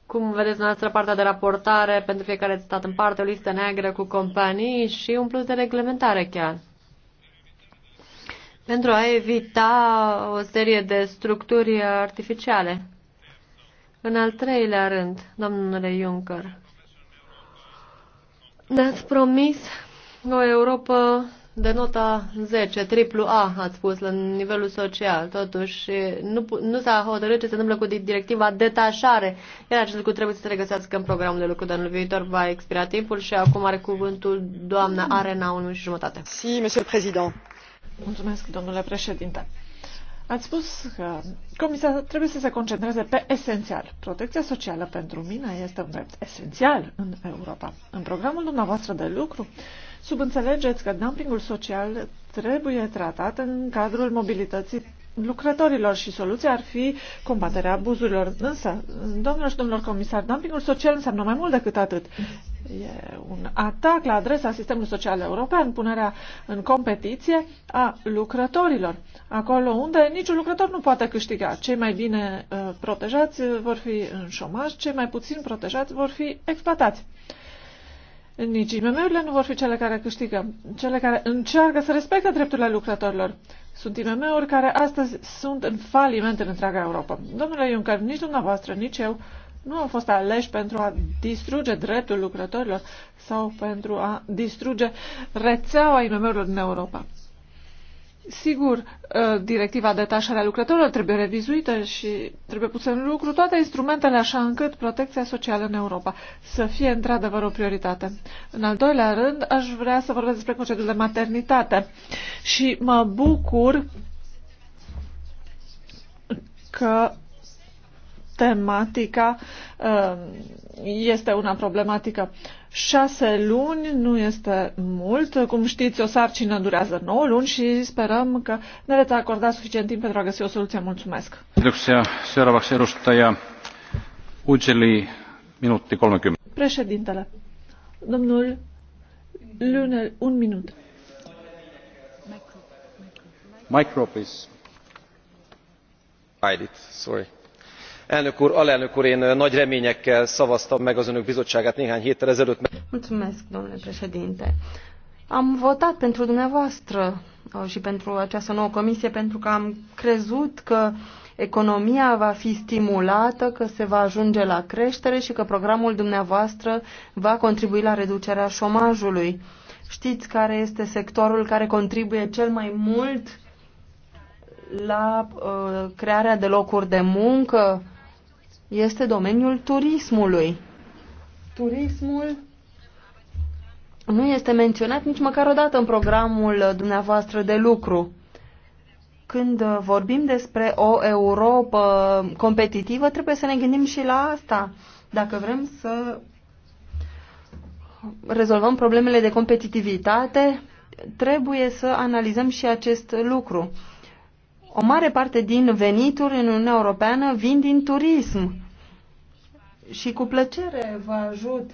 G: Cum vedeți noastră partea de raportare pentru fiecare stat în parte, o listă neagră cu companii și un plus de reglementare chiar? Pentru a evita o serie de structuri artificiale. În al treilea rând, domnule Juncker, ne-ați promis o Europa de nota 10, triplu A, ați spus, la nivelul social. Totuși, nu, nu s-a hotărât ce se întâmplă cu directiva detașare, iar acest lucru trebuie să se regăsească în programul de lucru de anul viitor. Va expira timpul și acum are cuvântul doamna Arena 1 și jumătate. Si, monsieur président. Mulțumesc, domnule
E: președinte. Ați spus că Comisia trebuie să se concentreze pe esențial. Protecția socială pentru mine este un drept esențial în Europa. În programul dumneavoastră de lucru, subînțelegeți că dumpingul social trebuie tratat în cadrul mobilității lucrătorilor și soluția ar fi combaterea abuzurilor. Însă, domnilor și domnilor comisari, dumpingul social înseamnă mai mult decât atât. E un atac la adresa sistemului social european, punerea în competiție a lucrătorilor, acolo unde niciun lucrător nu poate câștiga. Cei mai bine uh, protejați vor fi în șomaj, cei mai puțin protejați vor fi exploatați. Nici IMM-urile nu vor fi cele care câștigă, cele care încearcă să respecte drepturile lucrătorilor. Sunt IMM-uri care astăzi sunt în faliment în întreaga Europa. Domnule Juncker, nici dumneavoastră, nici eu nu am fost aleși pentru a distruge dreptul lucrătorilor sau pentru a distruge rețeaua IMM-urilor din Europa. Sigur, ă, directiva de tașare a lucrătorilor trebuie revizuită și trebuie pusă în lucru toate instrumentele așa încât protecția socială în Europa să fie într-adevăr o prioritate. În al doilea rând, aș vrea să vorbesc despre concediul de maternitate și mă bucur că tematica ă, este una problematică. Șase luni nu este mult. Cum știți, o sarcină durează 9 luni și sperăm că ne veți acorda suficient timp pentru a găsi o soluție. Mulțumesc. 30. Președintele, domnul Lunel, un minut.
D: Micro, please. Sorry elnök úr alelnök úr én nagy reményekkel szavaztam meg az önök bizottságát néhány héttel ezelőtt.
F: Mulțumesc, domnule președinte. Am votat pentru dumneavoastră și pentru această nouă comisie pentru că am crezut că economia va fi stimulată, că se va ajunge la creștere și că programul dumneavoastră va contribui la reducerea șomajului. Știți care este sectorul care contribuie cel mai mult la uh, crearea de locuri de muncă, este domeniul turismului. Turismul nu este menționat nici măcar o dată în programul dumneavoastră de lucru. Când vorbim despre o Europa competitivă, trebuie să ne gândim și la asta. Dacă vrem să rezolvăm problemele de competitivitate, trebuie să analizăm și acest lucru. O mare parte din venituri în Uniunea Europeană vin din turism. Și cu plăcere vă ajut.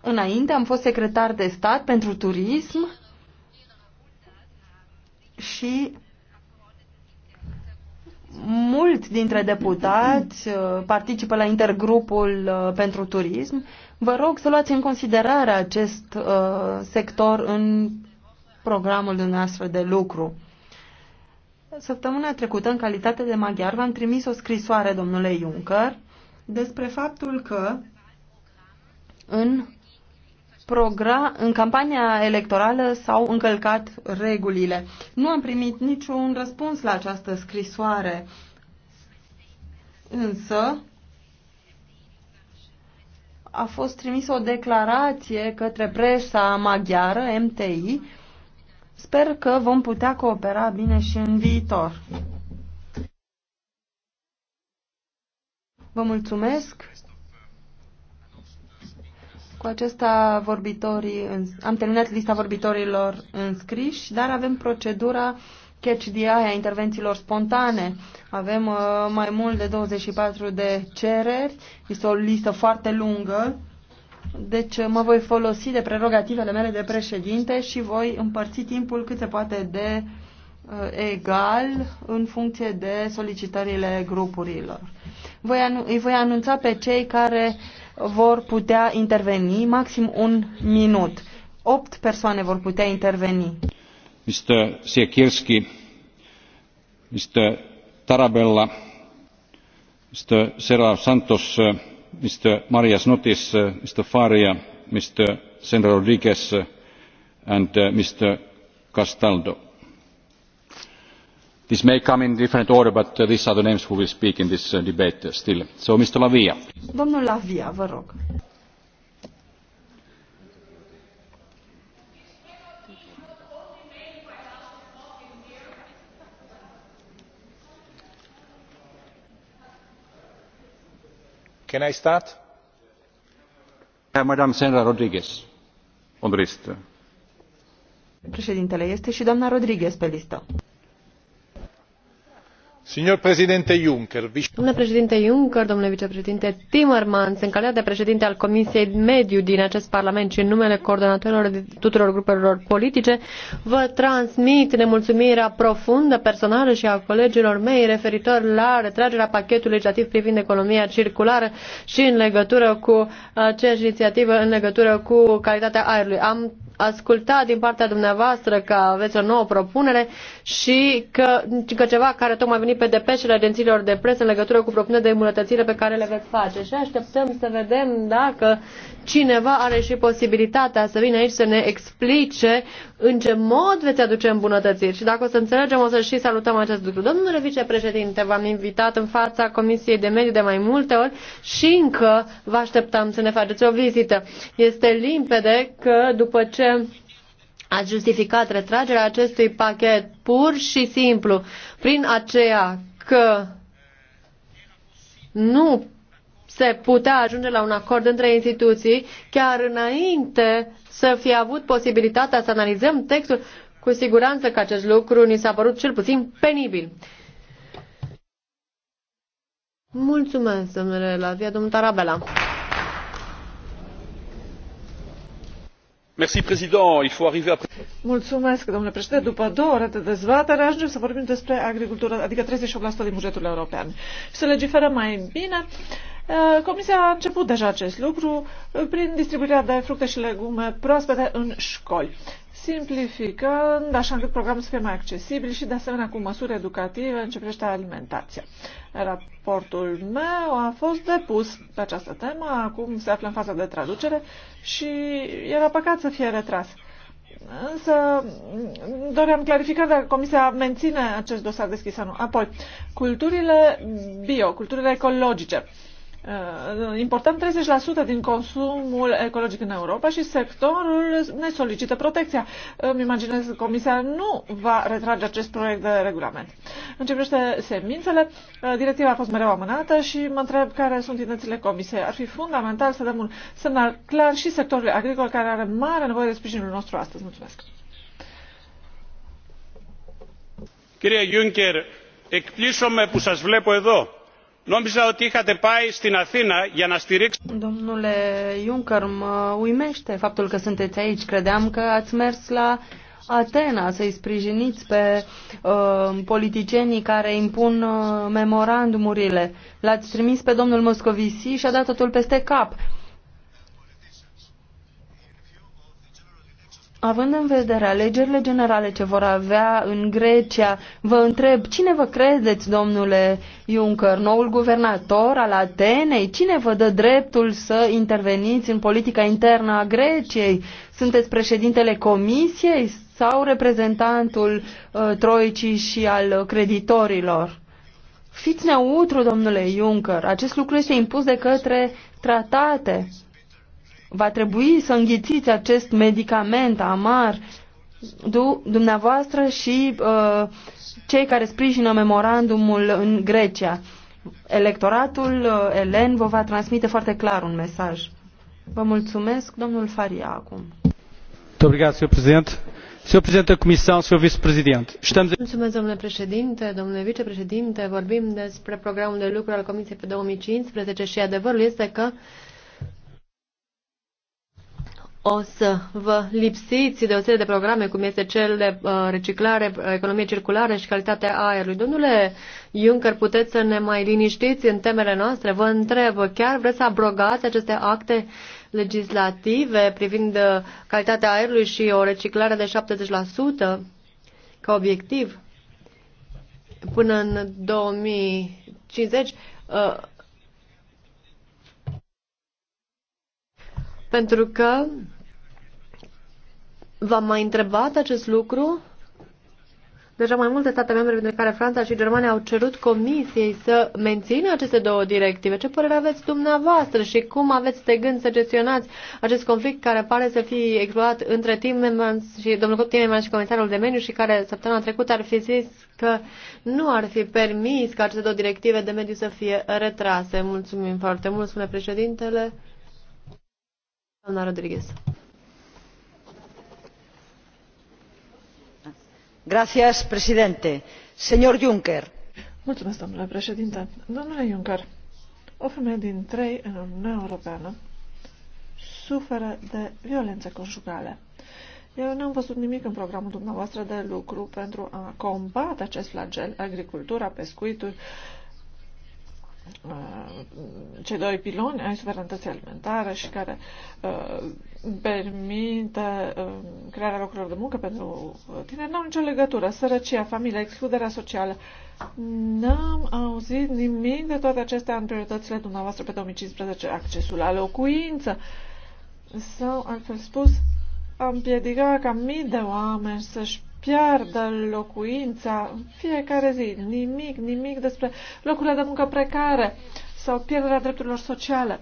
F: Înainte am fost secretar de stat pentru turism și mulți dintre deputați uh, participă la intergrupul uh, pentru turism. Vă rog să luați în considerare acest uh, sector în programul dumneavoastră de lucru. Săptămâna trecută, în calitate de maghiar, v-am trimis o scrisoare domnule Juncker despre faptul că în, program, în campania electorală s-au încălcat regulile. Nu am primit niciun răspuns la această scrisoare, însă a fost trimisă o declarație către presa maghiară, MTI, Sper că vom putea coopera bine și în viitor. Vă mulțumesc. Cu acesta vorbitorii, am terminat lista vorbitorilor înscriși, dar avem procedura catch the eye a intervențiilor spontane. Avem uh, mai mult de 24 de cereri, este o listă foarte lungă. Deci mă voi folosi de prerogativele mele de președinte și voi împărți timpul cât se poate de uh, egal în funcție de solicitările grupurilor. Voi anu- îi voi anunța pe cei care vor putea interveni maxim un minut. Opt persoane vor putea interveni.
D: Mr. Siekierski, Mr. Tarabella, Mr. Serra Santos, Domnule marias notis uh, mr faria mr uh, and uh, mr castaldo. this may come in different order but these are the names who will speak in this debate still. so mr vă rog. Can I start? Madame Senra Rodriguez,
F: Președintele este și doamna Rodriguez pe listă
G: domnule președinte juncker domnule vicepreședinte timmermans în calitate de președinte al comisiei mediu din acest parlament și în numele coordonatorilor tuturor grupurilor politice vă transmit nemulțumirea profundă personală și a colegilor mei referitor la retragerea pachetului legislativ privind economia circulară și în legătură cu aceeași inițiativă în legătură cu calitatea aerului. am asculta din partea dumneavoastră că aveți o nouă propunere și că, că ceva care tocmai a venit pe depeșele agențiilor de presă în legătură cu propunerea de îmbunătățire pe care le veți face. Și așteptăm să vedem dacă cineva are și posibilitatea să vină aici să ne explice în ce mod veți aduce îmbunătățiri. Și dacă o să înțelegem, o să și salutăm acest lucru. Domnule vicepreședinte, v-am invitat în fața Comisiei de Mediu de mai multe ori și încă vă așteptam să ne faceți o vizită. Este limpede că după ce a justificat retragerea acestui pachet pur și simplu prin aceea că nu se putea ajunge la un acord între instituții, chiar înainte să fi avut posibilitatea să analizăm textul, cu siguranță că acest lucru ni s-a părut cel puțin penibil. Mulțumesc, domnule Lavia, domnul Tarabela.
E: Mulțumesc, domnule președinte după două ore de dezbatere ajungem să vorbim despre agricultură adică 38% din bugetul european să legiferăm mai bine Uh, Comisia a început deja acest lucru uh, prin distribuirea de fructe și legume proaspete în școli, simplificând așa încât programul să fie mai accesibil și de asemenea cu măsuri educative în ce privește alimentația. Raportul meu a fost depus pe această temă, acum se află în faza de traducere și era păcat să fie retras. Însă doream clarificat dacă Comisia menține acest dosar deschis sau nu. Apoi, culturile bio, culturile ecologice. Uh, Uh, importăm 30% din consumul ecologic în Europa și sectorul ne solicită protecția. Îmi imaginez că Comisia nu va retrage acest proiect de regulament. În ce privește semințele, uh, directiva a fost mereu amânată și mă întreb care sunt intențiile Comisiei. Ar fi fundamental să dăm un semnal clar și sectorului agricol care are mare nevoie de sprijinul nostru astăzi. Mulțumesc!
D: Κύριε Γιούνκερ, εκπλήσωμαι που σας βλέπω εδώ. Νόμιζα ότι είχατε πάει στην Αθήνα για να στηρίξετε.
F: Domnule Juncker, mă uimește faptul că sunteți aici. Credeam că ați mers la Atena să-i sprijiniți pe uh, politicienii care impun uh, memorandumurile. L-ați trimis pe domnul Moscovici și a dat totul peste cap. Uh, Având în vedere alegerile generale ce vor avea în Grecia, vă întreb, cine vă credeți, domnule Juncker, noul guvernator al Atenei? Cine vă dă dreptul să interveniți în politica internă a Greciei? Sunteți președintele Comisiei sau reprezentantul uh, Troicii și al creditorilor? Fiți neutru, domnule Juncker. Acest lucru este impus de către tratate. Va trebui să înghițiți acest medicament amar dumneavoastră și uh, cei care sprijină memorandumul în Grecia. Electoratul uh, elen vă va transmite foarte clar un mesaj. Vă mulțumesc, domnul Faria, acum.
D: Obrigado, presidente. presidente da Comissão, vice-presidente. Estamos...
G: Mulțumesc, domnule președinte, domnule vicepreședinte. Vorbim despre programul de lucru al Comisiei pe 2015 și adevărul este că o să vă lipsiți de o serie de programe, cum este cel de uh, reciclare, economie circulară și calitatea aerului. Domnule Juncker, puteți să ne mai liniștiți în temele noastre? Vă întreb, chiar vreți să abrogați aceste acte legislative privind uh, calitatea aerului și o reciclare de 70% ca obiectiv? Până în 2050, uh, pentru că V-am mai întrebat acest lucru? Deja mai multe state membre, dintre care Franța și Germania, au cerut Comisiei să mențină aceste două directive. Ce părere aveți dumneavoastră și cum aveți de gând să gestionați acest conflict care pare să fie exploat între Timmermans și domnul Timmermans și comisarul de mediu și care săptămâna trecută ar fi zis că nu ar fi permis ca aceste două directive de mediu să fie retrase. Mulțumim foarte mult, spune președintele. Doamna Rodriguez. señor
E: presidente señor juncker domnule președinte juncker o femeie din trei în uniunea europeană suferă de violență conjugală. Eu nu am văzut nimic în programul dumneavoastră de lucru pentru a combate acest flagel, agricultura, pescuitul, uh, cei doi piloni ai suveranității alimentare și care uh, permite um, crearea locurilor de muncă pentru uh, tineri, n-au nicio legătură. Sărăcia, familia, excluderea socială. N-am auzit nimic de toate acestea în prioritățile dumneavoastră pe 2015. Accesul la locuință sau, altfel spus, a împiedica ca mii de oameni să-și piardă locuința în fiecare zi. Nimic, nimic despre locurile de muncă precare sau pierderea drepturilor sociale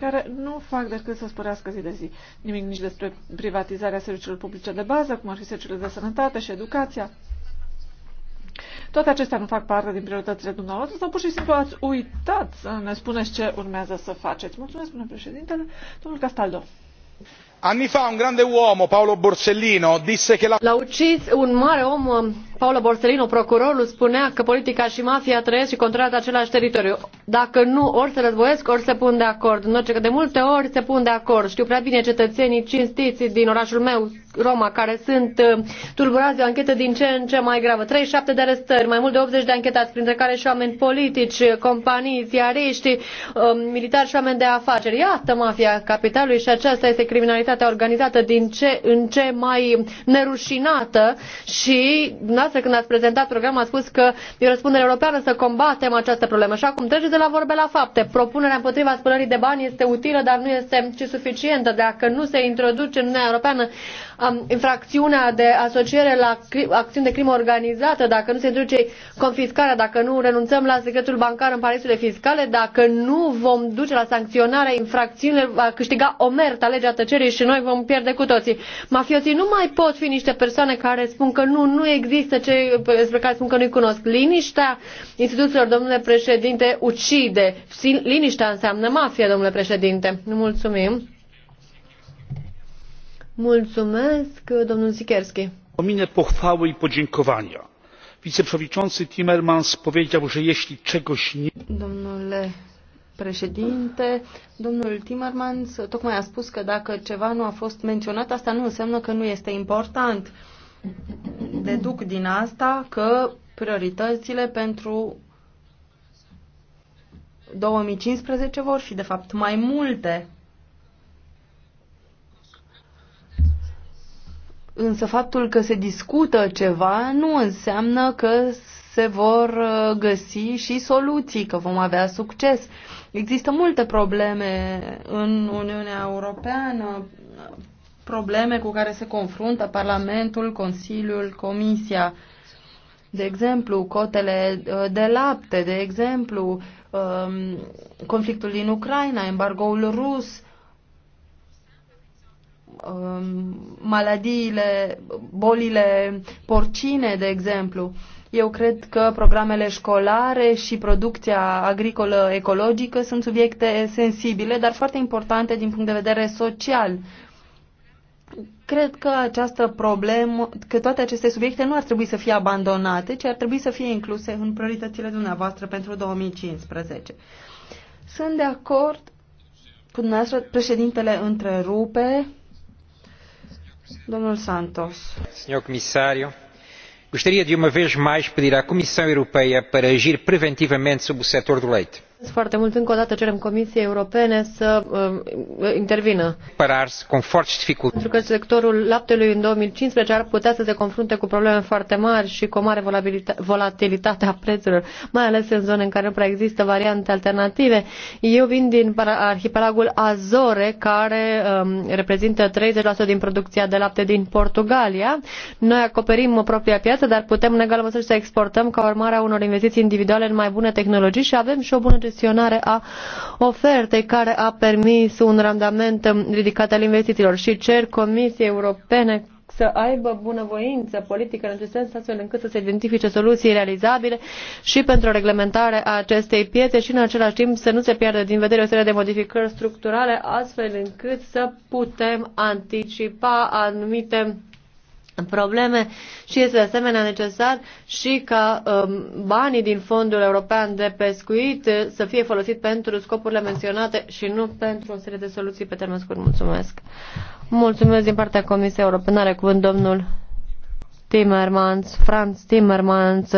E: care nu fac decât să spărească zi de zi. Nimic nici despre privatizarea serviciilor publice de bază, cum ar fi serviciile de sănătate și educația. Toate acestea nu fac parte din prioritățile dumneavoastră sau pur și simplu ați uitat să ne spuneți ce urmează să faceți. Mulțumesc, domnule președintele. Domnul Castaldo.
G: Anni fa un grande uomo, Paolo Borsellino, disse che la... L-a ucis un mare om Paolo Borsellino, procurorul, spunea că politica și mafia trăiesc și controlează același teritoriu. Dacă nu, ori se războiesc, ori se pun de acord. În orice, de multe ori se pun de acord. Știu prea bine cetățenii cinstiți din orașul meu, Roma, care sunt uh, tulburați de o anchetă din ce în ce mai gravă. 37 de arestări, mai mult de 80 de anchetați, printre care și oameni politici, companii, ziariști, um, militari și oameni de afaceri. Iată mafia capitalului și aceasta este criminalitatea organizată din ce în ce mai nerușinată și da, dumneavoastră, când ați prezentat programul, ați spus că e răspunderea europeană să combatem această problemă. Și acum treceți de la vorbe la fapte. Propunerea împotriva spălării de bani este utilă, dar nu este ci suficientă. Dacă nu se introduce în Uniunea Europeană Um, infracțiunea de asociere la acțiuni de crimă organizată, dacă nu se introduce confiscarea, dacă nu renunțăm la secretul bancar în paradisurile fiscale, dacă nu vom duce la sancționarea infracțiunilor, va câștiga omerta legea tăcerii și noi vom pierde cu toții. Mafioții nu mai pot fi niște persoane care spun că nu, nu există cei despre care spun că nu-i cunosc. Liniștea instituțiilor, domnule președinte, ucide. Liniștea înseamnă mafie, domnule președinte. Mulțumim. Mulțumesc, domnul Sikerski.
D: Pominę pochwały i podziękowania. Wiceprzewodniczący Timmermans powiedział, że jeśli czegoś nie...
G: Domnule
F: președinte, domnul Timmermans tocmai a spus că dacă ceva nu a fost menționat, asta nu înseamnă că nu este important. Deduc din asta că prioritățile pentru 2015 vor fi, de fapt, mai multe Însă faptul că se discută ceva nu înseamnă că se vor uh, găsi și soluții, că vom avea succes. Există multe probleme în Uniunea Europeană, probleme cu care se confruntă Parlamentul, Consiliul, Comisia. De exemplu, cotele uh, de lapte, de exemplu, um, conflictul din Ucraina, embargoul rus, Um, maladiile, bolile porcine, de exemplu. Eu cred că programele școlare și producția agricolă ecologică sunt subiecte sensibile, dar foarte importante din punct de vedere social. Cred că această problemă, că toate aceste subiecte nu ar trebui să fie abandonate, ci ar trebui să fie incluse în prioritățile dumneavoastră pentru 2015. Sunt de acord cu dumneavoastră, președintele întrerupe Domnul Santos.
C: Senhor Comissário, gostaria de uma vez mais pedir à Comissão Europeia para agir preventivamente sobre o setor do leite.
G: Foarte mult încă o dată cerem Comisiei Europene să uh, intervină. Pentru că sectorul laptelui în 2015 ar putea să se confrunte cu probleme foarte mari și cu o mare volatilitate a prețurilor, mai ales în zone în care nu prea există variante alternative. Eu vin din arhipelagul Azore, care um, reprezintă 30% din producția de lapte din Portugalia. Noi acoperim propria piață, dar putem în egală măsură să exportăm ca urmare a unor investiții individuale în mai bune tehnologii și avem și o bună gestionare a ofertei care a permis un randament ridicat al investițiilor și cer Comisiei Europene să aibă bunăvoință politică în acest sens, astfel încât să se identifice soluții realizabile și pentru o reglementare a acestei piețe și în același timp să nu se piardă din vedere o serie de modificări structurale, astfel încât să putem anticipa anumite probleme și este de asemenea necesar și ca um, banii din fondul european de pescuit uh, să fie folosit pentru scopurile menționate și nu pentru o serie de soluții pe termen scurt. Mulțumesc! Mulțumesc din partea Comisiei Europene. Are cuvânt domnul Timmermans, Franz Timmermans,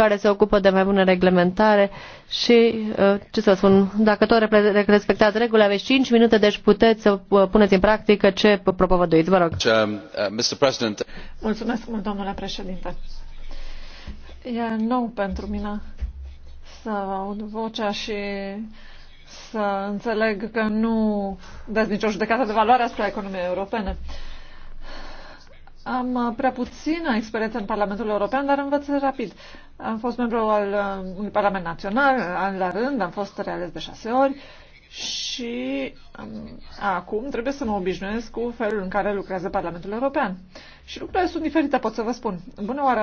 G: care se ocupă de mai bună reglementare și, uh, ce să spun, dacă tot respectați regulile, aveți 5 minute, deci puteți să uh, puneți în practică ce propovăduiți. Vă rog. Deci,
A: um, uh,
E: Mulțumesc mult, domnule președinte. E nou pentru mine să aud vocea și să înțeleg că nu dați nicio judecată de valoare asupra economiei europene. Uh, am uh, prea puțină experiență în Parlamentul European, dar învăț rapid. Am fost membru al uh, unui Parlament Național, an la rând, am fost reales de șase ori și um, acum trebuie să mă obișnuiesc cu felul în care lucrează Parlamentul European. Și lucrurile sunt diferite, pot să vă spun. Bună oară!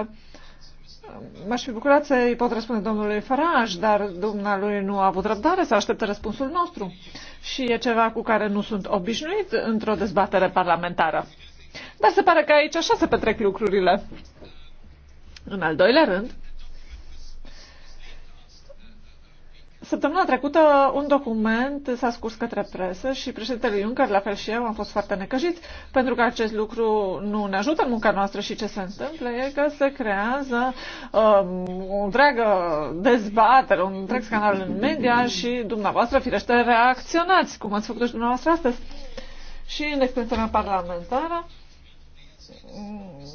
E: Um, m-aș fi bucurat să îi pot răspunde domnului Faraj, dar dumnealui nu a avut răbdare să aștepte răspunsul nostru. Și e ceva cu care nu sunt obișnuit într-o dezbatere parlamentară. Dar se pare că aici așa se petrec lucrurile. În al doilea rând, Săptămâna trecută un document s-a scurs către presă și președintele Juncker, la fel și eu, am fost foarte necăjiți pentru că acest lucru nu ne ajută în munca noastră și ce se întâmplă e că se creează um, o întreagă dezbatere, un întreg scandal în media și dumneavoastră, firește, reacționați, cum ați făcut și dumneavoastră astăzi. Și în experiența parlamentară,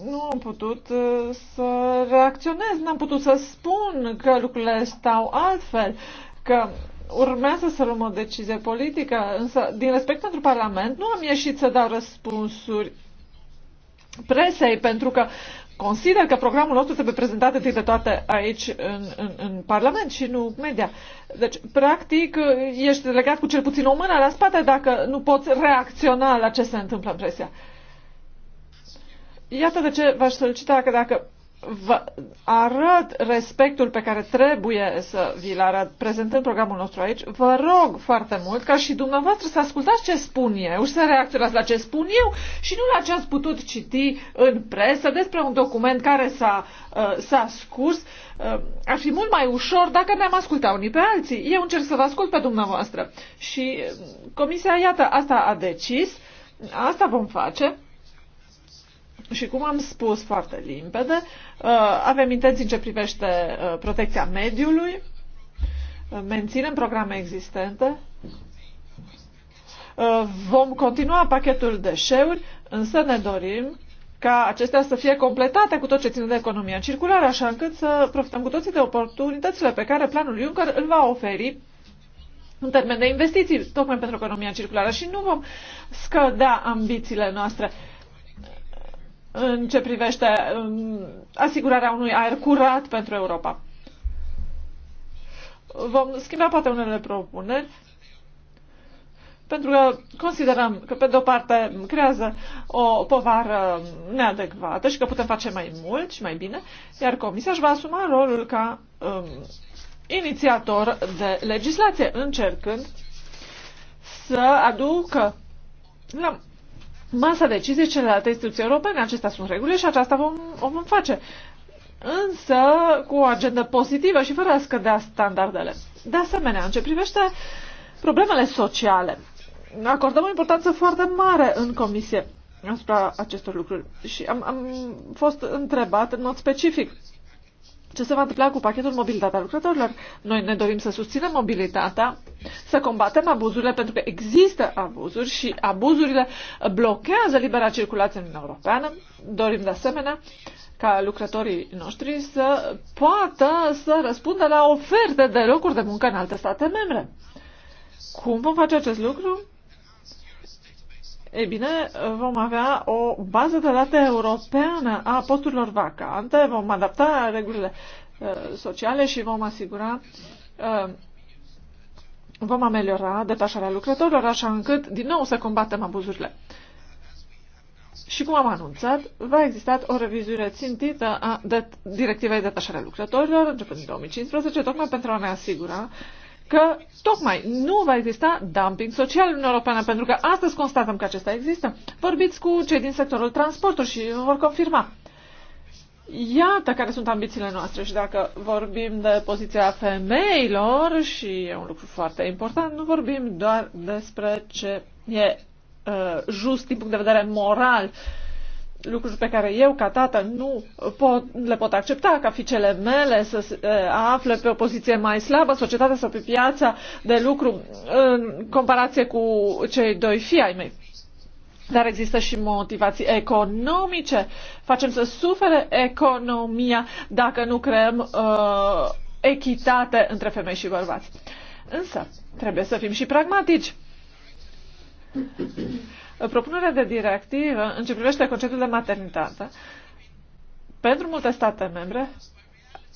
E: nu am putut uh, să reacționez, n-am putut să spun că lucrurile stau altfel, că urmează să luăm o decizie politică, însă din respect pentru Parlament nu am ieșit să dau răspunsuri presei, pentru că consider că programul nostru trebuie prezentat întâi de toate aici în, în, în Parlament și nu media. Deci, practic, ești legat cu cel puțin o mână la spate dacă nu poți reacționa la ce se întâmplă în presia. Iată de ce v-aș solicita că dacă vă arăt respectul pe care trebuie să vi-l arăt prezentând programul nostru aici, vă rog foarte mult ca și dumneavoastră să ascultați ce spun eu și să reacționați la ce spun eu și nu la ce ați putut citi în presă despre un document care s-a, uh, s-a scurs. Uh, ar fi mult mai ușor dacă ne-am ascultat unii pe alții. Eu încerc să vă ascult pe dumneavoastră. Și uh, comisia, iată, asta a decis, asta vom face și cum am spus foarte limpede, uh, avem intenții în ce privește uh, protecția mediului, uh, menținem programe existente, vom continua pachetul deșeuri, însă ne dorim ca acestea să fie completate cu tot ce ține de economia circulară, așa încât să profităm cu toții de oportunitățile pe care planul Juncker îl va oferi în termen de investiții, tocmai pentru economia circulară și nu vom scădea ambițiile noastre în ce privește um, asigurarea unui aer curat pentru Europa. Vom schimba poate unele propuneri, pentru că considerăm că, pe de-o parte, creează o povară neadecvată și că putem face mai mult și mai bine, iar Comisia își va asuma rolul ca um, inițiator de legislație, încercând să aducă la masa decizie celelalte instituții europene. Acestea sunt regulile și aceasta vom, o vom face. Însă cu o agendă pozitivă și fără a scădea standardele. De asemenea, în ce privește problemele sociale, acordăm o importanță foarte mare în comisie asupra acestor lucruri. Și am, am fost întrebat în mod specific ce se va întâmpla cu pachetul mobilitatea lucrătorilor. Noi ne dorim să susținem mobilitatea, să combatem abuzurile, pentru că există abuzuri și abuzurile blochează libera circulație în Europeană. Dorim de asemenea ca lucrătorii noștri să poată să răspundă la oferte de locuri de muncă în alte state membre. Cum vom face acest lucru? Ei bine, vom avea o bază de date europeană a posturilor vacante, vom adapta regulile uh, sociale și vom asigura, uh, vom ameliora detașarea lucrătorilor, așa încât din nou să combatem abuzurile. Și cum am anunțat, va exista o revizuire țintită a de- Directivei a Lucrătorilor, începând din 2015, tocmai pentru a ne asigura că tocmai nu va exista dumping social în Europeană, pentru că astăzi constatăm că acesta există. Vorbiți cu cei din sectorul transportului și vor confirma. Iată care sunt ambițiile noastre și dacă vorbim de poziția femeilor și e un lucru foarte important, nu vorbim doar despre ce e uh, just din punct de vedere moral uh, lucruri pe care eu, ca tată, nu pot, le pot accepta ca fiicele mele să se afle pe o poziție mai slabă, societatea sau pe piața de lucru în comparație cu cei doi fii ai mei. Dar există și motivații economice. Facem să sufere economia dacă nu creăm uh, echitate între femei și bărbați. Însă, trebuie să fim și pragmatici. Propunerea de directivă în ce privește conceptul de maternitate pentru multe state membre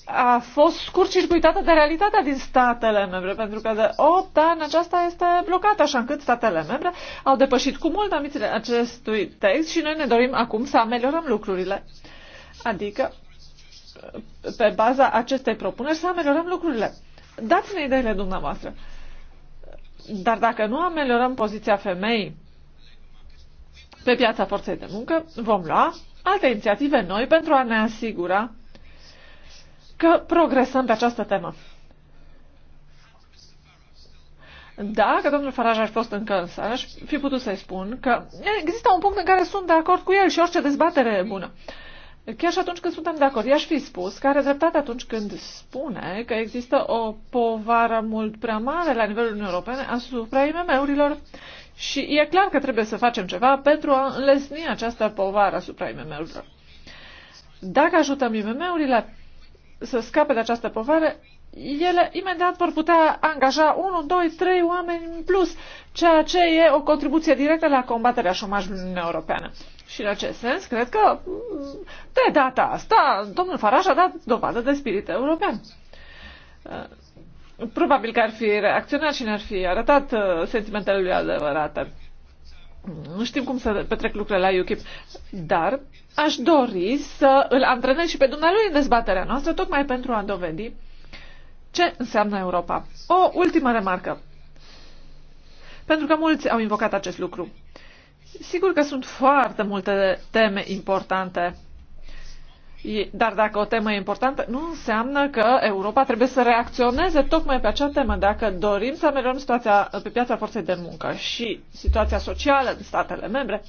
E: a fost scurcircuitată de realitatea din statele membre, pentru că de 8 ani aceasta este blocată, așa încât statele membre au depășit cu mult amițile acestui text și noi ne dorim acum să ameliorăm lucrurile. Adică, pe baza acestei propuneri, să ameliorăm lucrurile. Dați-ne ideile dumneavoastră. Dar dacă nu ameliorăm poziția femeii pe piața forței de muncă, vom lua alte inițiative noi pentru a ne asigura că progresăm pe această temă. Dacă domnul Faraj ar fi fost încă în sală, aș fi putut să-i spun că există un punct în care sunt de acord cu el și orice dezbatere e bună. Chiar și atunci când suntem de acord, i-aș fi spus că are dreptate atunci când spune că există o povară mult prea mare la nivelul Uniunii Europene asupra IMM-urilor și e clar că trebuie să facem ceva pentru a înlesni această povară asupra IMM-urilor. Dacă ajutăm IMM-urile să scape de această povară, ele imediat vor putea angaja 1, 2, 3 oameni în plus, ceea ce e o contribuție directă la combaterea șomajului în Europeană. Și în acest sens, cred că de data asta, domnul Faraj a dat dovadă de spirit european probabil că ar fi reacționat și ne-ar fi arătat uh, sentimentele lui adevărate. Nu știm cum să petrec lucrurile la UKIP, dar aș dori să îl antrenez și pe dumnealui în dezbaterea noastră, tocmai pentru a dovedi ce înseamnă Europa. O ultimă remarcă, pentru că mulți au invocat acest lucru. Sigur că sunt foarte multe teme importante dar dacă o temă e importantă, nu înseamnă că Europa trebuie să reacționeze tocmai pe acea temă. Dacă dorim să ameliorăm situația pe piața forței de muncă și situația socială în statele membre,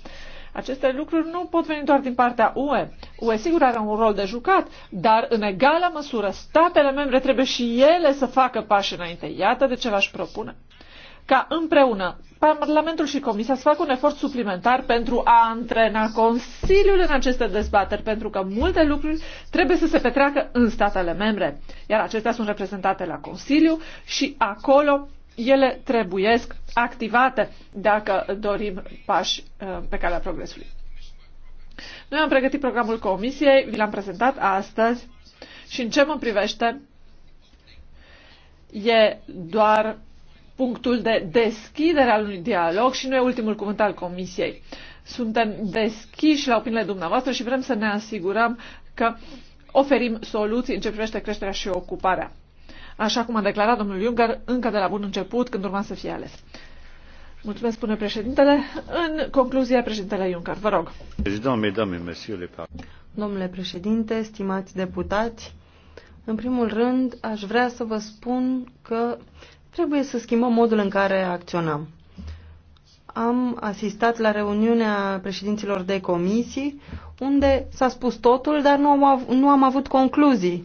E: aceste lucruri nu pot veni doar din partea UE. UE sigur are un rol de jucat, dar în egală măsură statele membre trebuie și ele să facă pași înainte. Iată de ce v-aș propune ca împreună Parlamentul și Comisia să facă un efort suplimentar pentru a antrena Consiliul în aceste dezbateri, pentru că multe lucruri trebuie să se petreacă în statele membre, iar acestea sunt reprezentate la Consiliu și acolo ele trebuiesc activate dacă dorim pași uh, pe calea progresului. Noi am pregătit programul Comisiei, vi l-am prezentat astăzi și în ce mă privește e doar punctul de deschidere al unui dialog și nu e ultimul cuvânt al Comisiei. Suntem deschiși la opiniile dumneavoastră și vrem să ne asigurăm că oferim soluții în ce privește creșterea și ocuparea. Așa cum a declarat domnul Juncker încă de la bun început, când urma să fie ales. Mulțumesc, spune președintele. În concluzie, președintele Juncker, vă rog. Domnule președinte, stimați deputați,
F: în primul rând aș vrea să vă spun că Trebuie să schimbăm modul în care acționăm. Am asistat la reuniunea președinților de comisii, unde s-a spus totul, dar nu am, av- nu am avut concluzii.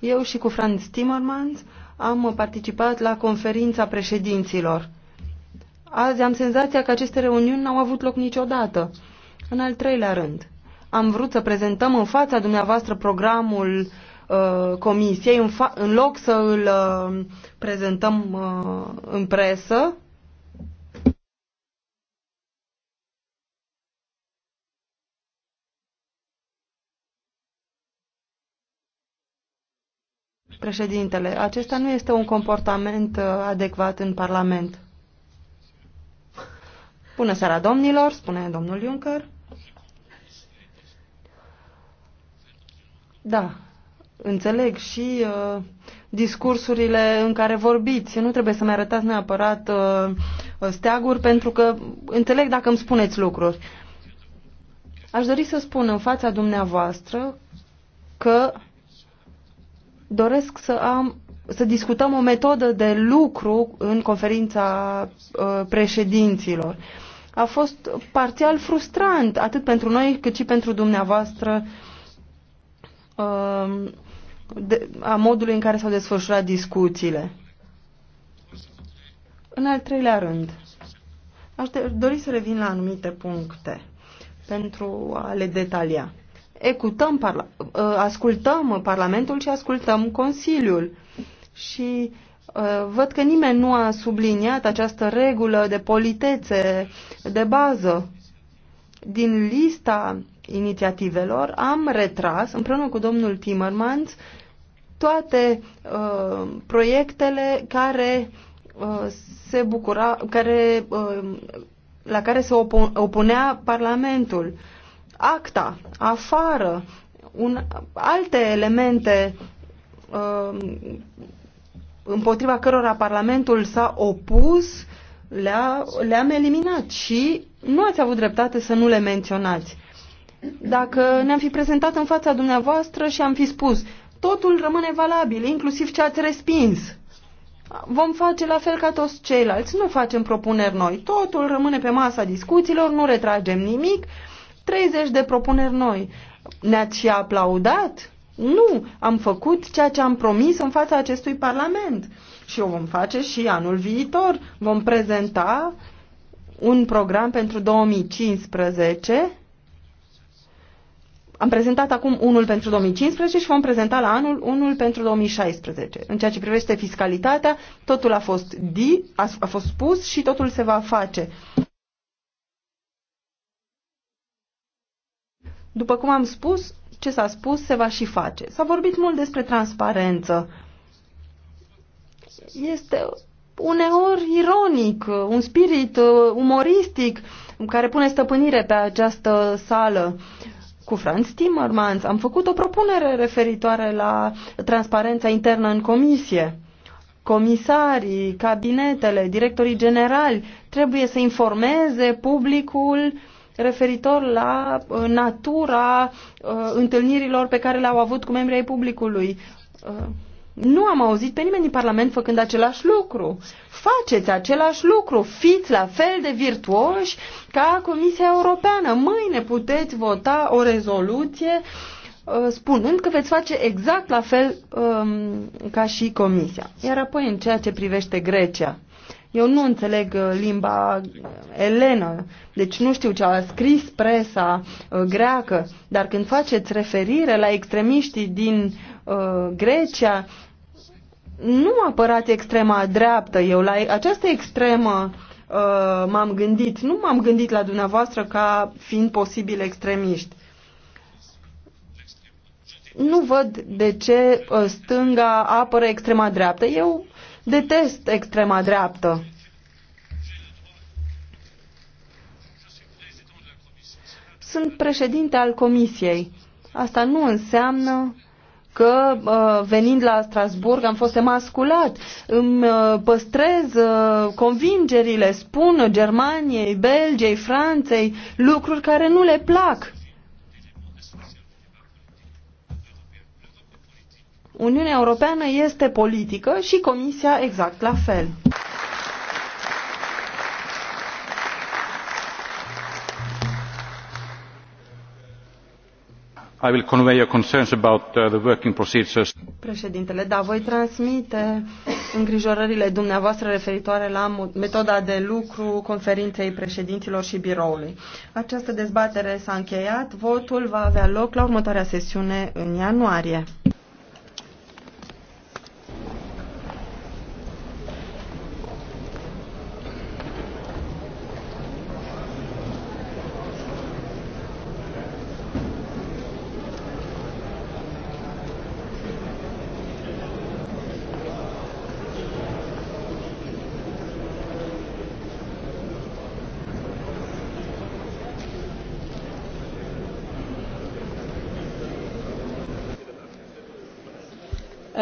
F: Eu și cu Franz Timmermans am participat la conferința președinților. Azi am senzația că aceste reuniuni n-au avut loc niciodată. În al treilea rând, am vrut să prezentăm în fața dumneavoastră programul Uh, comisiei, în, în loc să îl uh, prezentăm uh, în presă, președintele, acesta nu este un comportament uh, adecvat în Parlament. Bună seara, domnilor, spune domnul Juncker. Da, înțeleg și uh, discursurile în care vorbiți. Nu trebuie să-mi arătați neapărat uh, steaguri, pentru că înțeleg dacă îmi spuneți lucruri. Aș dori să spun în fața dumneavoastră că doresc să am să discutăm o metodă de lucru în conferința uh, președinților. A fost parțial frustrant, atât pentru noi cât și pentru dumneavoastră uh, de, a modului în care s-au desfășurat discuțiile. În al treilea rând, aș dori să revin la anumite puncte pentru a le detalia. Ecutăm parla ă, ascultăm Parlamentul și ascultăm Consiliul. Și uh, văd că nimeni nu a subliniat această regulă de politețe de bază. Din lista inițiativelor, am retras, împreună cu domnul Timmermans, toate uh, proiectele care uh, se bucura, care, uh, la care se opunea Parlamentul. Acta, afară, un, alte elemente uh, împotriva cărora Parlamentul s-a opus, le-am le, le -am eliminat și nu ați avut dreptate să nu le menționați dacă ne-am fi prezentat în fața dumneavoastră și am fi spus totul rămâne valabil, inclusiv ce ați respins. Vom face la fel ca toți ceilalți, nu facem propuneri noi, totul rămâne pe masa discuțiilor, nu retragem nimic, 30 de propuneri noi. Ne-ați și aplaudat? Nu, am făcut ceea ce am promis în fața acestui Parlament și o vom face și anul viitor. Vom prezenta un program pentru 2015 am prezentat acum unul pentru 2015 și vom prezenta la anul unul pentru 2016. În ceea ce privește fiscalitatea, totul a fost, di, a, a fost spus și totul se va face. După cum am spus, ce s-a spus se va și face. S-a vorbit mult despre transparență. Este uneori ironic, un spirit uh, umoristic care pune stăpânire pe această sală. Uh, cu Franz Timmermans. Am făcut o propunere referitoare la transparența internă în comisie. Comisarii, cabinetele, directorii generali trebuie să informeze publicul referitor la uh, natura uh, întâlnirilor pe care le-au avut cu membrii publicului. Uh, nu am auzit pe nimeni din Parlament făcând același lucru. Faceți același lucru, fiți la fel de virtuoși ca Comisia Europeană. Mâine puteți vota o rezoluție uh, spunând că veți face exact la fel um, ca și Comisia. Iar apoi în ceea ce privește Grecia. Eu nu înțeleg uh, limba uh, elenă, deci nu știu ce a scris presa greacă, dar când faceți referire la extremiștii din uh, Uh, Grecia, nu apărat extrema dreaptă. Eu la această extremă uh, m-am gândit. Nu m-am gândit la dumneavoastră ca fiind posibil extremiști. Nu văd de ce uh, stânga apără extrema dreaptă. Eu detest extrema dreaptă. Sunt președinte al comisiei. Asta nu înseamnă că uh, venind la Strasburg am fost emasculat. Îmi uh, păstrez uh, convingerile, spun Germaniei, Belgiei, Franței, lucruri care nu le plac. Uniunea Europeană este politică și Comisia exact la fel. Președintele, da, voi transmite îngrijorările dumneavoastră referitoare la metoda de lucru conferinței președinților și biroului. Această dezbatere s-a încheiat. Votul va avea loc la următoarea sesiune în ianuarie.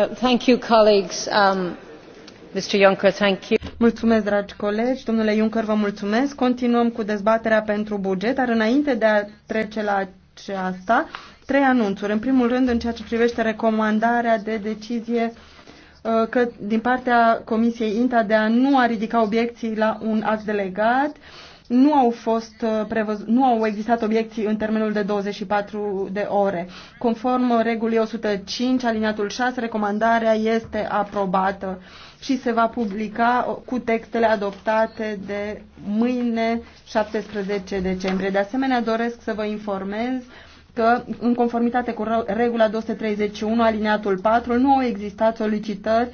G: Uh, um, mulțumesc, dragi
F: colegi. Domnule Juncker, vă mulțumesc. Continuăm cu dezbaterea pentru buget, dar înainte de a trece la aceasta, trei anunțuri. În primul rând, în ceea ce privește recomandarea de decizie uh, că din partea Comisiei INTA de a nu a ridica obiecții la un act delegat, nu au, fost uh, prevăz- nu au existat obiecții în termenul de 24 de ore. Conform regulii 105, aliniatul 6, recomandarea este aprobată și se va publica cu textele adoptate de mâine 17 decembrie. De asemenea, doresc să vă informez că, în conformitate cu regula 231, alineatul 4, nu au existat solicitări